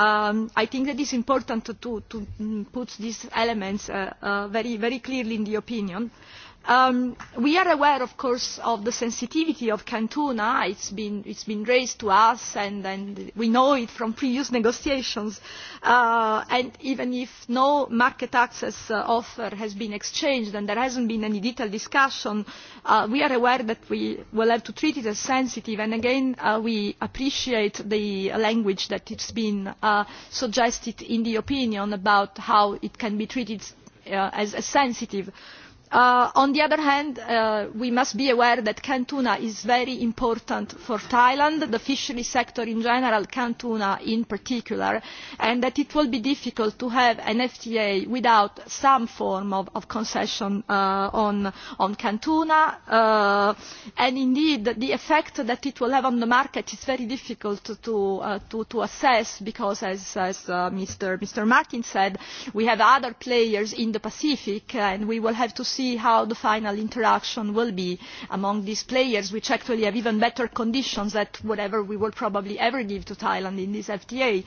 Um, i think that it is important to, mm, put these elements uh, uh, very clearly in the opinion. Um, we are aware of course of the sensitivity of Cantona. It's been, it's been raised to us and, we know it from previous negotiations. Uh, and even if no market access uh, offer has been exchanged and there has not been any detailed discussion, uh, we are aware that we will have to treat it as sensitive. And again, we appreciate the language that has been suggested in the opinion about how it can be treated as, sensitive. Uh, on the other hand uh, we must be aware that canned tuna is very important for thailand the fisheries sector in general canned tuna in particular and that it will be difficult to have an fta without some form of, concession uh, on, canned tuna and indeed the effect that it will have on the market is very difficult to, assess because as, mr, mr martin said we have other players in the pacific and we will have to see see how the final interaction will be among these players which actually have even better conditions than whatever we will probably ever give to thailand in this fta.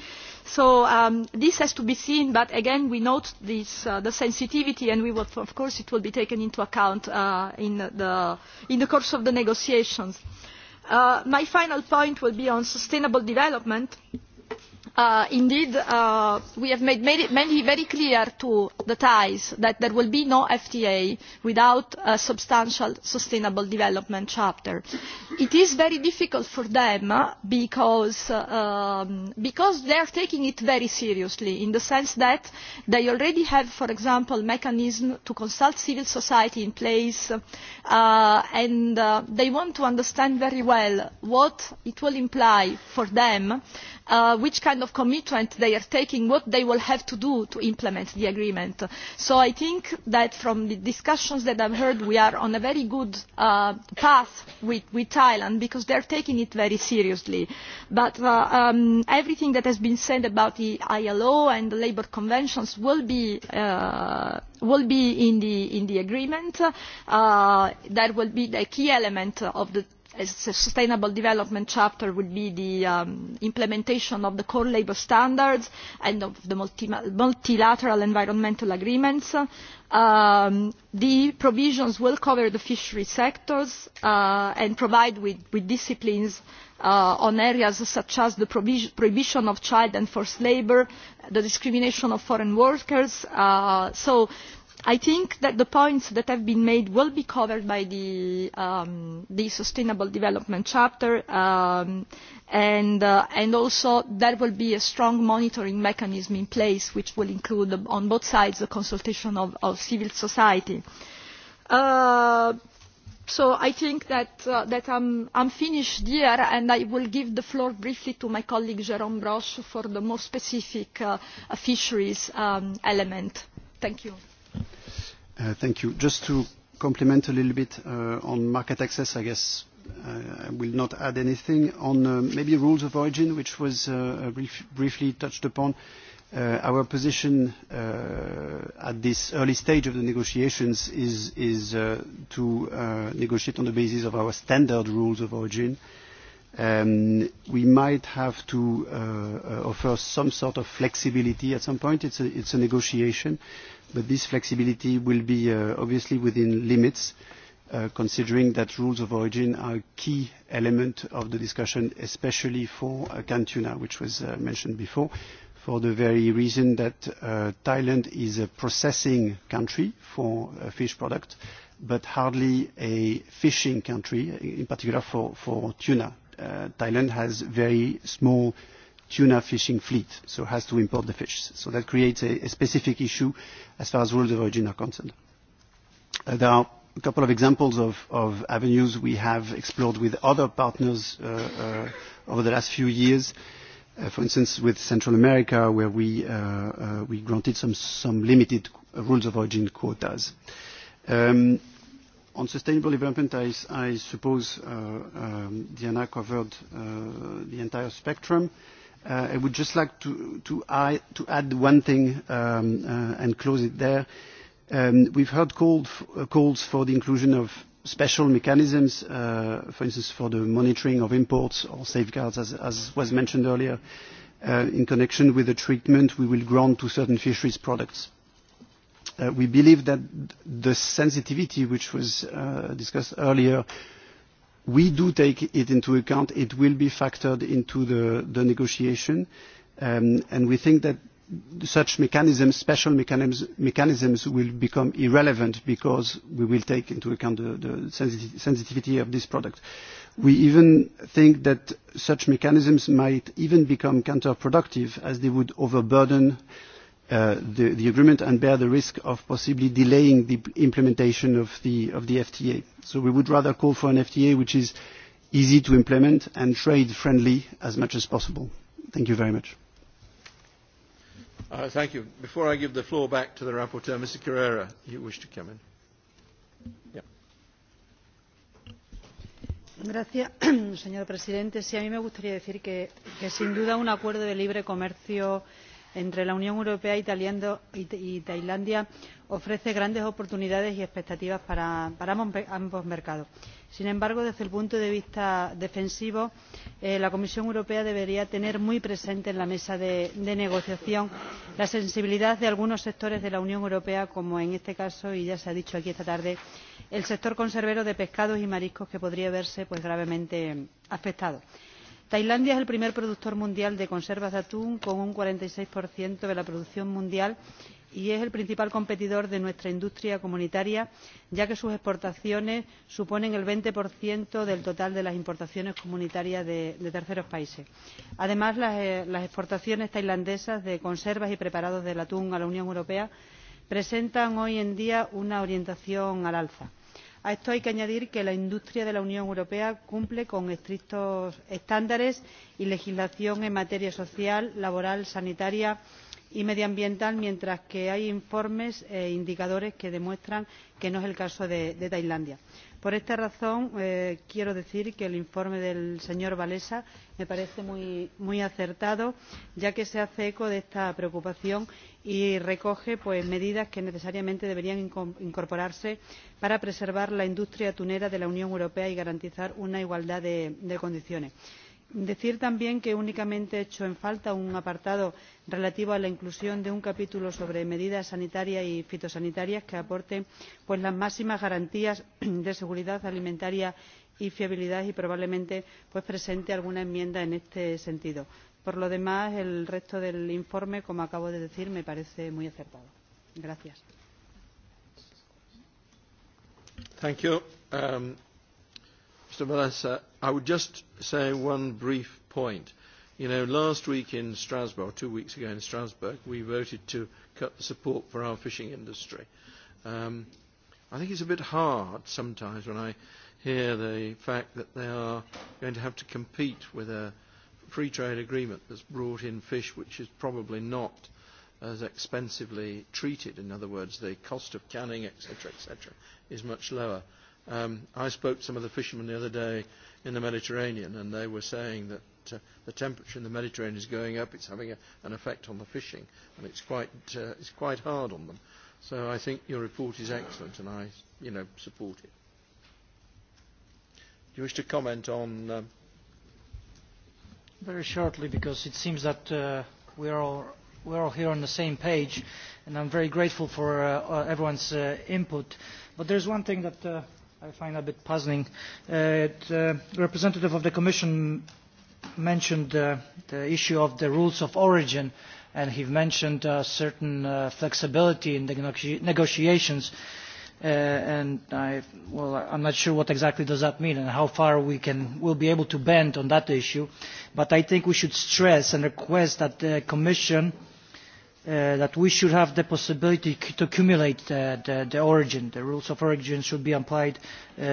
so um, this has to be seen but again we note this, uh, the sensitivity and we will, of course it will be taken into account uh, in, the, in the course of the negotiations. Uh, my final point will be on sustainable development. Uh, indeed uh, we have made it very clear to the thais that there will be no fta without a substantial sustainable development chapter. it is very difficult for them um, because, they are taking it very seriously in the sense that they already have for example mechanisms to consult civil society in place uh, and they want to understand very well what it will imply for them what uh, which kind of commitment they are taking what they will have to do to implement the agreement. so i think that from the discussions that i have heard we are on a very good uh, path with, thailand because they are taking it very seriously. but uh, um, everything that has been said about the ilo and the labour conventions will be in the, agreement. that will be the key element of the a sustainable development chapter would be the um, implementation of the core labour standards and of the multi multilateral environmental agreements. Um, the provisions will cover the fishery sectors uh, and provide with, with disciplines uh, on areas such as the prohibition of child and forced labour, the discrimination of foreign workers. Uh, so i think that the points that have been made will be covered by the, um, the sustainable development chapter um, and, uh, and also there will be a strong monitoring mechanism in place which will include uh, on both sides the consultation of, of civil society. Uh, so i think that, uh, that i am finished here and i will give the floor briefly to my colleague Jerome brok for the more specific uh, fisheries um, element. thank you. Uh, thank you. Just to complement a little bit uh, on market access, I guess uh, I will not add anything. On maybe rules of origin, which was briefly touched upon, our position at this early stage of the negotiations is, to negotiate on the basis of our standard rules of origin. Um, we might have to offer some sort of flexibility at some point. It's a, negotiation but this flexibility will be uh, obviously within limits, uh, considering that rules of origin are a key element of the discussion, especially for uh, Cantuna, which was uh, mentioned before, for the very reason that uh, Thailand is a processing country for uh, fish product, but hardly a fishing country, in particular for, for tuna. Uh, Thailand has very small uh, tuna fishing fleet, so has to import the fish. So that creates a, a specific issue as far as rules of origin are concerned. Uh, there are a couple of examples of, of avenues we have explored with other partners uh, uh, over the last few years. Uh, for instance, with Central America, where we, uh, uh, we granted some, some limited rules of origin quotas. Um, on sustainable development, I, I suppose uh, um, Diana covered uh, the entire spectrum. Uh, Uh, I would just like to, to, add one thing um, uh, and close it there. Um, we've heard called uh, calls for the inclusion of special mechanisms, uh, for instance, for the monitoring of imports or safeguards, as, as was mentioned earlier, uh, in connection with the treatment we will grant to certain fisheries products. Uh, we believe that the sensitivity, which was uh, discussed earlier, uh, We do take it into account. It will be factored into the, the negotiation. Um, and we think that such mechanisms, special mechanisms, mechanisms will become irrelevant because we will take into account the, the sensit sensitivity of this product. We even think that such mechanisms might even become counterproductive as they would overburden Uh, the, the agreement and bear the risk of possibly delaying the implementation of the, of the FTA. So we would rather call for an FTA which is easy to implement and trade-friendly as much as possible. Thank you very much. Uh, thank you. Before I give the floor back to the rapporteur, Mr. Carrera, you wish to come in. Gracias, señor presidente. Sí, a mí me gustaría decir que, que sin duda un acuerdo de libre comercio entre la unión europea y tailandia ofrece grandes oportunidades y expectativas para ambos mercados. sin embargo desde el punto de vista defensivo eh, la comisión europea debería tener muy presente en la mesa de negociación la sensibilidad de algunos sectores de la unión europea como en este caso y ya se ha dicho aquí esta tarde el sector conservero de pescados y mariscos que podría verse gravemente afectado tailandia es el primer productor mundial de conservas de atún con un cuarenta y seis de la producción mundial y es el principal competidor de nuestra industria comunitaria ya que sus exportaciones suponen el veinte del total de las importaciones comunitarias de terceros países. además eh, las exportaciones tailandesas de conservas y preparados del atún a la unión europea presentan hoy en día una orientación al alza a esto hay que añadir que la industria de la unión europea cumple con estrictos estándares y legislación en materia social laboral sanitaria y medioambiental mientras que hay informes e indicadores que demuestran que no es el caso de tailandia por esta razón eh, quiero decir que el informe del señor wasa me parece muy, muy acertado ya que se hace eco de esta preocupación y recoge pues, medidas que necesariamente deberían incorporarse para preservar la industria atunera de la unión europea y garantizar una igualdad de, condiciones decir también que únicamente echo en falta un apartado relativo a la inclusión de un capítulo sobre medidas sanitarias y fitosanitarias que aporten las máximas garantías de seguridad alimentaria y fiabilidad y probablemente presente alguna enmienda en este sentido. por lo demás el resto del informe como acabo de decir me parece muy acertado. gracias. Mr. Valesa, I would just say one brief point. You know, last week in Strasbourg, two weeks ago in Strasbourg, we voted to cut the support for our fishing industry. Um, I think it's a bit hard sometimes when I hear the fact that they are going to have to compete with a free trade agreement that's brought in fish which is probably not as expensively treated. In other words, the cost of canning, etc., etc., is much lower. Um, I spoke to some of the fishermen the other day in the Mediterranean, and they were saying that uh, the temperature in the Mediterranean is going up. It's having a, an effect on the fishing, and it's quite, uh, it's quite hard on them. So I think your report is excellent, and I you know, support it. Do you wish to comment on... Um... Very shortly, because it seems that uh, we are all we're all here on the same page, and I'm very grateful for uh, uh everyone's uh, input. But there's one thing that uh, I find a bit puzzling. Uh, the uh, representative of the Commission mentioned uh, the issue of the rules of origin and he mentioned uh, certain uh, flexibility in the negotiations uh, and I, well, I'm not sure what exactly does that mean and how far we can, we'll be able to bend on that issue. But I think we should stress and request that the Commission uh, Uh, that we should have the possibility to accumulate the, the origin. The rules of origin should be applied uh,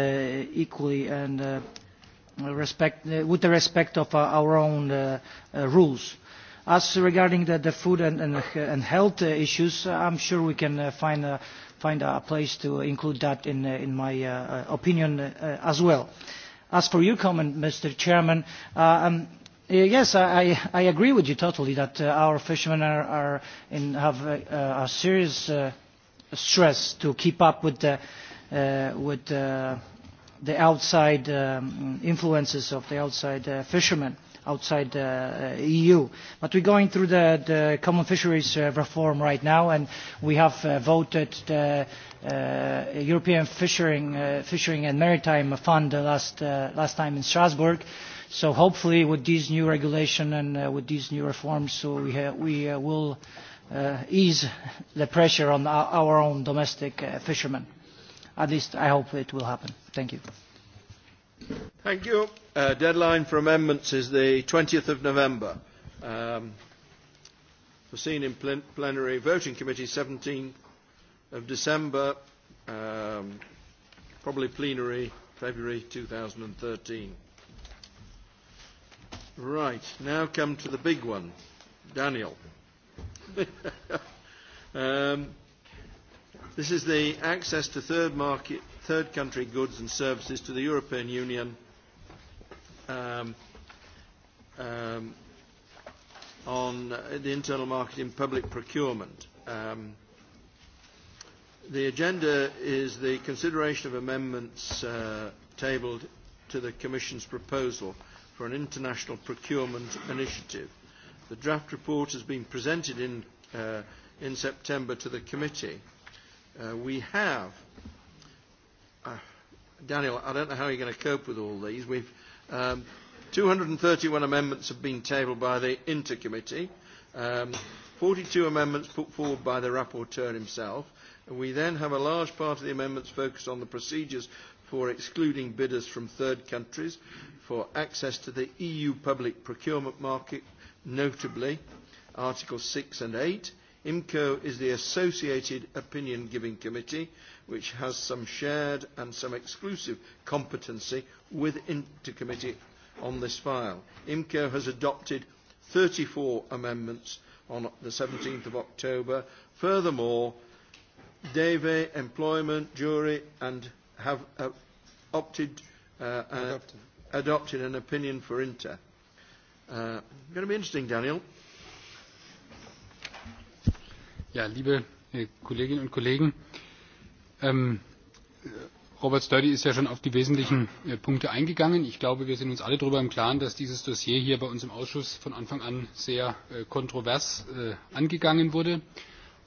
equally and uh, respect, uh, with the respect of uh, our own uh, uh, rules. As regarding the, the food and, and, and health uh, issues, uh, I'm sure we can uh, find, a, find a place to include that in, in my uh, opinion uh, as well. As for your comment, Mr. Chairman, uh, um, Uh, yes, I, I agree with you totally that uh, our fishermen are, are in, have uh, a serious uh, stress to keep up with the, uh, with, uh, the outside um, influences of the outside uh, fishermen outside the uh, EU. But we're going through the, the common fisheries uh, reform right now, and we have uh, voted the uh, European Fishing, uh, Fishering and Maritime Fund last, uh, last time in Strasbourg. So hopefully with these new regulation and uh, with these new reforms, so we, ha we uh, will uh, ease the pressure on our, our own domestic uh, fishermen. At least I hope it will happen. Thank you. Thank you. Uh, deadline for amendments is the 20th of November. Um, foreseen in plen plenary voting committee 17th of December, um, probably plenary February 2013. Right, now come to the big one, Daniel. um, this is the access to third market, third country goods and services to the European Union um, um, on the internal market in public procurement. Um, the agenda is the consideration of amendments uh, tabled to the Commission's proposal for an international procurement initiative. The draft report has been presented in, uh, in September to the committee. Uh, we have, uh, Daniel, I don't know how you're going to cope with all these. We've, um, 231 amendments have been tabled by the intercommittee. Um, 42 amendments put forward by the rapporteur himself. And we then have a large part of the amendments focused on the procedures for excluding bidders from third countries for access to the EU public procurement market, notably Articles 6 and 8. IMCO is the associated opinion giving committee, which has some shared and some exclusive competency with intercommittee on this file. IMCO has adopted 34 amendments on the 17th of October. Furthermore, DEVE, Employment, Jury and have uh, opted uh, uh, adopted an opinion for Inter. Uh, going to be interesting, Daniel. Ja, liebe äh, Kolleginnen und Kollegen, ähm, Robert Sturdy ist ja schon auf die wesentlichen äh, Punkte eingegangen. Ich glaube, wir sind uns alle darüber im Klaren, dass dieses Dossier hier bei uns im Ausschuss von Anfang an sehr äh, kontrovers äh, angegangen wurde.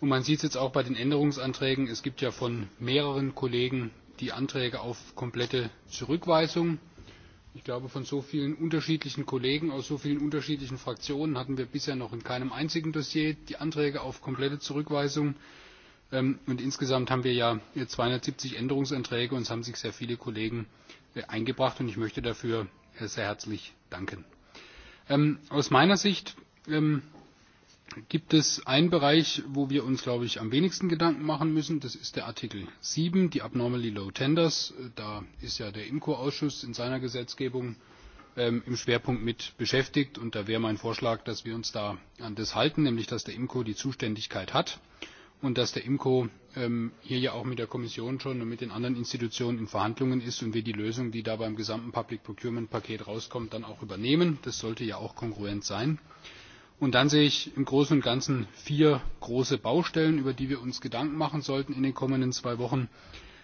Und man sieht es jetzt auch bei den Änderungsanträgen. Es gibt ja von mehreren Kollegen die Anträge auf komplette Zurückweisung. Ich glaube, von so vielen unterschiedlichen Kollegen aus so vielen unterschiedlichen Fraktionen hatten wir bisher noch in keinem einzigen Dossier die Anträge auf komplette Zurückweisung. Ähm, und insgesamt haben wir ja 270 Änderungsanträge und es haben sich sehr viele Kollegen äh, eingebracht und ich möchte dafür äh, sehr herzlich danken. Ähm, aus meiner Sicht ähm, gibt es einen Bereich, wo wir uns, glaube ich, am wenigsten Gedanken machen müssen. Das ist der Artikel 7, die Abnormally Low Tenders. Äh, da ist ja der IMCO-Ausschuss in seiner Gesetzgebung ähm, im Schwerpunkt mit beschäftigt. Und da wäre mein Vorschlag, dass wir uns da an das halten, nämlich dass der IMCO die Zuständigkeit hat und dass der IMCO ähm, hier ja auch mit der Kommission schon und mit den anderen Institutionen in Verhandlungen ist und wir die Lösung, die da beim gesamten Public Procurement Paket rauskommt, dann auch übernehmen. Das sollte ja auch kongruent sein. Und dann sehe ich im Großen und Ganzen vier große Baustellen, über die wir uns Gedanken machen sollten in den kommenden zwei Wochen.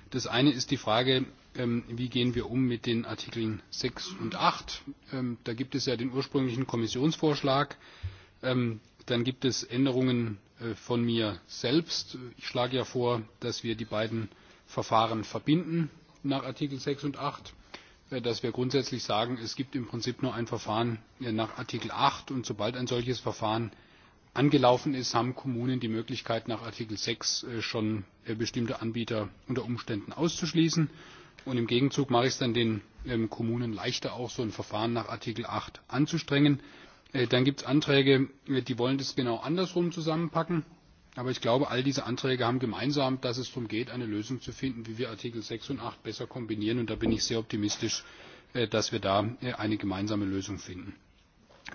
Das eine ist die Frage, ähm, wie gehen wir um mit den Artikeln sechs und 8. Ähm, da gibt es ja den ursprünglichen Kommissionsvorschlag. Ähm, dann gibt es Änderungen äh, von mir selbst. Ich schlage ja vor, dass wir die beiden Verfahren verbinden nach Artikel sechs und acht Äh, dass wir grundsätzlich sagen, es gibt im Prinzip nur ein Verfahren äh, nach Artikel 8 und sobald ein solches Verfahren angelaufen ist, haben Kommunen die Möglichkeit, nach Artikel 6 äh, schon bestimmte Anbieter unter Umständen auszuschließen. Und im Gegenzug mache ich es dann den ähm, Kommunen leichter, auch so ein Verfahren nach Artikel 8 anzustrengen. Dann gibt es Anträge, die wollen das genau andersrum zusammenpacken Aber ich glaube, all diese Anträge haben gemeinsam, dass es darum geht, eine Lösung zu finden, wie wir Artikel 6 und 8 besser kombinieren. Und da bin ich sehr optimistisch, äh, dass wir da äh, eine gemeinsame Lösung finden.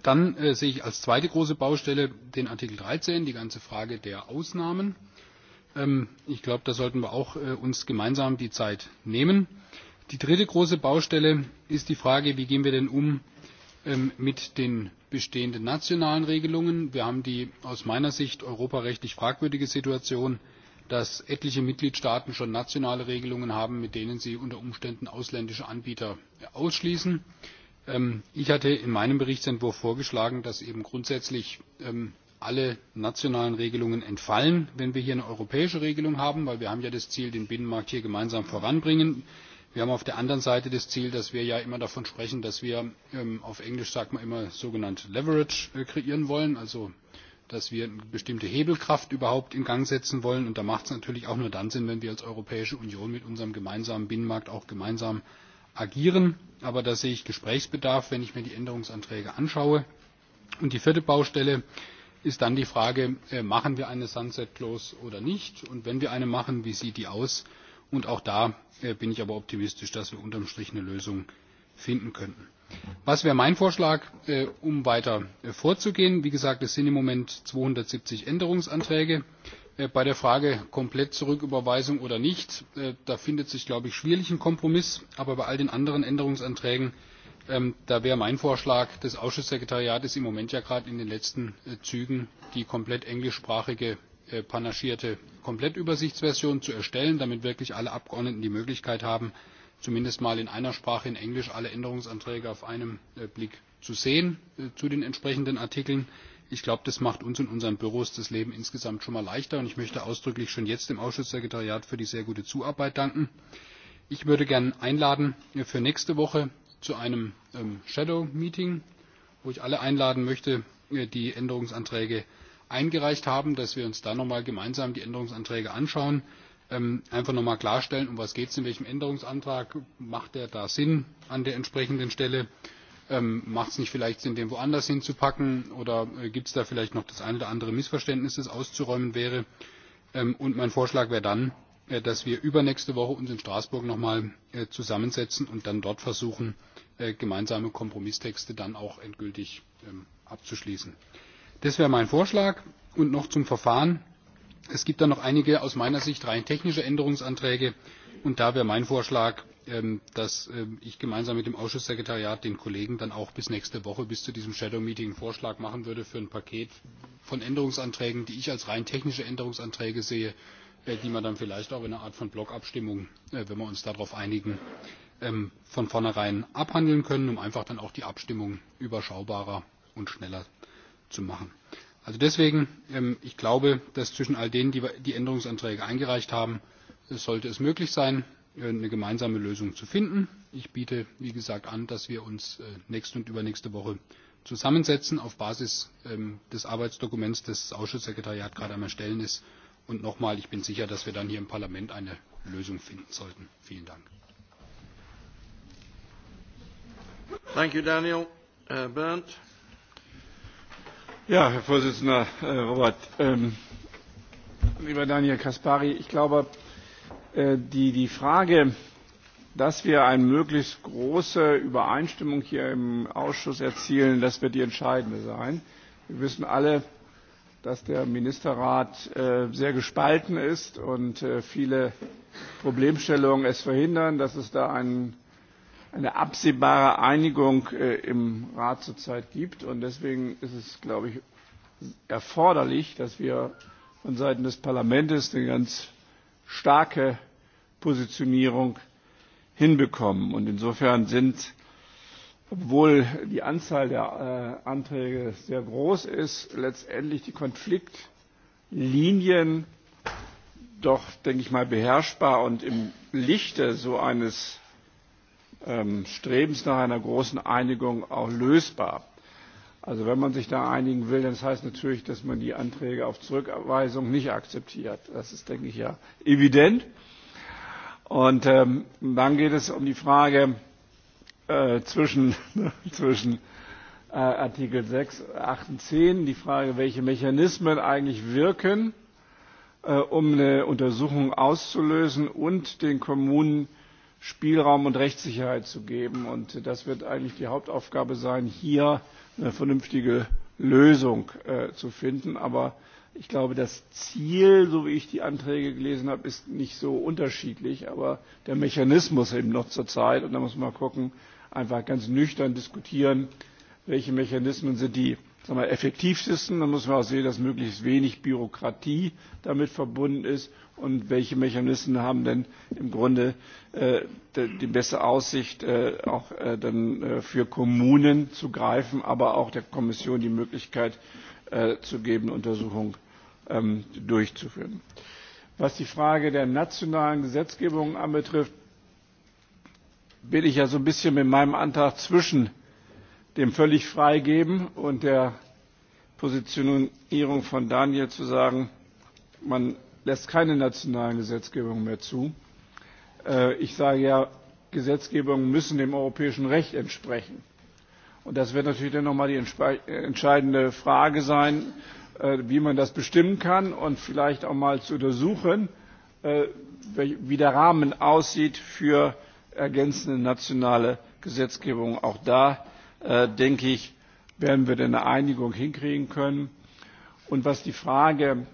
Dann äh, sehe ich als zweite große Baustelle den Artikel 13, die ganze Frage der Ausnahmen. Ähm, ich glaube, da sollten wir auch uns gemeinsam die Zeit nehmen. Die dritte große Baustelle ist die Frage, wie gehen wir denn um ähm, mit den bestehenden nationalen regelungen. wir haben die aus meiner sicht europarechtlich fragwürdige situation dass etliche mitgliedstaaten schon nationale regelungen haben mit denen sie unter umständen ausländische anbieter äh, ausschließen. Ähm, ich hatte in meinem berichtsentwurf vorgeschlagen dass eben grundsätzlich ähm, alle nationalen regelungen entfallen wenn wir hier eine europäische regelung haben denn wir haben ja das ziel den binnenmarkt hier gemeinsam voranzubringen. Wir haben auf der anderen Seite das Ziel, dass wir ja immer davon sprechen, dass wir ähm, auf Englisch sagt man immer sogenannte Leverage äh, kreieren wollen, also dass wir eine bestimmte Hebelkraft überhaupt in Gang setzen wollen. Und da macht es natürlich auch nur dann Sinn, wenn wir als Europäische Union mit unserem gemeinsamen Binnenmarkt auch gemeinsam agieren. Aber da sehe ich Gesprächsbedarf, wenn ich mir die Änderungsanträge anschaue. Und die vierte Baustelle ist dann die Frage, äh, machen wir eine Sunset Clause oder nicht? Und wenn wir eine machen, wie sieht die aus? Und auch da äh, bin ich aber optimistisch, dass wir unterm Strich eine Lösung finden könnten. Was wäre mein Vorschlag, äh, um weiter äh, vorzugehen? Wie gesagt, es sind im Moment zweihundertsiebzig Änderungsanträge. Bei der Frage komplett Zurücküberweisung oder nicht, da findet sich, glaube ich, schwierig ein Kompromiss. Aber bei all den anderen Änderungsanträgen, ähm, da wäre mein Vorschlag, das Ausschusssekretariat ist im Moment ja gerade in den letzten Zügen, die komplett englischsprachige Äh, panaschierte komplettübersichtsversion zu erstellen damit wirklich alle abgeordneten die möglichkeit haben zumindest mal in einer sprache in englisch alle änderungsanträge auf einen äh, blick zu sehen äh, zu den entsprechenden artikeln. ich glaube das macht uns und unseren büros das leben insgesamt schon mal leichter und ich möchte ausdrücklich schon jetzt dem ausschusssekretariat für die sehr gute zuarbeit danken. ich würde gerne einladen für nächste woche zu einem ähm, shadow meeting wo ich alle einladen möchte die änderungsanträge eingereicht haben, dass wir uns da nochmal gemeinsam die Änderungsanträge anschauen, ähm, einfach nochmal klarstellen, um was geht es, in welchem Änderungsantrag, macht der da Sinn an der entsprechenden Stelle, ähm, macht es nicht vielleicht Sinn, den woanders hinzupacken oder äh, gibt es da vielleicht noch das eine oder andere Missverständnis, das auszuräumen wäre. Ähm, und mein Vorschlag wäre dann, äh, dass wir übernächste Woche uns in Straßburg nochmal äh, zusammensetzen und dann dort versuchen, äh, gemeinsame Kompromisstexte dann auch endgültig ähm, abzuschließen das wäre mein vorschlag. und noch zum verfahren es gibt da noch einige aus meiner sicht rein technische änderungsanträge und da wäre mein vorschlag ähm, dass ähm, ich gemeinsam mit dem ausschusssekretariat den kollegen dann auch bis nächste woche bis zu diesem shadow meeting einen vorschlag machen würde für ein paket von änderungsanträgen die ich als rein technische änderungsanträge sehe äh, die man dann vielleicht auch in einer art von blockabstimmung äh, wenn wir uns darauf einigen ähm, von vornherein abhandeln können um einfach dann auch die abstimmung überschaubarer und schneller zu machen. Also deswegen, ähm, ich glaube, dass zwischen all denen, die die Änderungsanträge eingereicht haben, sollte es möglich sein, äh, eine gemeinsame Lösung zu finden. Ich biete, wie gesagt, an, dass wir uns äh, nächste und übernächste Woche zusammensetzen auf Basis ähm, des Arbeitsdokuments, das das Ausschusssekretariat gerade am Erstellen ist. Und nochmal, ich bin sicher, dass wir dann hier im Parlament eine Lösung finden sollten. Vielen Dank. Thank you, Daniel. Uh, Bernd herr präsident äh, robert ähm, lieber daniel caspary! ich glaube äh, die, frage dass wir eine möglichst große übereinstimmung hier im ausschuss erzielen das wird die entscheidende sein. wir wissen alle dass der ministerrat äh, sehr gespalten ist und viele problemstellungen es verhindern dass es da einen eine absehbare Einigung äh, im Rat zurzeit gibt. Und deswegen ist es, glaube ich, erforderlich, dass wir von Seiten des Parlaments eine ganz starke Positionierung hinbekommen. Und insofern sind, obwohl die Anzahl der äh, Anträge sehr groß ist, letztendlich die Konfliktlinien doch, denke ich mal, beherrschbar und im Lichte so eines Ähm, Strebens nach einer großen Einigung auch lösbar. Also wenn man sich da einigen will, dann heißt das natürlich, dass man die Anträge auf Zurückweisung nicht akzeptiert. Das ist, denke ich, ja evident. Und ähm, dann geht es um die Frage äh, zwischen, zwischen äh, Artikel 6, 8 und 10, die Frage, welche Mechanismen eigentlich wirken, äh, um eine Untersuchung auszulösen und den Kommunen äh, Spielraum und Rechtssicherheit zu geben. Und das wird eigentlich die Hauptaufgabe sein, hier eine vernünftige Lösung äh, zu finden. Aber ich glaube, das Ziel, so wie ich die Anträge gelesen habe, ist nicht so unterschiedlich, aber der Mechanismus eben noch zur Zeit. Und da muss man gucken, einfach ganz nüchtern diskutieren, welche Mechanismen sind die sagen effektivsten. Da muss man auch sehen, dass möglichst wenig Bürokratie damit verbunden ist. Und welche Mechanismen haben denn im Grunde äh, die beste Aussicht, äh, auch äh, dann äh, für Kommunen zu greifen, aber auch der Kommission die Möglichkeit äh, zu geben, Untersuchungen ähm, durchzuführen. Was die Frage der nationalen Gesetzgebung anbetrifft, bin ich ja so ein bisschen mit meinem Antrag zwischen äh, dem völlig freigeben und der Positionierung von Daniel zu sagen, man lässt keine nationalen Gesetzgebungen mehr zu. Äh, ich sage ja, Gesetzgebungen müssen dem europäischen Recht entsprechen. Und das wird natürlich dann nochmal die entscheidende Frage sein, äh, wie man das bestimmen kann und vielleicht auch mal zu untersuchen, äh, wie der Rahmen aussieht für ergänzende nationale Gesetzgebung. Auch da Äh, denke ich, werden wir denn eine Einigung hinkriegen können. Und was die Frage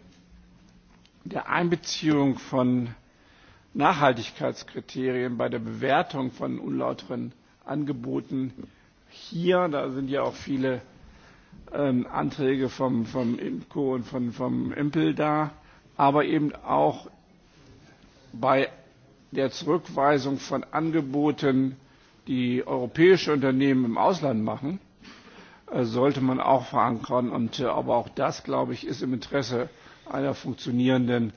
der Einbeziehung von Nachhaltigkeitskriterien bei der Bewertung von unlauteren Angeboten hier, da sind ja auch viele ähm, Anträge vom, vom IMCO und von, vom IMPEL da, aber eben auch bei der Zurückweisung von Angeboten die europäische Unternehmen im Ausland machen, äh, sollte man auch verankern. Und, äh, aber auch das, glaube ich, ist im Interesse einer funktionierenden,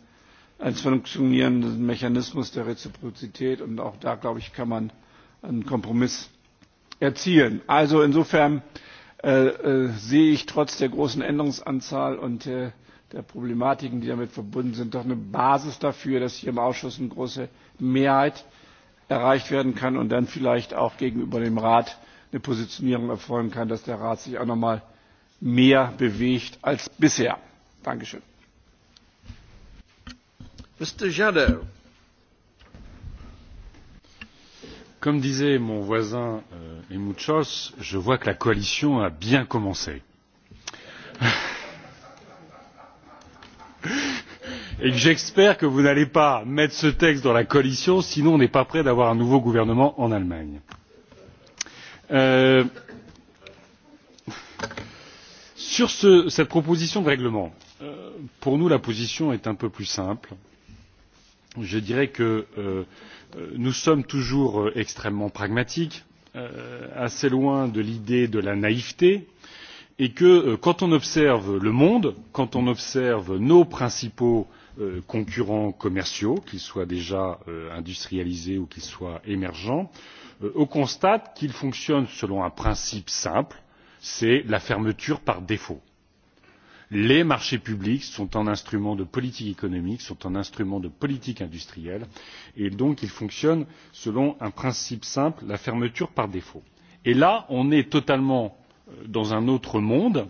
eines funktionierenden Mechanismus der Reziprozität. Und auch da, glaube ich, kann man einen Kompromiss erzielen. Also insofern äh, äh, sehe ich trotz der großen Änderungsanzahl und äh, der Problematiken, die damit verbunden sind, doch eine Basis dafür, dass hier im Ausschuss eine große Mehrheit erreicht werden kann und dann vielleicht auch gegenüber dem Rat eine Positionierung erfolgen kann, dass der Rat sich auch noch mal mehr bewegt als bisher. Dankeschön. Mr. Jadot. Comme disait mon voisin euh, Emuchos, je vois que la coalition a bien commencé. et que j'espère que vous n'allez pas mettre ce texte dans la coalition sinon on n'est pas près d'avoir un nouveau gouvernement en allemagne. Euh, sur cette proposition de règlement euh, pour nous la position est un peu plus simple. je dirais que euh, nous sommes toujours extrêmement pragmatiques assez loin de l'idée de la naïveté et que quand on observe le monde quand on observe nos principaux Euh, concurrents commerciaux, qu'ils soient déjà euh, industrialisés ou qu'ils soient émergents, on euh, constate qu'ils fonctionnent selon un principe simple, c'est la fermeture par défaut. Les marchés publics sont un instrument de politique économique, sont un instrument de politique industrielle, et donc ils fonctionnent selon un principe simple, la fermeture par défaut. Et là, on est totalement dans un autre monde,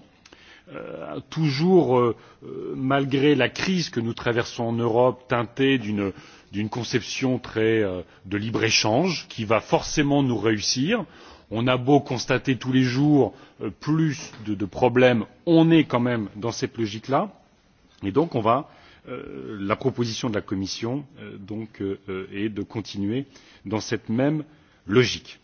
Euh, toujours euh, euh, malgré la crise que nous traversons en europe teintée d'une conception de libre échange qui va forcément nous réussir on a beau constater tous les jours plus de problèmes on est quand même dans cette logique là et donc la proposition de la commission est de continuer dans cette même logique.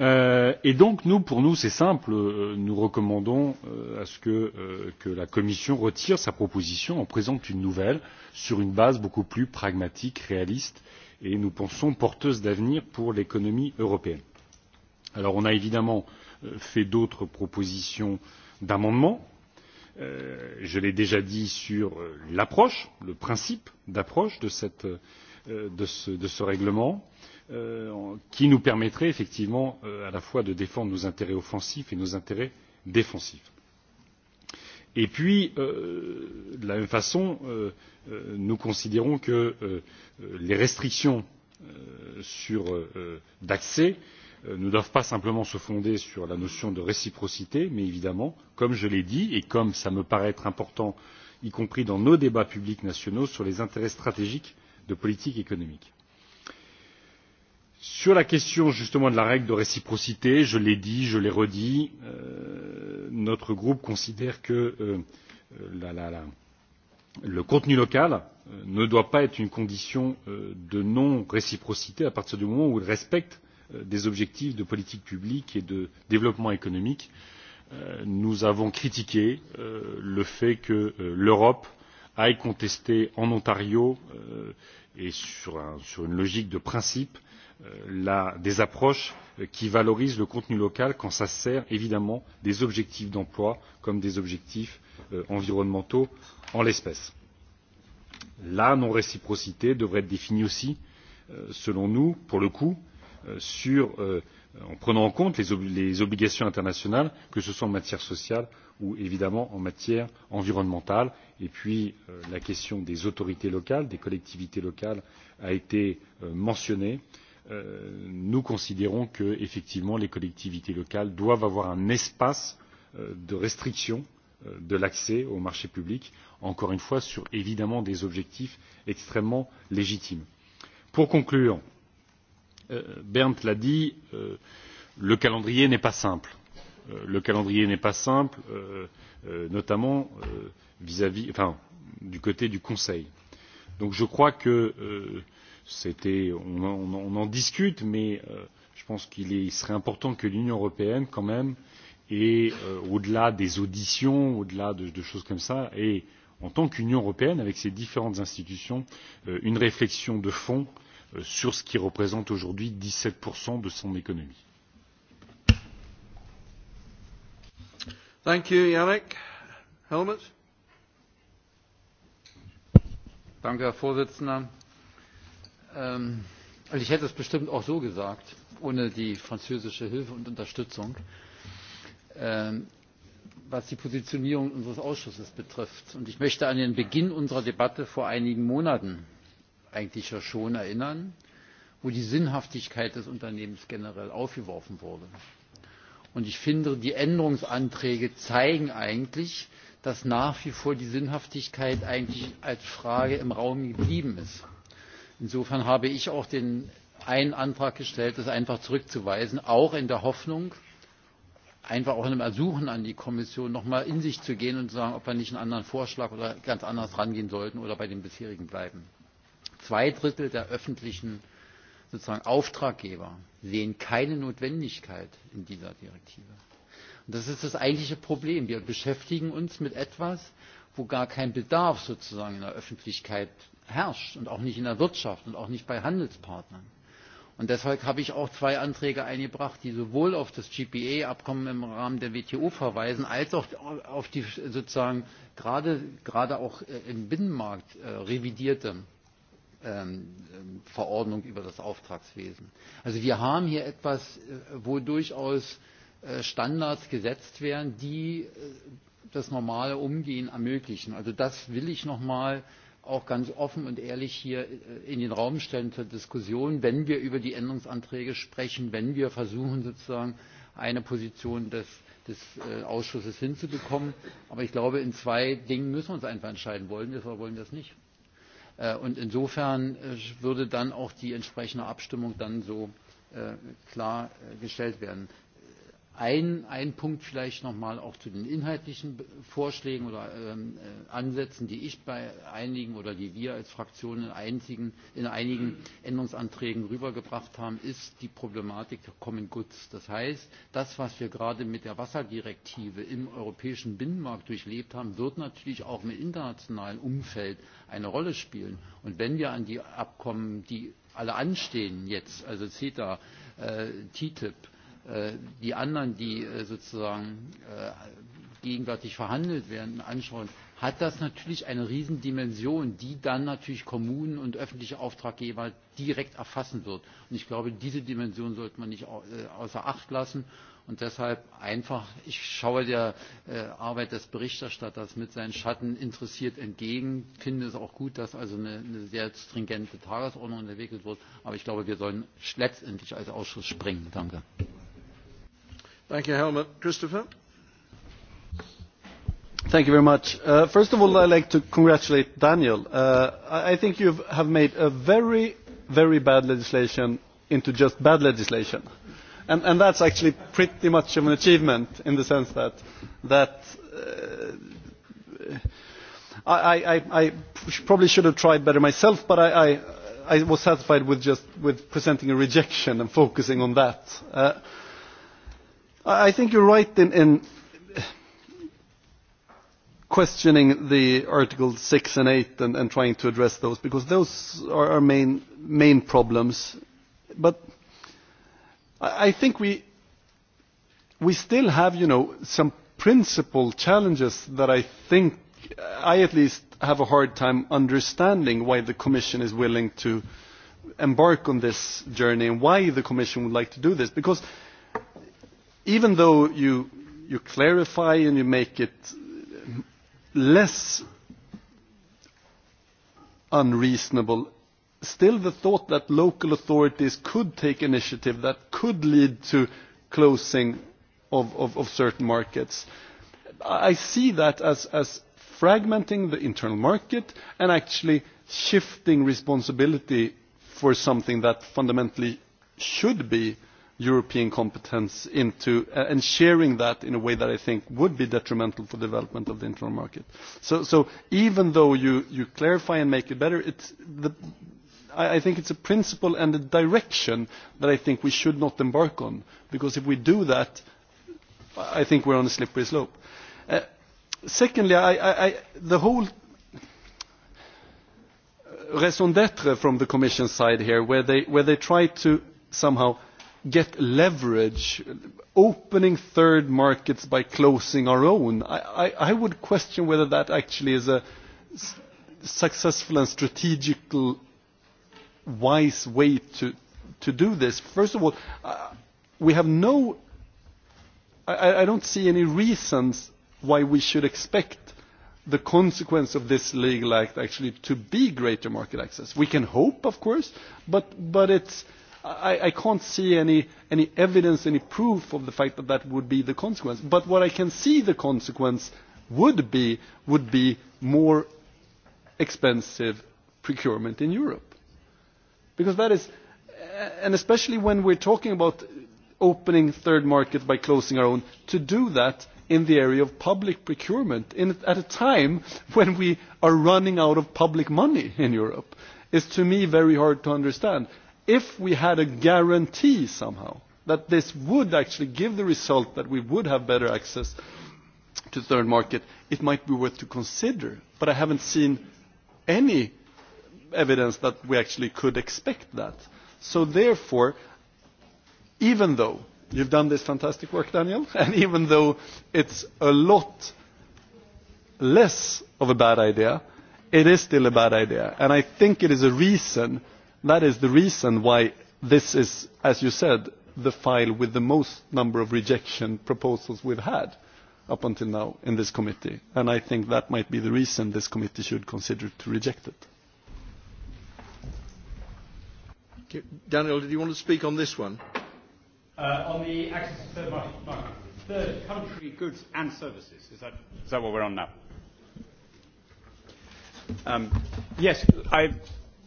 Euh, et donc nous, pour nous c'est simple euh, nous recommandons euh, à ce que, euh, que la commission retire sa proposition en présente une nouvelle sur une base beaucoup plus pragmatique réaliste et nous pensons porteuse d'avenir pour l'économie européenne. alors on a évidemment euh, fait d'autres propositions d'amendements euh, je l'ai déjà dit sur l'approche le principe d'approche de, de, de ce règlement Euh, qui nous permettrait effectivement euh, à la fois de défendre nos intérêts offensifs et nos intérêts défensifs. Et puis, euh, de la même façon, nous considérons que les restrictions d'accès ne doivent pas simplement se fonder sur la notion de réciprocité mais évidemment comme je l'ai dit et comme cela me paraît être important y compris dans nos débats publics nationaux sur les intérêts stratégiques de politique économique sur la question justement de la règle de réciprocité je l'ai dit je l'ai redit euh, notre groupe considère que euh, la, la, la, le contenu local euh, ne doit pas être une condition euh, de non réciprocité à partir du moment où il respecte euh, des objectifs de politique publique et de développement économique. Euh, nous avons critiqué le fait que l'europe aille contester en ontario et sur, un, sur une logique de principe la, des approches qui valorisent le contenu local quand ça sert évidemment des objectifs d'emploi comme des objectifs euh, environnementaux en l'espèce. La non réciprocité devrait être définie aussi, euh, selon nous, pour le coup, euh, sur, euh, en prenant en compte les, ob les obligations internationales, que ce soit en matière sociale ou évidemment en matière environnementale. Et puis euh, la question des autorités locales, des collectivités locales a été euh, mentionnée. Euh, nous considérons que effectivement les collectivités locales doivent avoir un espace euh, de restriction euh, de l'accès aux marchés publics encore une fois sur évidemment des objectifs extrêmement légitimes. pour conclure bernd l'a dit le calendrier n'est pas simple. le calendrier n'est pas simple notamment du côté du conseil. donc je crois que c'était on, on, on en discute mais euh, je pense qu'il serait important que l'union européenne quand même et euh, au delà des auditions au delà de, de choses comme ça et en tant qu'union européenne avec ses différentes institutions euh, une réflexion de fond euh, sur ce qui représente aujourd'hui dix sept de son économie. Thank you, Yannick. Helmut? Danke, Herr Vorsitzender Ähm, ich hätte es bestimmt auch so gesagt, ohne die französische Hilfe und Unterstützung, ähm, was die Positionierung unseres Ausschusses betrifft. Und ich möchte an den Beginn unserer Debatte vor einigen Monaten eigentlich ja schon erinnern, wo die Sinnhaftigkeit des Unternehmens generell aufgeworfen wurde. Und ich finde, die Änderungsanträge zeigen eigentlich, dass nach wie vor die Sinnhaftigkeit eigentlich als Frage im Raum geblieben ist insofern habe ich auch den einen antrag gestellt das einfach zurückzuweisen auch in der hoffnung einfach auch in einem ersuchen an die kommission noch einmal in sich zu gehen und zu sagen ob wir nicht einen anderen vorschlag oder ganz anders rangehen sollten oder bei dem bisherigen bleiben. zwei drittel der öffentlichen sozusagen auftraggeber sehen keine notwendigkeit in dieser direktive. Und das ist das eigentliche problem wir beschäftigen uns mit etwas wo gar kein bedarf sozusagen in der öffentlichkeit herrscht und auch nicht in der wirtschaft und auch nicht bei handelspartnern. Und deshalb habe ich auch zwei anträge eingebracht die sowohl auf das gpa abkommen im rahmen der wto verweisen als auch auf die sozusagen gerade, gerade auch äh, im binnenmarkt äh, revidierte ähm, ähm, verordnung über das auftragswesen. also wir haben hier etwas äh, wo durchaus standards gesetzt werden die das normale umgehen ermöglichen. also das will ich noch auch ganz offen und ehrlich hier äh, in den raum stellen zur diskussion wenn wir über die änderungsanträge sprechen wenn wir versuchen sozusagen eine position des äh, ausschusses hinzubekommen. aber ich glaube in zwei dingen müssen wir uns einfach entscheiden wollen wir es oder wollen wir es nicht? Äh, und insofern würde dann auch die entsprechende abstimmung so klargestellt werden einen Punkt vielleicht noch einmal auch zu den inhaltlichen Vorschlägen oder ähm, äh, Ansätzen, die ich bei einigen oder die wir als Fraktion in, einigen Änderungsanträgen rübergebracht haben, ist die Problematik der Common Goods. Das heißt, das, was wir gerade mit der wasserrichtlinie im europäischen Binnenmarkt durchlebt haben, wird natürlich auch im internationalen Umfeld eine Rolle spielen. Und wenn wir an die Abkommen, die alle anstehen jetzt, also CETA, äh, TTIP, Äh, die anderen, die äh, sozusagen äh, gegenwärtig verhandelt werden, anschauen, hat das natürlich eine Riesendimension, die dann natürlich Kommunen und öffentliche Auftraggeber direkt erfassen wird. Und ich glaube, diese Dimension sollte man nicht außer Acht lassen. Und deshalb einfach, ich schaue der Arbeit des Berichterstatters mit seinen Schatten interessiert entgegen, finde es auch gut, dass also eine, eine sehr stringente Tagesordnung entwickelt wird. Aber ich glaube, wir sollen letztendlich als Ausschuss springen. Danke. Thank you, Helmut. Christopher? Thank you very much. Uh, first of all, I'd like to congratulate Daniel. Uh, I think you have made a very, very bad legislation into just bad legislation. And, and that's actually pretty much of an achievement in the sense that, that uh, I, I, I probably should have tried better myself, but I, I, I was satisfied with just with presenting a rejection and focusing on that. Uh, I think you're right in, in questioning the Article 6 and 8 and, and trying to address those because those are our main, main problems. But I, I think we, we still have, you know, some principal challenges that I think I at least have a hard time understanding why the Commission is willing to embark on this journey and why the Commission would like to do this. Because even though you, you clarify and you make it less unreasonable, still the thought that local authorities could take initiative that could lead to closing of, of, of certain markets, I see that as, as fragmenting the internal market and actually shifting responsibility for something that fundamentally should be European competence into uh, and sharing that in a way that I think would be detrimental for the development of the internal market. So, even though you, clarify and make it better, I, think think it's a principle and a direction that I think we should not embark on because if we do that, I think we're on a slippery slope. Uh, secondly, the whole raison d'tre from the Commission side here, where they try to somehow get leverage, opening third markets by closing our own. I, I, I would question whether that actually is a successful and strategical wise way to, to do this. First of all, uh, we have no, I, I don't see any reasons why we should expect the consequence of this legal act actually to be greater market access. We can hope, of course, but, but it's, I, can't see any, any evidence, any proof of the fact that that would be the consequence. But what I can see the consequence would be would be more expensive procurement in Europe. Because that is, and especially when we're talking about opening third markets by closing our own, to do that in the area of public procurement in, at a time when we are running out of public money in Europe is to me very hard to understand if we had a guarantee somehow that this would actually give the result that we would have better access to the third market, it might be worth to consider. But I haven't seen any evidence that we actually could expect that. So therefore, even though you've done this fantastic work, Daniel, and even though it's a lot less of a bad idea, it is still a bad idea. And I think it is a reason that is the reason why this is, as you said, the file with the most number of rejection proposals we have had up until now in this committee. And I think that might be the reason this committee should consider rejecting it. Daniel, did you want to speak on this one? Uh, on the access to third market, third country goods and services, is that, is that what we're on now? Um, yes, I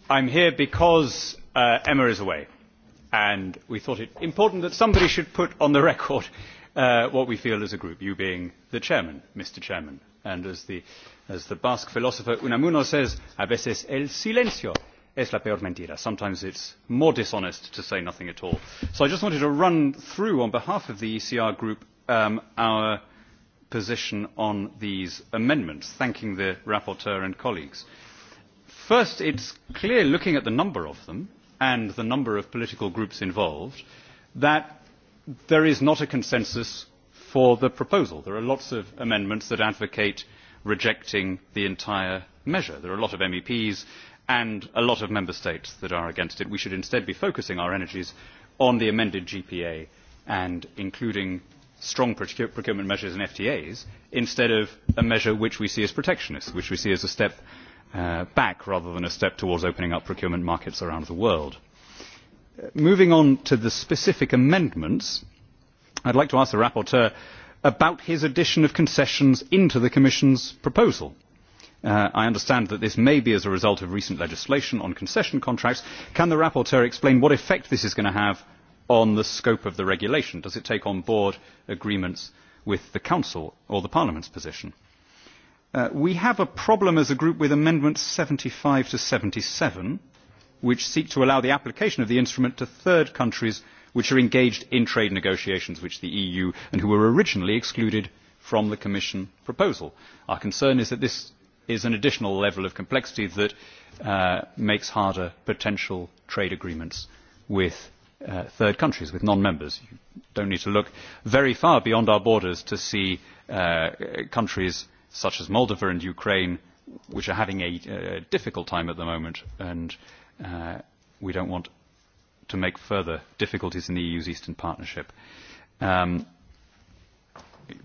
i am here because uh, emma is away and we thought it important that somebody should put on the record uh, what we feel as a group you being the chairman mr chairman and as the, basque philosopher unamuno says a veces el silencio es la peor mentira. Sometimes it's more dishonest to say nothing at all. So I just wanted to run through, on behalf of the ECR group, um, our position on these amendments, thanking the rapporteur and colleagues first it is clear looking at the number of them and the number of political groups involved that there is not a consensus for the proposal. there are lots of amendments that advocate rejecting the entire measure. there are a lot of meps and a lot of member states that are against it. we should instead be focusing our energies on the amended gpa and including strong procurement measures and ftas instead of a measure which we see as protectionist which we see as a step Uh, back rather than a step towards opening up procurement markets around the world. Uh, moving on to the specific amendments, I'd like to ask the rapporteur about his addition of concessions into the Commission's proposal. Uh, I understand that this may be as a result of recent legislation on concession contracts. Can the rapporteur explain what effect this is going to have on the scope of the regulation? Does it take on board agreements with the Council or the Parliament's position? Uh, we have a problem as a group with amendments seventy five to seventy seven which seek to allow the application of the instrument to third countries which are engaged in trade negotiations with the eu and who were originally excluded from the commission proposal. our concern is that this is an additional level of complexity that uh, makes harder potential trade agreements with uh, third countries, with non-members. You don't need to look very far beyond our borders to see uh, countries such as Moldova and Ukraine, which are having a uh, difficult time at the moment, and uh, we don't want to make further difficulties in the EU's Eastern Partnership. Um,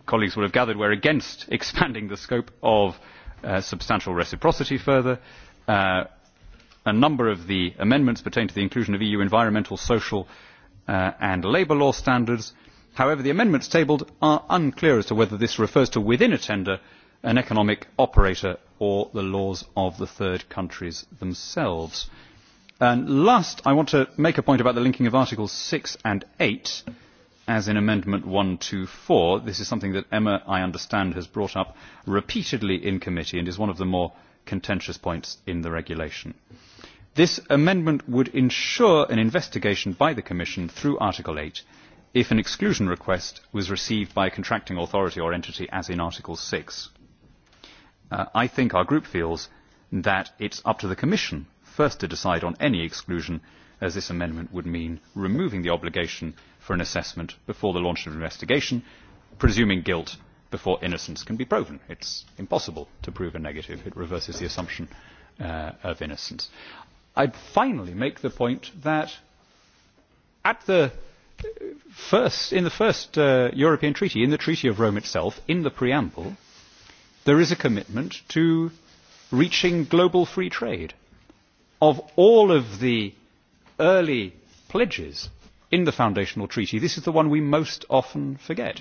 colleagues will have gathered we're against expanding the scope of uh, substantial reciprocity further. Uh, a number of the amendments pertain to the inclusion of EU environmental, social uh, and labour law standards. However, the amendments tabled are unclear as to whether this refers to within a tender an economic operator or the laws of the third countries themselves. And last i want to make a point about the linking of articles six and eight as in amendment one hundred and twenty four this is something that emma i understand has brought up repeatedly in committee and is one of the more contentious points in the regulation. this amendment would ensure an investigation by the commission through article eight if an exclusion request was received by a contracting authority or entity as in article six Uh, I think our group feels that it's up to the Commission first to decide on any exclusion, as this amendment would mean removing the obligation for an assessment before the launch of an investigation, presuming guilt before innocence can be proven. It's impossible to prove a negative. It reverses the assumption uh, of innocence. I'd finally make the point that at the first, in the first uh, European Treaty, in the Treaty of Rome itself, in the preamble, there is a commitment to reaching global free trade. Of all of the early pledges in the foundational treaty, this is the one we most often forget.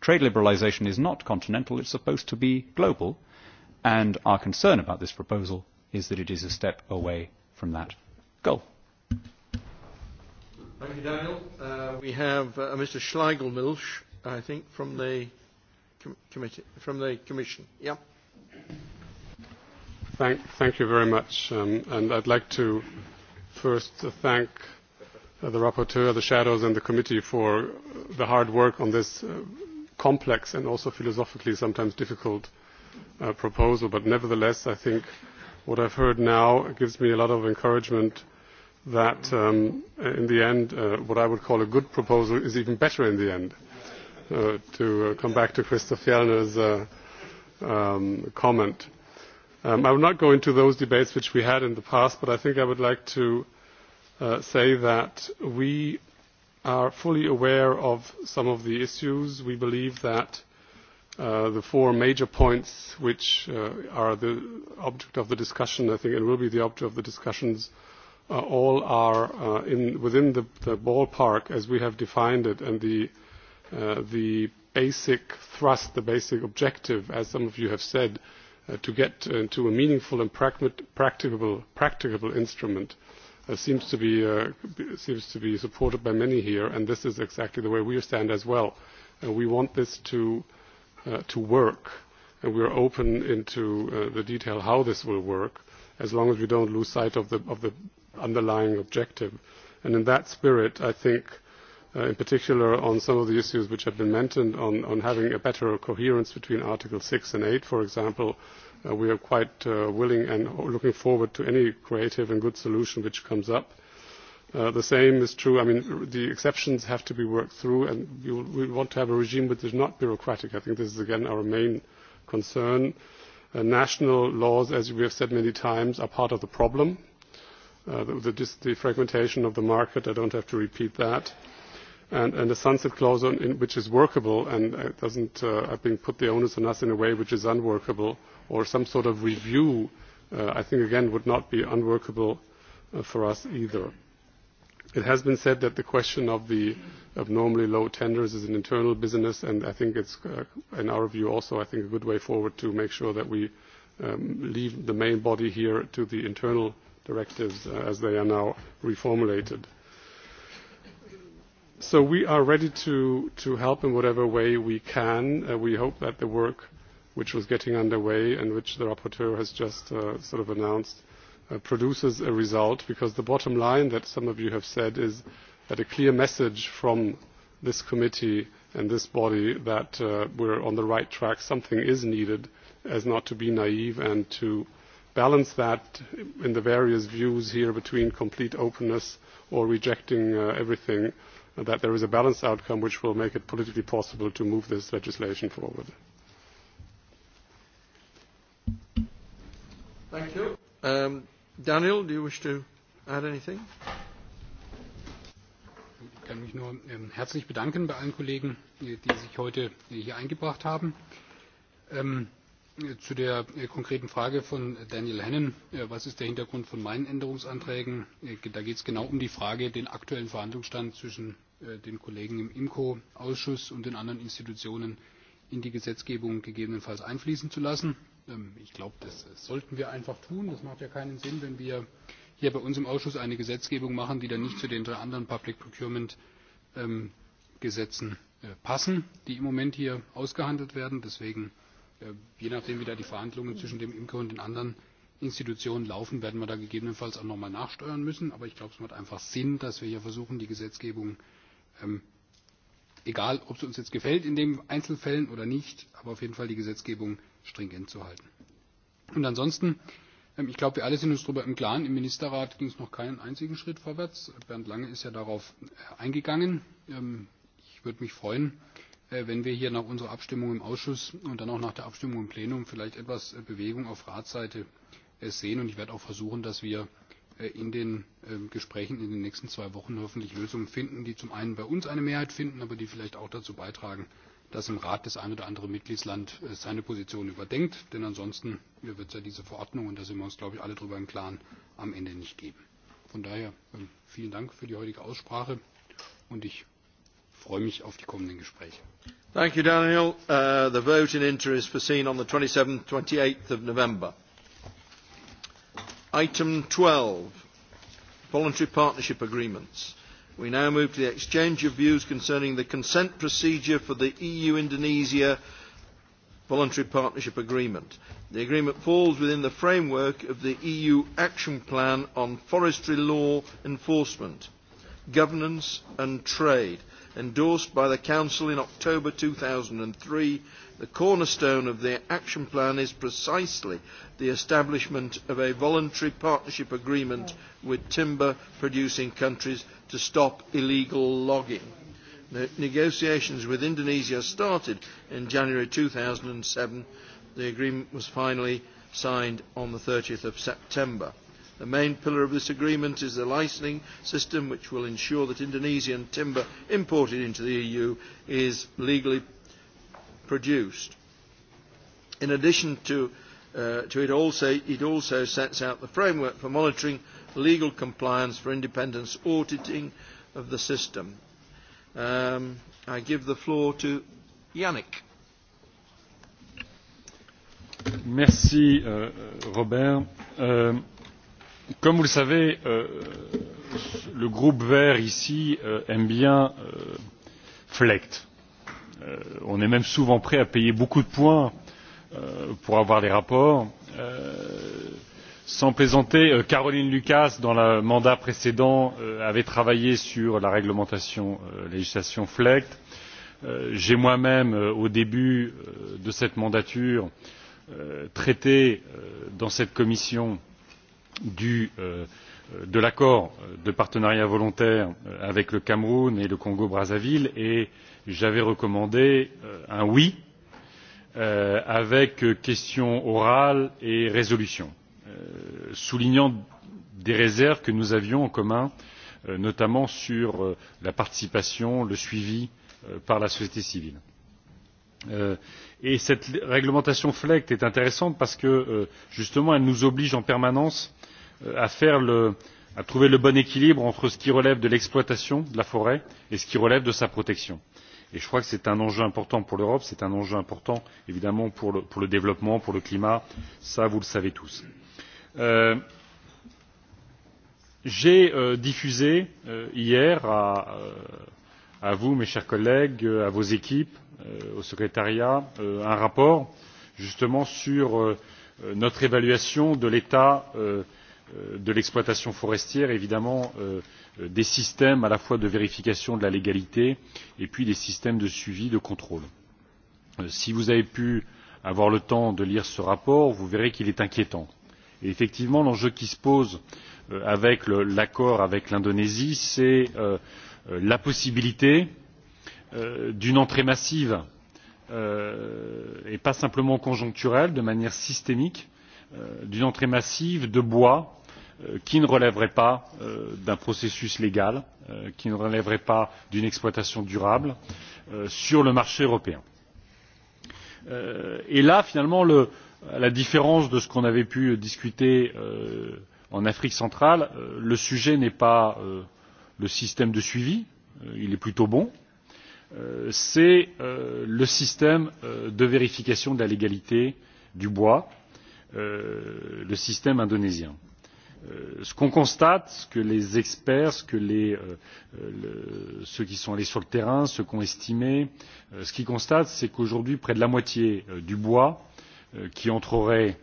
Trade liberalisation is not continental, it is supposed to be global, and our concern about this proposal is that it is a step away from that goal. Thank you, Daniel. Uh, we have uh, Mr. schleigel Milch, I think, from the committee, from the Commission. Yeah. Thank, thank you very much. Um, and I'd like to first thank the rapporteur, the shadows, and the committee for the hard work on this uh, complex and also philosophically sometimes difficult uh, proposal. But nevertheless, I think what I've heard now gives me a lot of encouragement that um, in the end, uh, what I would call a good proposal is even better in the end. Uh, uh, to uh, come back to Christoph Fjellner's uh, um, comment. Um, I will not go into those debates which we had in the past, but I think I would like to uh, say that we are fully aware of some of the issues. We believe that Uh, the four major points which uh, are the object of the discussion, I think, and will be the object of the discussions, uh, all are uh, in, within the, the ballpark as we have defined it, and the uh, Uh, the basic thrust, the basic objective, as some of you have said, uh, to get to a meaningful and practicable, practicable instrument uh, seems, to be, uh, seems to be supported by many here, and this is exactly the way we stand as well. Uh, we want this to, uh, to work, and we are open into uh, the detail how this will work, as long as we don't lose sight of the, of the underlying objective. And in that spirit, I think Uh, in particular on some of the issues which have been mentioned on, having a better coherence between Article six and eight for example. Uh, we are quite uh, willing and looking forward to any creative and good solution which comes up. the same is true. I mean, the exceptions have to be worked through, and we, want to have a regime which is not bureaucratic. I think this is, again, our main concern. Uh, national laws, as we have said many times, are part of the problem. Uh, the, the, the fragmentation of the market, I don't have to repeat that and, and a sunset clause on, in, which is workable and uh, doesn't, uh, I think, put the onus on us in a way which is unworkable, or some sort of review, uh, I think, again, would not be unworkable uh, for us either. It has been said that the question of the abnormally low tenders is an internal business, and I think it's, uh, in our view, also, I think, a good way forward to make sure that we um, leave the main body here to the internal directives uh, as they are now reformulated so we are ready to, help in whatever way we can. Uh, we hope that the work which was getting underway and which the rapporteur has just uh, sort of announced uh, produces a result because the bottom line that some of you have said is that a clear message from this committee and this body that we we're on the right track, something is needed as not to be naive and to balance that in the various views here between complete openness or rejecting everything and that there is a balanced outcome which will make it politically possible to move this legislation forward. Thank you. Um, Daniel, do you wish to add anything? Ich kann mich nur ähm, herzlich bedanken bei allen Kollegen, die, äh, die sich heute äh, hier eingebracht haben. Ähm, zu der äh, konkreten Frage von Daniel hannan äh, was ist der Hintergrund von meinen Änderungsanträgen? Äh, da geht es genau um die Frage, den aktuellen Verhandlungsstand zwischen den Kollegen im IMCO-Ausschuss und den anderen Institutionen in die Gesetzgebung gegebenenfalls einfließen zu lassen. Ähm, ich glaube, das sollten wir einfach tun. Das macht ja keinen Sinn, wenn wir hier bei uns im Ausschuss eine Gesetzgebung machen, die dann nicht zu den drei anderen Public Procurement ähm, Gesetzen passen, die im Moment hier ausgehandelt werden. Deswegen Äh, je nachdem, wie da die Verhandlungen zwischen dem Imker und den anderen Institutionen laufen, werden wir da gegebenenfalls auch nochmal nachsteuern müssen. Aber ich glaube, es macht einfach Sinn, dass wir hier versuchen, die Gesetzgebung, ähm, egal ob es uns jetzt gefällt in den Einzelfällen oder nicht, aber auf jeden Fall die Gesetzgebung stringent zu halten. Und ansonsten, ähm, ich glaube, wir alle sind uns darüber im Klaren, im Ministerrat ging es noch keinen einzigen Schritt vorwärts. Bernd Lange ist ja darauf äh, eingegangen. Ähm, ich würde mich freuen, äh, Äh, wenn wir hier nach unserer Abstimmung im Ausschuss und dann auch nach der Abstimmung im Plenum vielleicht etwas äh, Bewegung auf Ratsseite äh, sehen. Und ich werde auch versuchen, dass wir in den ähm, Gesprächen in den nächsten zwei Wochen hoffentlich Lösungen finden, die zum einen bei uns eine Mehrheit finden, aber die vielleicht auch dazu beitragen, dass im Rat das ein oder andere Mitgliedsland seine Position überdenkt. Denn ansonsten wird es ja diese Verordnung, und da sind wir uns, glaube ich, alle darüber im Klaren, am Ende nicht geben. Von daher ähm, vielen Dank für die heutige Aussprache und ich freue mich auf die kommenden Gespräche. Thank you, Daniel. Uh, the vote in Inter is foreseen on the 27th, 28th of November. Item 12, voluntary partnership agreements. We now move to the exchange of views concerning the consent procedure for the EU-Indonesia voluntary partnership agreement. The agreement falls within the framework of the EU Action Plan on Forestry Law Enforcement, Governance and Trade endorsed by the Council in October 2003, the cornerstone of the action plan is precisely the establishment of a voluntary partnership agreement with timber producing countries to stop illegal logging. Ne negotiations with Indonesia started in January 2007. The agreement was finally signed on the 30th of September. The main pillar of this agreement is the licensing system, which will ensure that Indonesian timber imported into the EU is legally produced. In addition to, uh, to it, also, it also sets out the framework for monitoring legal compliance for independence auditing of the system. Um, I give the floor to Yannick. Merci, euh, Robert. Euh, comme vous le savez euh, le groupe verts ici euh, aime bien euh, flegt. on est même souvent prêt à payer beaucoup de points pour avoir les rapports. sans plaisanter caroline lucas dans le mandat précédent avait travaillé sur la réglementation la législation flegt. j'ai moi même au début de cette mandature traité dans cette commission Euh, de l'accord de partenariat volontaire euh, avec le cameroun et le congo brazzaville et j'avais recommandé euh, un oui avec question orale et résolution soulignant des réserves que nous avions en commun notamment sur la participation le suivi par la société civile. cette réglementation flegt est intéressante parce que justement elle nous oblige en permanence à, trouver le bon équilibre entre ce qui relève de l'exploitation de la forêt et ce qui relève de sa protection. je crois que c'est un enjeu important pour l'europe c'est un enjeu important évidemment pour le, développement pour le climat cela vous le savez tous. Euh, j'ai euh, diffusé euh, hier à, à vous mes chers collègues à vos équipes au secrétariat un rapport justement sur notre évaluation de l'état Euh, de l'exploitation forestière évidemment euh, euh, des systèmes à la fois de vérification de la légalité et puis des systèmes de suivi de contrôle. si vous avez pu avoir le temps de lire ce rapport vous verrez qu'il est inquiétant. Et effectivement l'enjeu qui se pose avec l'accord avec l'indonésie c'est la possibilité d'une entrée massive et pas simplement conjoncturelle de manière systémique d'une entrée massive de bois Euh, qui ne relèverait pas euh, d'un processus légal euh, qui ne relèverait pas d'une exploitation durable sur le marché européen. et là finalement à la différence de ce qu'on avait pu discuter en afrique centrale le sujet n'est pas le système de suivi il est plutôt bon c'est le système de vérification de la légalité du bois le système indonésien Euh, ce qu'on constate ce que les experts ce que les, euh, euh le, ceux qui sont allés sur le terrain ce qui estimé euh, ce qu'ils constatent c'est qu'aujourd'hui près de la moitié euh, du bois euh, qui entrerait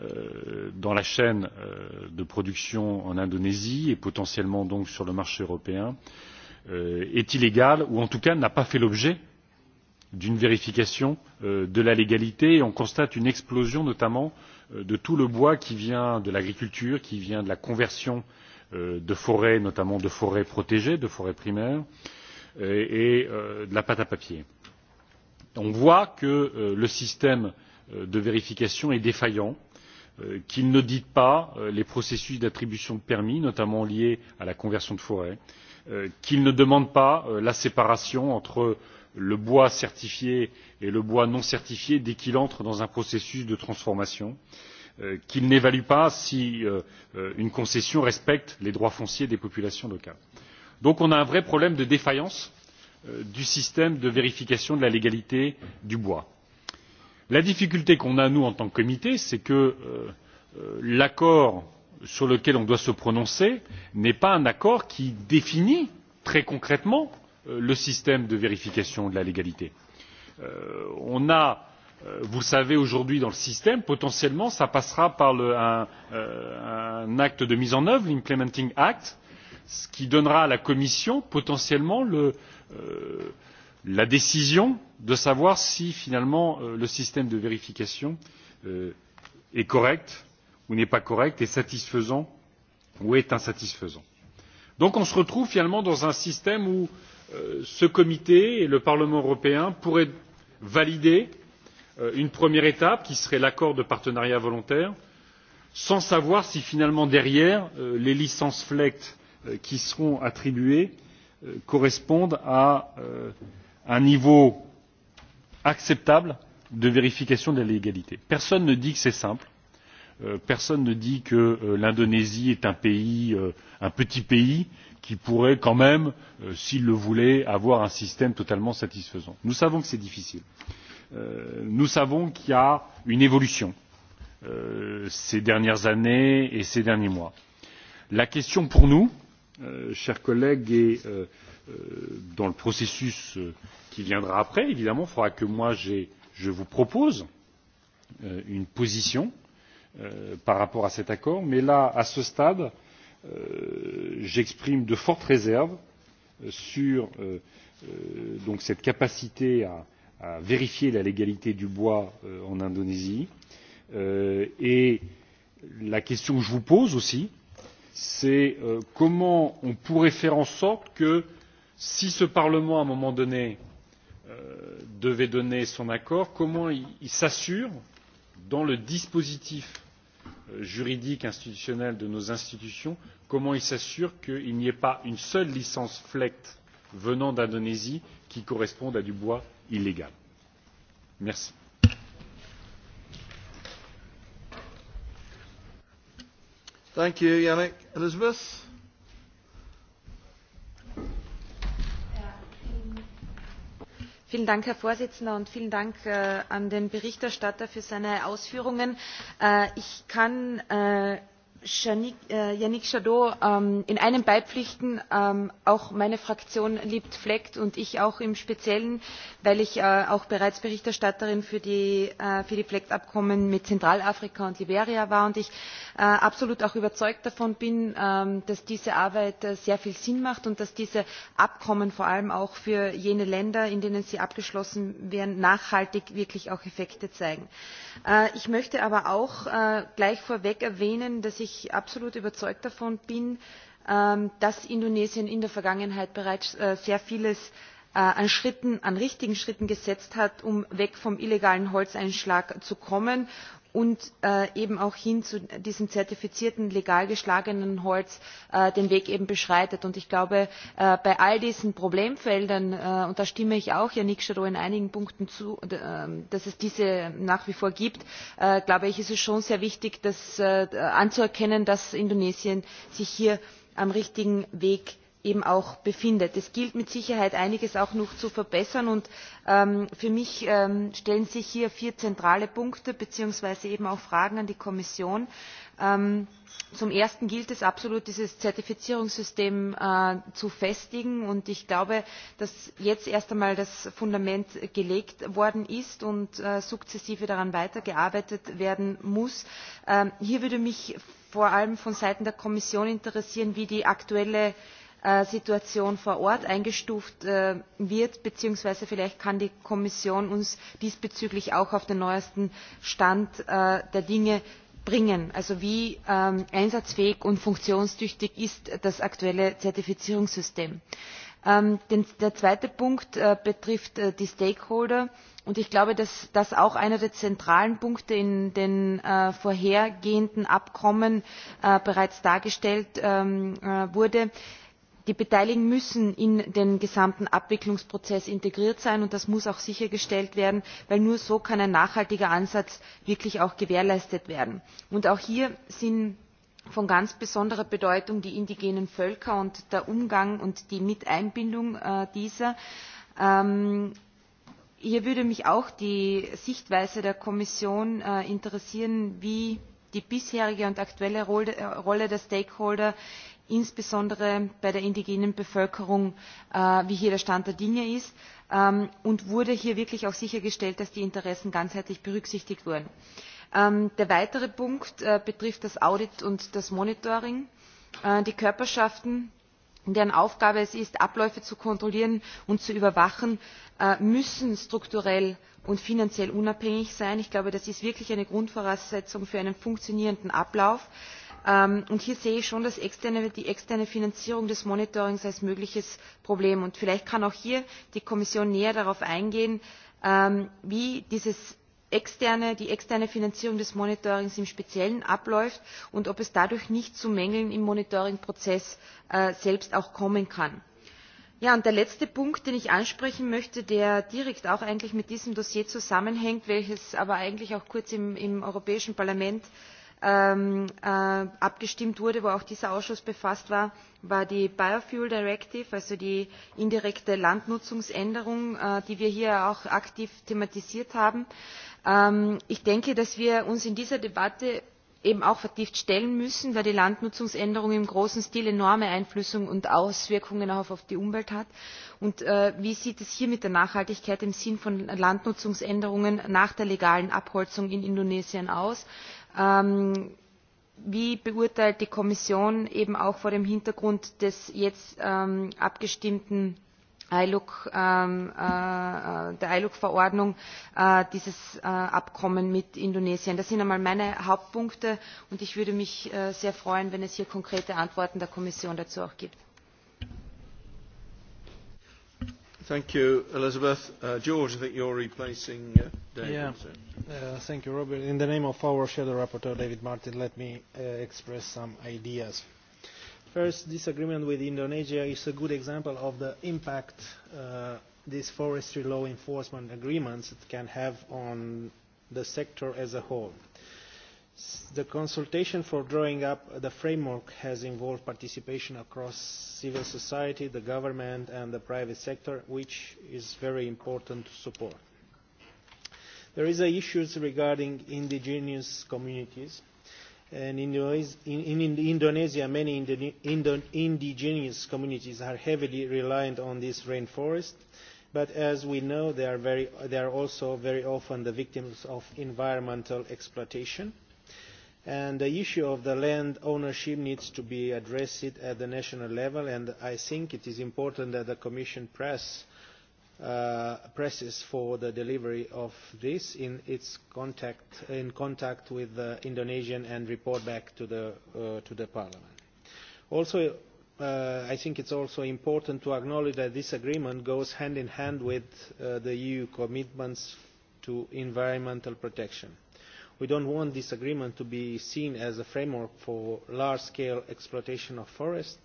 euh, dans la chaîne euh, de production en indonésie et potentiellement donc sur le marché européen euh, est illégal ou en tout cas n'a pas fait l'objet d'une vérification euh, de la légalité et on constate une explosion notamment euh, de tout le bois qui vient de l'agriculture qui vient de la conversion euh, de forêts notamment de forêts protégées de forêts primaires euh, et euh, de la pâte à papier. on voit que le système de vérification est défaillant qu'il n'audite pas les processus d'attribution de permis notamment liés à la conversion de forêts qu'il ne demande pas la séparation entre le bois certifié et le bois non certifié dès qu'il entre dans un processus de transformation euh, qu'il n'évalue pas si euh, euh, une concession respecte les droits fonciers des populations locales. donc on a un vrai problème de défaillance du système de vérification de la légalité du bois. la difficulté que nous avons nous en tant que comité c'est que l'accord sur lequel on doit se prononcer n'est pas un accord qui définit très concrètement Euh, le système de vérification de la légalité. Euh, on a euh, vous le savez aujourd'hui dans le système potentiellement cela passera par un, acte de mise en œuvre l'implementing act ce qui donnera à la commission potentiellement la décision de savoir si finalement le système de vérification est correct ou n'est pas correct est satisfaisant ou est insatisfaisant. donc on se retrouve finalement dans un système où Euh, ce comité et le parlement européen pourraient valider euh, une première étape qui serait l'accord de partenariat volontaire sans savoir si finalement derrière euh, les licences flegt qui seront attribuées correspondent à un niveau acceptable de vérification de la légalité. personne ne dit que c'est simple personne ne dit que l'indonésie est un petit pays qui pourraient quand même euh, s'ils le voulaient avoir un système totalement satisfaisant. nous savons que c'est difficile. Euh, nous savons qu'il y a une évolution euh, ces dernières années et ces derniers mois. la question pour nous chers collègues est dans le processus qui viendra après évidemment il faudra que moi je vous propose une position par rapport à cet accord mais là à ce stade Euh, j'exprime de fortes réserves euh, sur euh, cette capacité à vérifier la légalité du bois en indonésie et la question que je vous pose aussi c'est comment on pourrait faire en sorte que si ce parlement à un moment donné devait donner son accord comment il s'assure dans le dispositif juridique institutionnelle de nos institutions comment il s'assure qu'il n'y ait pas une seule licence flegt venant d'indonésie qui corresponde à du bois illégal? merci. herr präsident vielen dank äh, an den berichterstatter für seine ausführungen. Äh, ich kann zustimmen. Äh, Äh, yannick jadot ähm, in einem beipflichten ähm, auch meine fraktion liebt flegt und ich auch im speziellen weil ich äh, auch bereits berichterstatterin für die äh, flegt abkommen mit zentralafrika und liberia war und ich absolut auch überzeugt davon bin ähm, dass diese arbeit sehr viel sinn macht und dass diese abkommen vor allem auch für jene länder in denen sie abgeschlossen werden nachhaltig wirklich auch effekte zeigen. ich möchte aber auch gleich vorweg erwähnen dass ich absolut überzeugt davon bin ähm, dass indonesien in der vergangenheit bereits äh, sehr vieles äh, an, Schritten, richtigen schritten gesetzt hat um weg vom illegalen holzeinschlag zu kommen und äh, eben auch hin zu diesem zertifizierten legal geschlagenen holz äh, den weg beschreitet. ich glaube äh, bei all diesen problemfeldern und da stimme ich auch yannick jadot in einigen punkten zu ähm, dass es diese nach wie vor gibt ist es schon sehr wichtig anzuerkennen dass indonesien sich hier am richtigen weg eben auch befindet. es gilt mit sicherheit einiges auch noch zu verbessern und ähm, für mich ähm, stellen sich hier vier zentrale punkte beziehungsweise eben auch fragen an die kommission. Ähm, zum ersten gilt es absolut dieses zertifizierungssystem äh, zu festigen und ich glaube dass jetzt erst einmal das fundament gelegt worden ist und äh, sukzessive daran weitergearbeitet werden muss. hier würde mich vor allem von seiten der kommission interessieren wie die aktuelle Äh, situation vor ort eingestuft äh, wird beziehungsweise vielleicht kann die kommission uns diesbezüglich auch auf den neuesten stand äh, der dinge bringen also wie ähm, einsatzfähig und funktionstüchtig ist das aktuelle zertifizierungssystem? Ähm, der zweite punkt betrifft die stakeholder und ich glaube dass das auch einer der zentralen punkte in den vorhergehenden abkommen bereits dargestellt ähm, wurde die beteiligten müssen in den gesamten abwicklungsprozess integriert sein und das muss auch sichergestellt werden denn nur so kann ein nachhaltiger ansatz wirklich auch gewährleistet werden. auch hier sind von ganz besonderer bedeutung die indigenen völker und der umgang und die miteinbindung äh, dieser. Ähm, hier würde mich auch die sichtweise der kommission äh, interessieren wie die bisherige und aktuelle äh, rolle der stakeholder insbesondere bei der indigenen bevölkerung äh, wie hier der stand der dinge ist ähm, und wurde hier wirklich auch sichergestellt dass die interessen ganzheitlich berücksichtigt wurden? Ähm, der weitere punkt äh, betrifft das audit und das monitoring äh, die körperschaften deren aufgabe es ist abläufe zu kontrollieren und zu überwachen müssen strukturell und finanziell unabhängig sein. ich glaube das ist wirklich eine grundvoraussetzung für einen funktionierenden ablauf. Ähm, und hier sehe ich schon die externe finanzierung des monitorings als mögliches problem. vielleicht kann auch hier die kommission näher darauf eingehen ähm, wie die externe finanzierung des monitorings im speziellen abläuft und ob es dadurch nicht zu mängeln im monitoring prozess äh, selbst auch kommen kann. der letzte punkt den ich ansprechen möchte der direkt auch eigentlich mit diesem dossier zusammenhängt welches aber eigentlich auch kurz im europäischen parlament Ähm, äh, abgestimmt wurde wo auch dieser ausschuss befasst war war die biofuel directive also die indirekte landnutzungsänderung äh, die wir hier auch aktiv thematisiert haben. Ähm, ich denke dass wir uns in dieser debatte eben auch vertieft stellen müssen da die landnutzungsänderung im großen stil enorme einflüsse und auswirkungen auch auf die umwelt hat. und äh, wie sieht es hier mit der nachhaltigkeit im sinn von landnutzungsänderungen nach der legalen abholzung in indonesien aus? Ähm, wie beurteilt die kommission eben auch vor dem hintergrund des jetzt ähm, abgestimmten ILUC, ähm, äh, äh, der iluc verordnung äh, dieses abkommen mit indonesien? das sind einmal meine hauptpunkte und ich würde mich sehr freuen wenn es hier konkrete antworten der kommission dazu auch gibt. Thank you, Elizabeth. Uh, George, I think you're replacing uh, David. Yeah. Uh, thank you, Robert. In the name of our shadow rapporteur, David Martin, let me uh, express some ideas. First, this agreement with Indonesia is a good example of the impact uh, these forestry law enforcement agreements can have on the sector as a whole. Uh, the consultation for drawing up the framework has involved participation across civil society the government and the private sector which is very important to support. there is an issue regarding indigenous communities and in, in, in indonesia many indigenous communities are heavily reliant on this rainforest but as we know they are, very, they are also very often the victims of environmental exploitation and the issue of the land ownership needs to be addressed at the national level and i think it is important that the commission press, uh, presses for the delivery of this in its contact in contact with the indonesian and report back to the uh, to the parliament also uh, I think it's also important to acknowledge that this agreement goes hand in hand with uh, the EU commitments to environmental protection we do not want this agreement to be seen as a framework for large scale exploitation of forests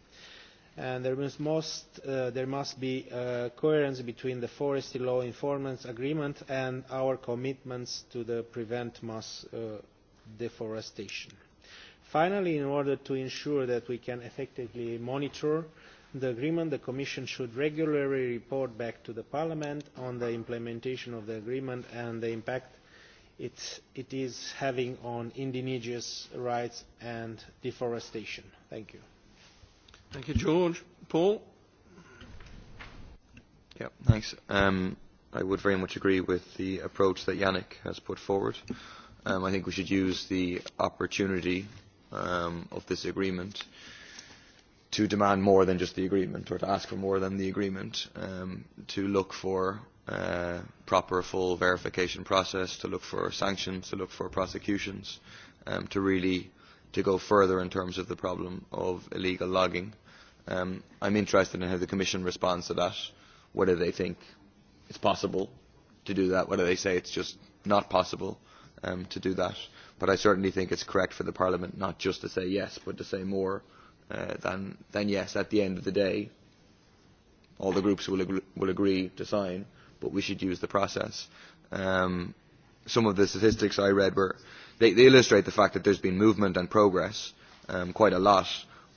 and there must, most, uh, there must be uh, coherence between the forestry law enforcement agreement and our commitments to prevent mass uh, deforestation. finally in order to ensure that we can effectively monitor the agreement the commission should regularly report back to parliament on the implementation of the agreement and the impact it, is having on Indonesia's rights and deforestation. Thank you. Thank you, George. Paul? Yeah, thanks. Um, I would very much agree with the approach that Yannick has put forward. Um, I think we should use the opportunity um, of this agreement to demand more than just the agreement or to ask for more than the agreement, um, to look for Uh, proper full verification process, to look for sanctions, to look for prosecutions, um, to really to go further in terms of the problem of illegal logging. Um, I'm interested in how the Commission responds to that, whether they think it's possible to do that, whether they say it's just not possible um, to do that. But I certainly think it's correct for the Parliament not just to say yes, but to say more uh, than, than yes. At the end of the day, all the groups will, agree, will agree to sign, but we should use the process. Um, some of the statistics I read were they, they illustrate the fact that there's been movement and progress um, quite a lot,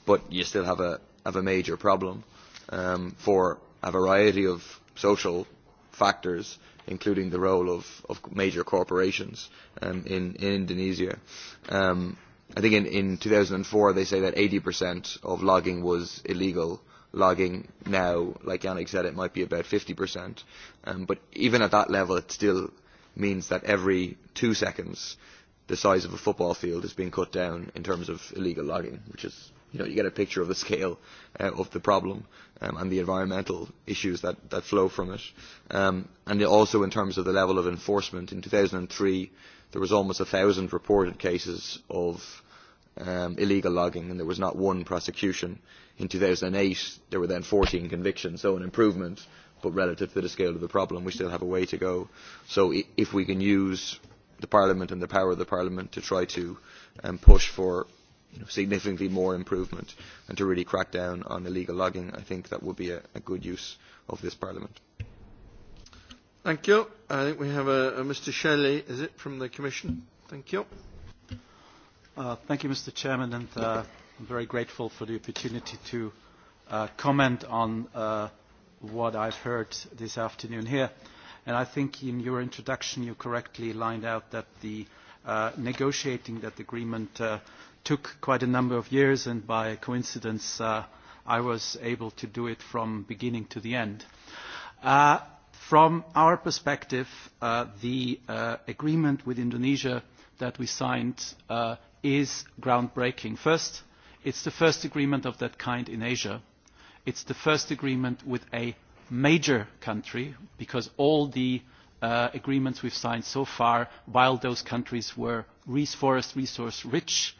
but you still have a have a major problem um, for a variety of social factors, including the role of, of major corporations um, in, in Indonesia. Um, I think in, in 2004 they say that 80% of logging was illegal logging now, like Yannick said, it might be about 50%. Um, but even at that level, it still means that every two seconds, the size of a football field is being cut down in terms of illegal logging, which is, you know, you get a picture of the scale uh, of the problem um, and the environmental issues that, that flow from it. Um, and also in terms of the level of enforcement, in 2003, there was almost a thousand reported cases of um, illegal logging, and there was not one prosecution. In 2008, there were then 14 convictions, so an improvement, but relative to the scale of the problem, we still have a way to go. So if we can use the Parliament and the power of the Parliament to try to um, push for you know, significantly more improvement and to really crack down on illegal logging, I think that would be a, a good use of this Parliament. Thank you. I think we have a, a Mr. Shelley, is it, from the Commission? Thank you. Uh, thank you, Mr. Chairman, and uh, I'm very grateful for the opportunity to uh, comment on uh, what I've heard this afternoon here. And I think in your introduction you correctly lined out that the uh, negotiating that agreement uh, took quite a number of years, and by coincidence uh, I was able to do it from beginning to the end. Uh, from our perspective, uh, the uh, agreement with Indonesia that we signed uh, is groundbreaking. First, it's the first agreement of that kind in Asia. It's the first agreement with a major country because all the uh, agreements we've signed so far, while those countries were forest resource rich,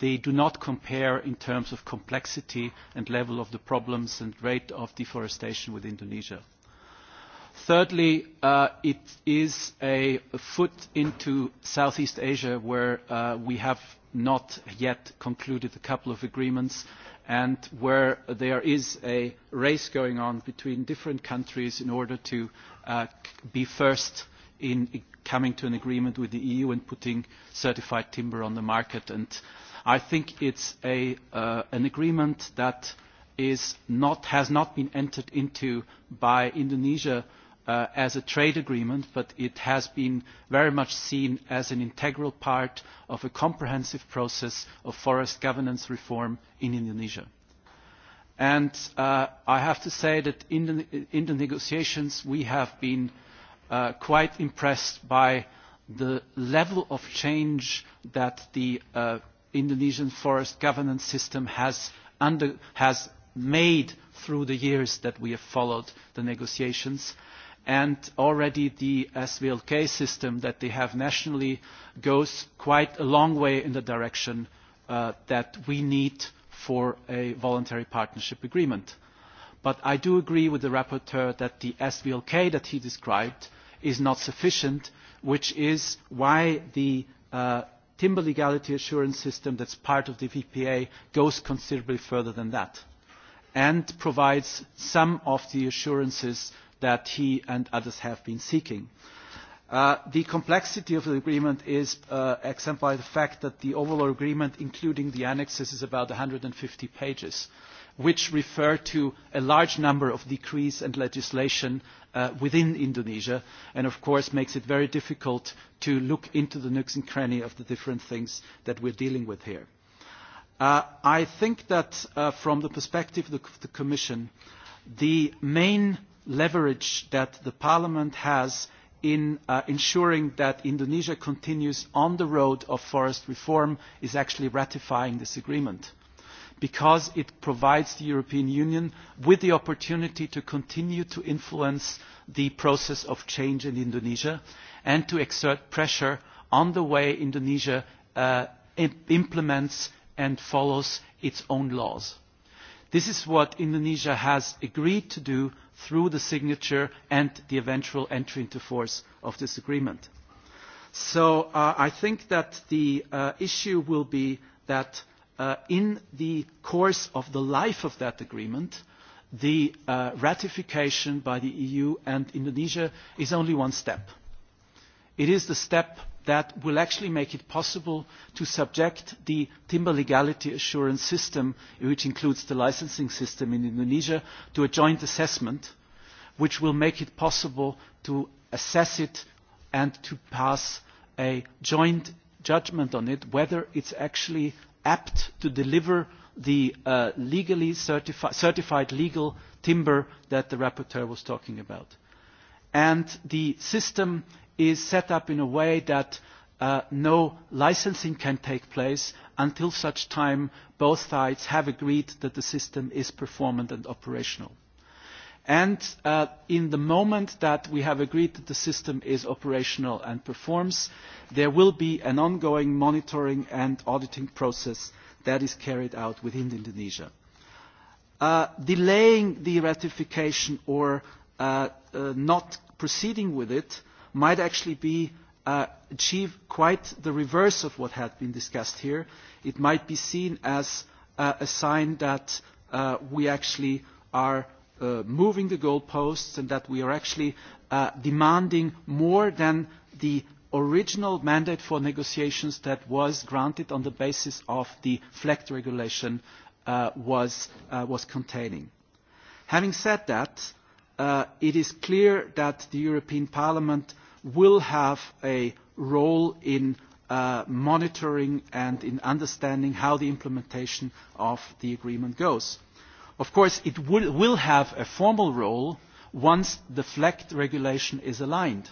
they do not compare in terms of complexity and level of the problems and rate of deforestation with Indonesia. Thirdly, uh, it is a foot into Southeast Asia where uh, we have not yet concluded a couple of agreements and where there is a race going on between different countries in order to uh, be first in coming to an agreement with the EU and putting certified timber on the market. And I think it's a, uh, an agreement that is not, has not been entered into by Indonesia uh, as a trade agreement, but it has been very much seen as an integral part of a comprehensive process of forest governance reform in Indonesia. And uh, I have to say that in the, in the negotiations we have been uh, quite impressed by the level of change that the uh, Indonesian forest governance system has, under, has made through the years that we have followed the negotiations and already the SVLK system that they have nationally goes quite a long way in the direction uh, that we need for a voluntary partnership agreement. But I do agree with the rapporteur that the SVLK that he described is not sufficient, which is why the uh, timber legality assurance system that's part of the VPA goes considerably further than that and provides some of the assurances that he and others have been seeking. Uh, the complexity of the agreement is uh, exemplified by the fact that the overall agreement, including the annexes, is about 150 pages, which refer to a large number of decrees and legislation uh, within Indonesia, and of course makes it very difficult to look into the nooks and crannies of the different things that we're dealing with here. Uh, I think that uh, from the perspective of the, the Commission, the main leverage that the Parliament has in uh, ensuring that Indonesia continues on the road of forest reform is actually ratifying this agreement because it provides the European Union with the opportunity to continue to influence the process of change in Indonesia and to exert pressure on the way Indonesia uh, imp implements and follows its own laws. This is what Indonesia has agreed to do through the signature and the eventual entry into force of this agreement. So uh, I think that the uh, issue will be that uh, in the course of the life of that agreement, the uh, ratification by the EU and Indonesia is only one step. It is the step that will actually make it possible to subject the timber legality assurance system, which includes the licensing system in Indonesia, to a joint assessment, which will make it possible to assess it and to pass a joint judgment on it, whether it's actually apt to deliver the uh, legally certifi certified legal timber that the rapporteur was talking about. And the system is set up in a way that uh, no licensing can take place until such time both sides have agreed that the system is performant and operational. And uh, in the moment that we have agreed that the system is operational and performs, there will be an ongoing monitoring and auditing process that is carried out within Indonesia. Uh, delaying the ratification or uh, uh, not proceeding with it might actually be uh, achieve quite the reverse of what had been discussed here. It might be seen as uh, a sign that uh, we actually are uh, moving the goalposts and that we are actually uh, demanding more than the original mandate for negotiations that was granted on the basis of the FLECT regulation uh, was, uh, was containing. Having said that, uh, it is clear that the European Parliament will have a role in uh, monitoring and in understanding how the implementation of the agreement goes. Of course, it will, will have a formal role once the FLECT regulation is aligned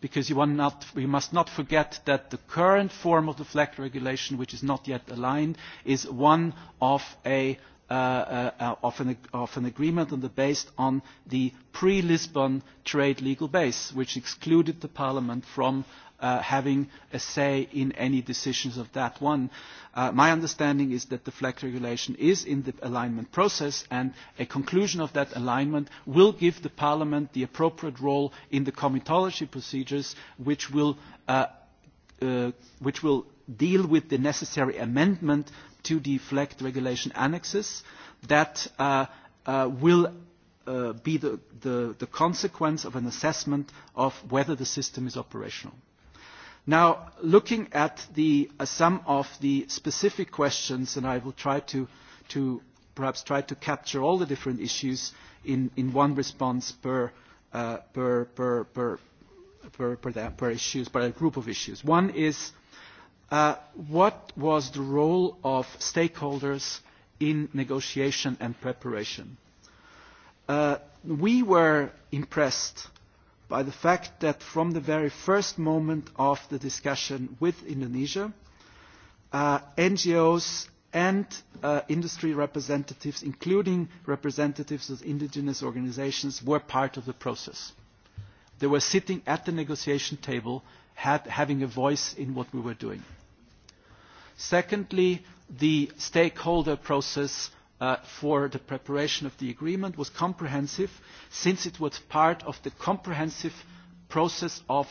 because you, not, you must not forget that the current form of the FLECT regulation, which is not yet aligned, is one of a Uh, uh, uh, of, an, of an agreement on the, based on the pre-Lisbon trade legal base, which excluded the Parliament from uh, having a say in any decisions of that one. Uh, my understanding is that the FLEC regulation is in the alignment process and a conclusion of that alignment will give the Parliament the appropriate role in the comitology procedures which will, uh, uh, which will deal with the necessary amendment to the FLEGT regulation annexes that uh, uh, will uh, be the, the, the consequence of an assessment of whether the system is operational. Now, looking at the, uh, some of the specific questions, and I will try to, to perhaps try to capture all the different issues in, in one response per, uh, per, per, per, per, per, that, per issues, per a group of issues. One is Uh, what was the role of stakeholders in negotiation and preparation? Uh, we were impressed by the fact that from the very first moment of the discussion with Indonesia, uh, NGOs and uh, industry representatives, including representatives of indigenous organizations, were part of the process. They were sitting at the negotiation table had, having a voice in what we were doing. Secondly, the stakeholder process uh, for the preparation of the agreement was comprehensive since it was part of the comprehensive process of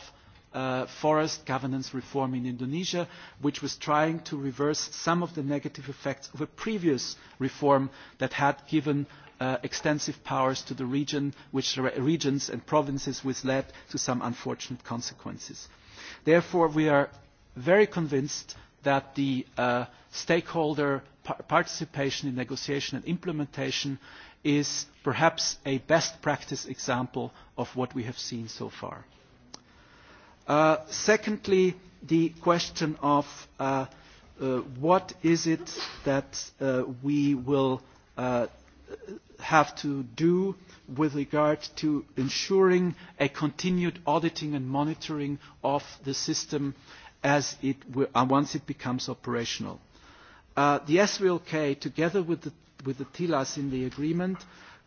uh, forest governance reform in Indonesia, which was trying to reverse some of the negative effects of a previous reform that had given uh, extensive powers to the region, which regions and provinces was led to some unfortunate consequences. Uh, Therefore, we are very convinced that the uh, stakeholder par participation in negotiation and implementation is perhaps a best practice example of what we have seen so far. Uh, secondly, the question of uh, uh, what is it that uh, we will uh, have to do with regard to ensuring a continued auditing and monitoring of the system as it uh, once it becomes operational. Uh, the SVLK, together with the, with the TILAS in the agreement,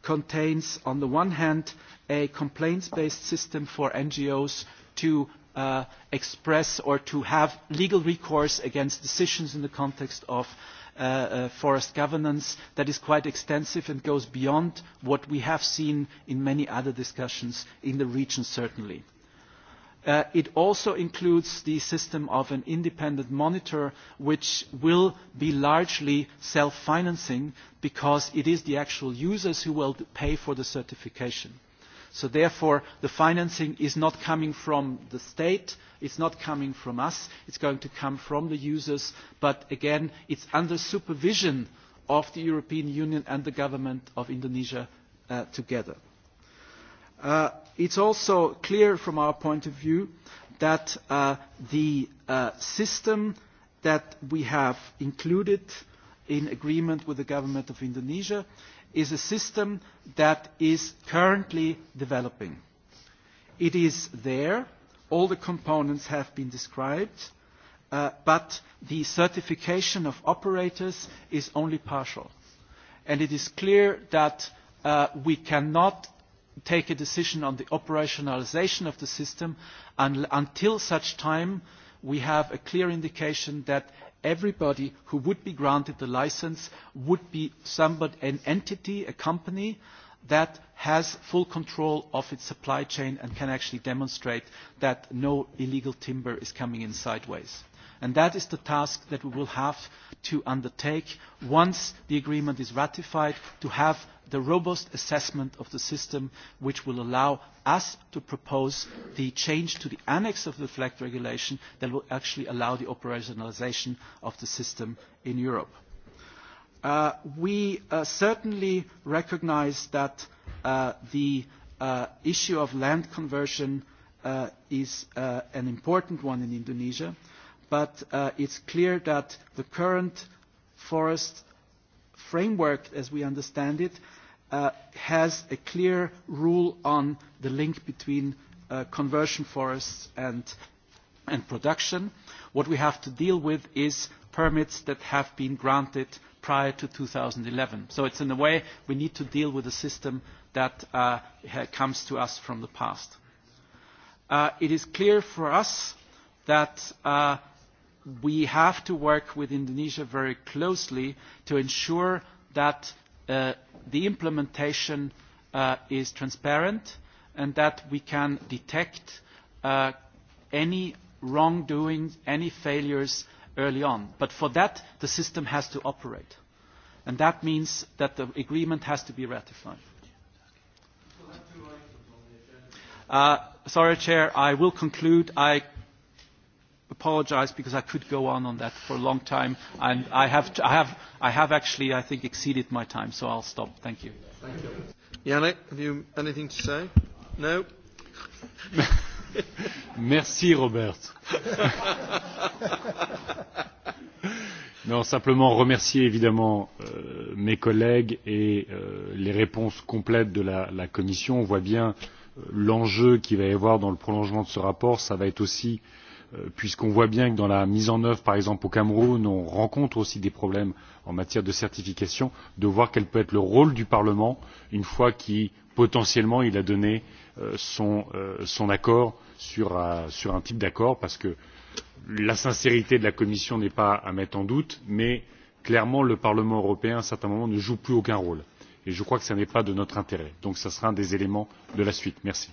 contains, on the one hand, a complaints-based system for NGOs to uh, express or to have legal recourse against decisions in the context of uh, Uh, uh, forest governance that is quite extensive and goes beyond what we have seen in many other discussions in the region certainly. Uh, it also includes the system of an independent monitor which will be largely self-financing because it is the actual users who will pay for the certification So therefore, the financing is not coming from the state, it's not coming from us, it's going to come from the users, but again, it's under supervision of the European Union and the government of Indonesia uh, together. Uh, it's also clear from our point of view that uh, the uh, system that we have included in agreement with the government of Indonesia is a system that is currently developing. It is there. All the components have been described. Uh, but the certification of operators is only partial. And it is clear that uh, we cannot take a decision on the operationalization of the system un until such time we have a clear indication that everybody who would be granted the license would be somebody, an entity, a company that has full control of its supply chain and can actually demonstrate that no illegal timber is coming in sideways. And that is the task that we will have to undertake once the agreement is ratified to have the robust assessment of the system which will allow us to propose the change to the annex of the FLECT regulation that will actually allow the operationalization of the system in Europe. Uh, we uh, certainly recognize that uh, the uh, issue of land conversion uh, is uh, an important one in Indonesia but uh, it's clear that the current forest framework, as we understand it, uh, has a clear rule on the link between uh, conversion forests and, and production. What we have to deal with is permits that have been granted prior to 2011. So it's in a way we need to deal with a system that uh, comes to us from the past. Uh, it is clear for us that uh, we have to work with Indonesia very closely to ensure that uh, the implementation uh, is transparent and that we can detect uh, any wrongdoing, any failures early on. But for that, the system has to operate. And that means that the agreement has to be ratified. Uh, sorry, Chair, I will conclude. I apologize because I could go on on that for a long time. And I have, to, I have, I have actually, I think, exceeded my time, so I'll stop. Thank you. Thank you. Yannick, have you anything to say? No? Merci, Robert. non, simplement remercier évidemment euh, mes collègues et euh, les réponses complètes de la, la Commission. On voit bien euh, l'enjeu qu'il va y avoir dans le prolongement de ce rapport. Ça va être aussi euh, puisqu'on voit bien que dans la mise en œuvre par exemple au cameroun on rencontre aussi des problèmes en matière de certification de voir quel peut être le rôle du parlement une fois qu'il potentiellement il a donné euh, son, euh, son accord sur un, euh, sur un type d'accord parce que la sincérité de la commission n'est pas à mettre en doute mais clairement le parlement européen à un certain moment ne joue plus aucun rôle et je crois que ce n'est pas de notre intérêt donc ce sera un des éléments de la suite. merci.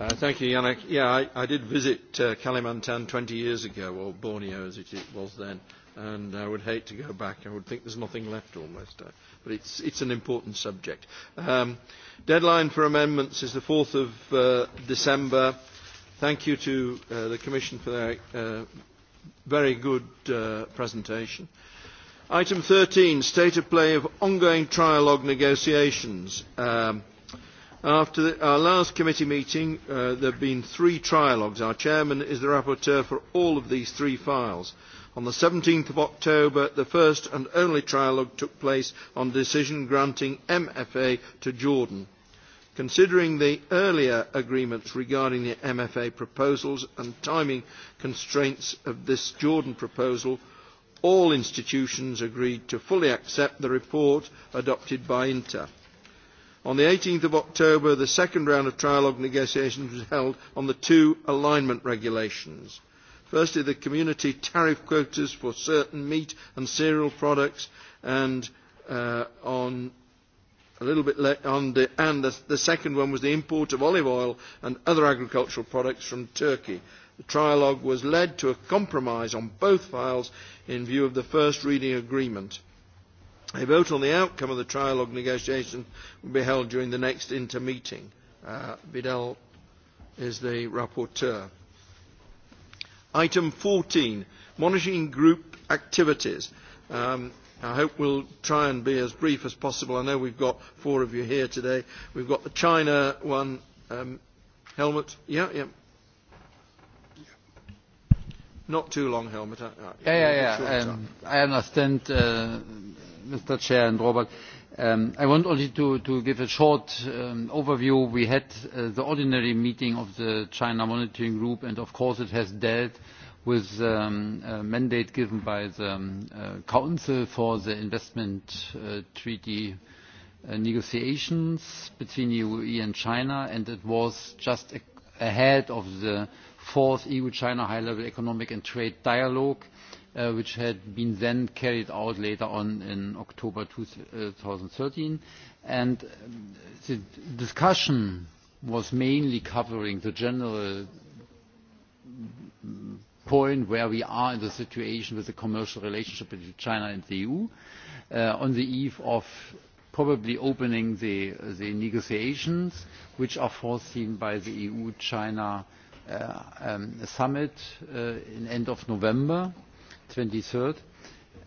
Uh, thank you, Yannick. Yeah, I, I did visit uh, Kalimantan 20 years ago, or Borneo as it, it was then, and I would hate to go back. I would think there's nothing left almost. Uh, but it's, it's an important subject. Um, deadline for amendments is the 4th of uh, December. Thank you to uh, the Commission for their uh, very good uh, presentation. Item 13, state of play of ongoing trialogue negotiations. Um, After the, our last committee meeting, uh, there have been three trialogues. Our chairman is the rapporteur for all of these three files. On the 17th of October, the first and only trialogue took place on decision granting MFA to Jordan. Considering the earlier agreements regarding the MFA proposals and timing constraints of this Jordan proposal, all institutions agreed to fully accept the report adopted by INTA. On the 18th of October, the second round of trialogue negotiations was held on the two alignment regulations. Firstly, the community tariff quotas for certain meat and cereal products and uh, on a little bit le- on the, and the, the second one was the import of olive oil and other agricultural products from Turkey. The trialogue was led to a compromise on both files in view of the first reading agreement. A vote on the outcome of the trilogue negotiation will be held during the next intermeeting. Uh, Vidal is the rapporteur. Item 14, monitoring group activities. Um, I hope we'll try and be as brief as possible. I know we've got four of you here today. We've got the China one. Um, Helmut? Yeah, yeah. Not too long, Helmut. I, uh, uh, yeah, yeah, yeah. Um, I understand uh, Mr. president Robert. Um, I want only to, to give a short um, overview. We had uh, the ordinary meeting of the China Monitoring Group, and of course it has dealt with the um, mandate given by the uh, Council for the Investment uh, Treaty negotiations between the eu and China, and it was just ahead of the fourth EU-China high-level economic and trade dialogue Äh, which had been then carried out later on in October 2013. Uh, and uh, the discussion was mainly covering the general point where we are in the situation with the commercial relationship between China and the EU uh, on the eve of probably opening the, the negotiations which are foreseen by the EU-China uh, um, summit uh, in end of November 23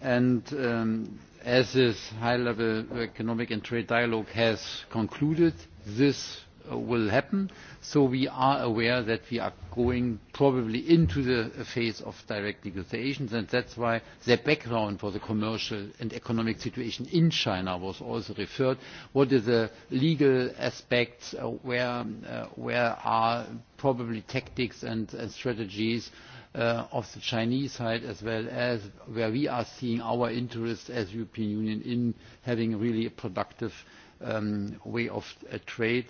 um, as this high-level economic and trade dialogue has concluded, this uh, will happen. So we are aware that we are going probably into the phase of direct negotiations, and that's why the background for the commercial and economic situation in China was also referred. What are the legal aspects? Uh, where, uh, where are probably tactics and, and strategies? Uh, of the Chinese side as well as where we are seeing our interests as European Union in having really a productive um, way of uh, trade.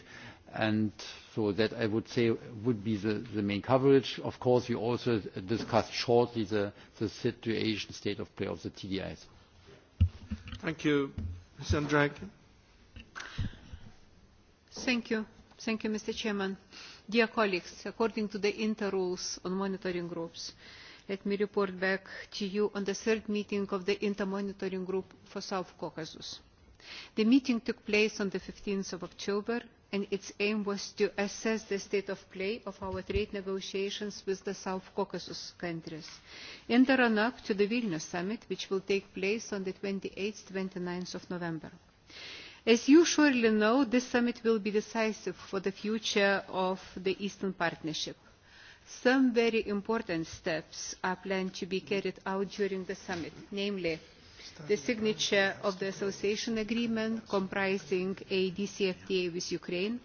And so that I would say would be the, the main coverage. Of course, we also discussed shortly the, the situation, state of play of the TDIs. Thank you, Ms. Andrak. Thank you. Thank you, Mr. Chairman. Dear colleagues, according to the inter rules on monitoring groups, let me report back to you on the third meeting of the inter monitoring group for South Caucasus. The meeting took place on the 15th of October and its aim was to assess the state of play of our trade negotiations with the South Caucasus countries. In the run-up to the Vilnius summit, which will take place on the 28th-29th of November as you surely know this summit will be decisive for the future of the eastern partnership. some very important steps are planned to be carried out during the summit namely the signature of the association agreement comprising a dcfta with ukraine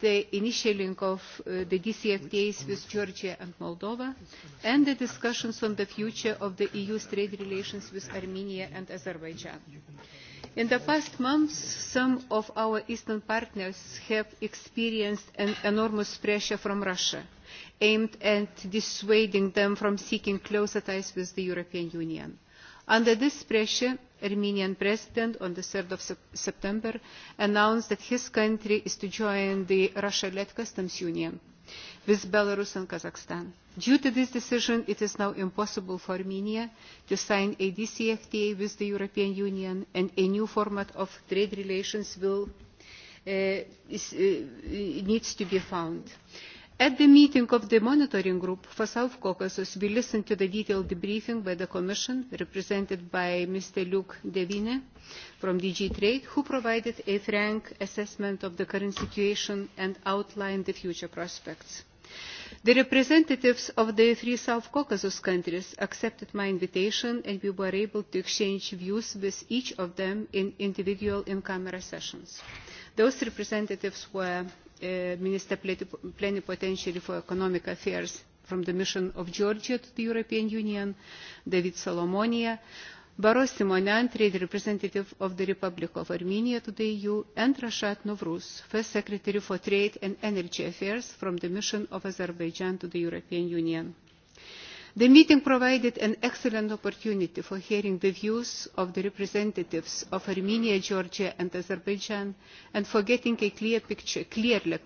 the initialling of uh, the DCFTAs with Georgia and Moldova, and the discussions on the future of the EU's trade relations with Armenia and Azerbaijan in the past months some of our eastern partners have experienced an enormous pressure from russia aimed at dissuading them from seeking closer ties with the european union. under this pressure the armenian president on three september announced that his country is to join the russia led customs union with Belarus and Kazakhstan. Due to this decision, it is now impossible for Armenia to sign a DCFTA with the European Union and a new format of trade relations will, uh, is, uh, needs to be found. Uh, at the meeting of the monitoring group for south caucasus we listened to the detailed debriefing by the commission represented by mr luc devine from dg trade who provided a frank assessment of the current situation and outlined the future prospects. the representatives of the three south caucasus countries accepted my invitation and we were able to exchange views with each of them in individual in camera sessions. those representatives were minister plenipotentiary for economic affairs from the mission of georgia to the european union david solomonia baros Simonian, trade representative of the republic of armenia to the eu and rashat novruz first secretary for trade and energy affairs from the mission of azerbaijan to the european union the meeting provided an excellent opportunity for hearing the views of the representatives of armenia georgia and azerbaijan and for getting a clear picture, clearly,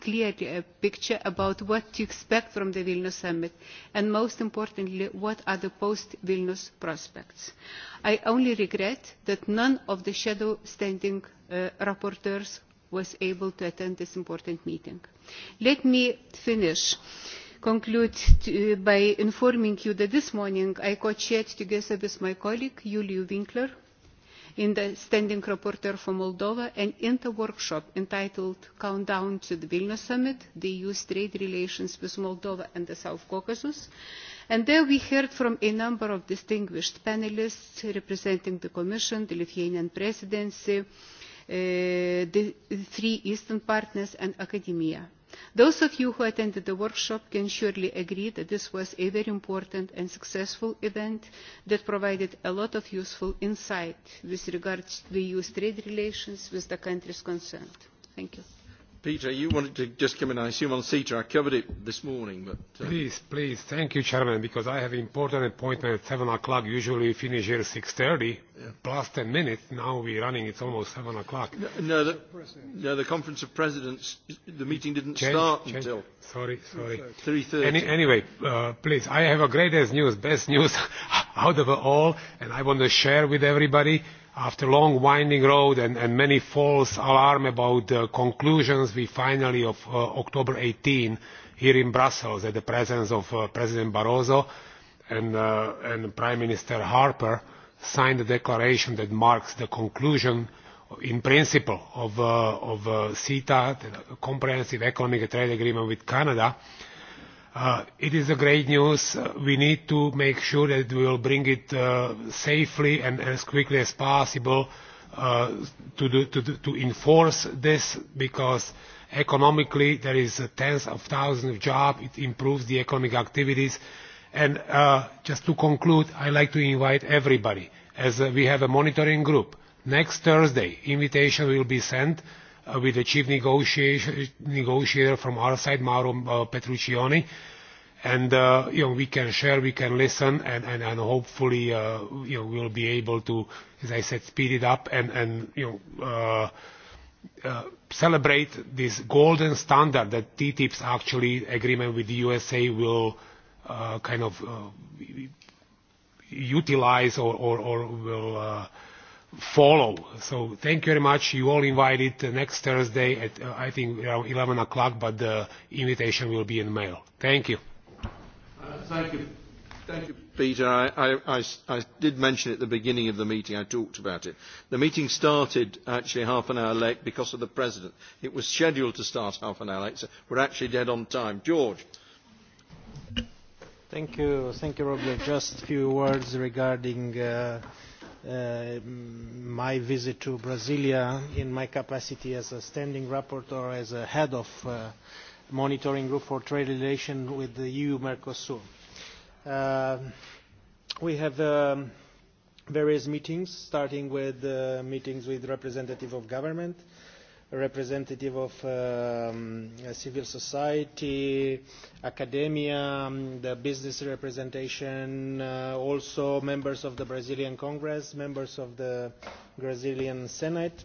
clearly picture about what to expect from the vilnius summit and most importantly what are the post vilnius prospects. i only regret that none of the shadow standing uh, rapporteurs was able to attend this important meeting. let me finish by conclude by informing you that this morning I co-chaired together with my colleague Juliu Winkler in the Standing Rapporteur for Moldova an inter-workshop entitled Countdown to the Vilnius Summit, the EU's trade relations with Moldova and the South Caucasus. And there we heard from a number of distinguished panelists representing the Commission, the Lithuanian Presidency, eh, the three Eastern partners and academia Those of you who attended the workshop can surely agree that this was a very important and successful event that provided a lot of useful insight with regard to the EU's trade relations with the countries concerned. Thank you. Peter, you wanted to just come in, I assume, on CETA. I covered it this morning. But, uh... Please, please. Thank you, Chairman, because I have important appointment at 7 o'clock. Usually we finish here 6.30, yeah. plus 10 minutes. Now we're running, it's almost 7 o'clock. No, no, the, no, the Conference of Presidents, the meeting didn't change, start change. until... Sorry, sorry. 3.30. Any, anyway, uh, please, I have a greatest news, best news out of all, and I want to share with everybody after a long winding road and, many false alarms about the conclusions we finally on uh, eighteen october here in brussels in the presence of uh, president barroso uh, and, prime minister harper signed a declaration that marks the conclusion in principle of, ceta the comprehensive economic and trade agreement with canada Uh, it is great news. Uh, we need to make sure that we will bring it uh, safely and as quickly as possible to, enforce this because economically there is tens of thousands of jobs it improves the economic activities and just to conclude i would like to invite everybody as we have a monitoring group next thursday invitation will be sent uh, with the chief negotiator, negotiator from our side, Mauro uh, Petruccioni. And uh, you know, we can share, we can listen, and, and, and hopefully uh, you know, we'll be able to, as I said, speed it up and, and you know, uh, uh, celebrate this golden standard that TTIP's actually agreement with the USA will uh, kind of uh, utilize or, or, or will uh, follow. So thank you very much. You all invited uh, next Thursday at uh, I think around 11 o'clock, but the invitation will be in mail. Thank you. Uh, thank you. Thank you, Peter. I, I, I, I did mention at the beginning of the meeting, I talked about it. The meeting started actually half an hour late because of the President. It was scheduled to start half an hour late, so we're actually dead on time. George. Thank you. Thank you, Robert. Just a few words regarding uh, Uh, my visit to Brasilia in my capacity as a standing rapporteur, as a head of uh, monitoring group for trade relations with the EU-Mercosur. Uh, we have um, various meetings, starting with uh, meetings with representatives of government, uh, representative of um, civil society, academia, um, the business representation, uh, also members of the Brazilian Congress, members of the Brazilian Senate.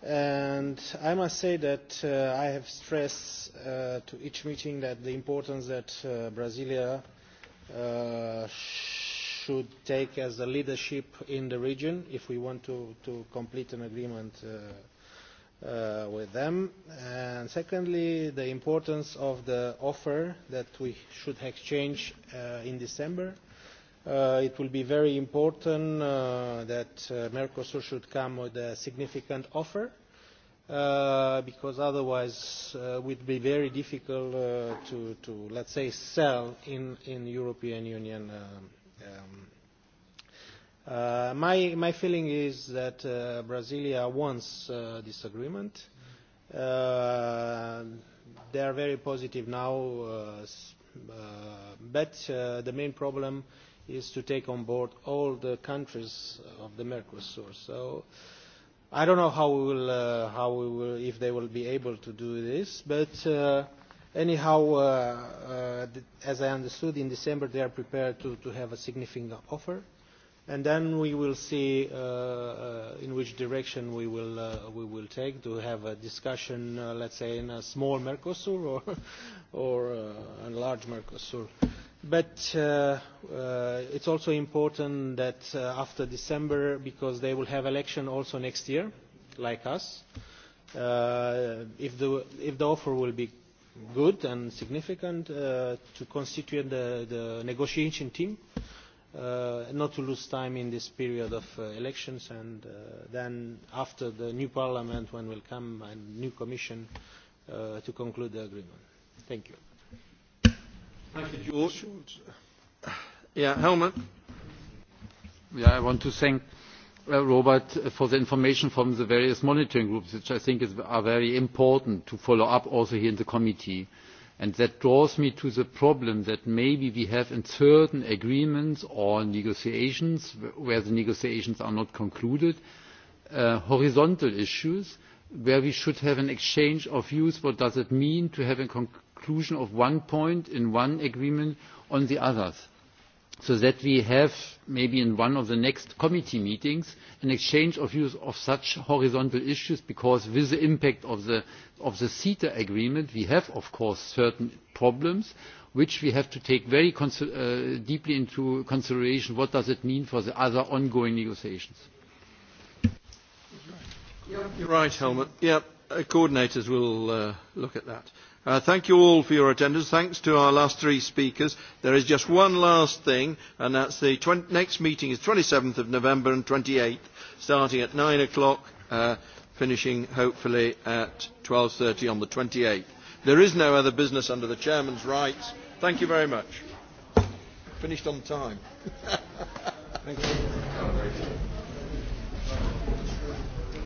And I must say that uh, I have stressed uh, to each meeting that the importance that uh, Brasilia uh, should take as a leadership in the region if we want to, to complete an agreement uh, uh, with them. And secondly, the importance of the offer that we should exchange uh, in December. Uh, it will be very important uh, that uh, Mercosur should come with a significant offer uh, because otherwise uh, it would be very difficult uh, to, to, let's say, sell in, in European Union um, um, Uh, my, my feeling is that uh, Brasilia wants uh, this agreement. Uh, they are very positive now, uh, uh, but uh, the main problem is to take on board all the countries of the Mercosur. So I don't know how we will, uh, how we will, if they will be able to do this, but uh, anyhow, uh, uh, as I understood, in December they are prepared to, to have a significant offer. Uh, and then we will see uh, uh, in which direction we will, uh, we will take to have a discussion, uh, let's say, in a small Mercosur or, or uh, a large Mercosur. But uh, uh, it's also important that uh, after December, because they will have election also next year, like us, uh, if, the, if the offer will be good and significant, uh, to constitute the, the negotiation team, uh, Uh, not to lose time in this period of uh, elections and uh, then after the new parliament when will come and new commission to conclude the agreement. Thank you. Thank you, George. Yeah, I want to thank Robert for the information from the various monitoring groups, which I think are very important to follow up also here in the committee and that draws me to the problem that maybe we have in certain agreements or negotiations where the negotiations are not concluded uh, horizontal issues where we should have an exchange of views what does it mean to have a conclusion of one point in one agreement on the others? so that we have maybe in one of the next committee meetings an exchange of views on such horizontal issues because with the impact of the, ceta agreement we have of course certain problems which we have to take very uh, deeply into consideration what does it mean for the other ongoing negotiations? you are right helmut. Uh, coordinators will uh, look at that. Uh, thank you all for your attendance. Thanks to our last three speakers. There is just one last thing, and that's the 20, next meeting is 27th of November and 28th, starting at 9 o'clock, uh, finishing hopefully at 12.30 on the 28th. There is no other business under the chairman's rights. Thank you very much. Finished on time. Thank you.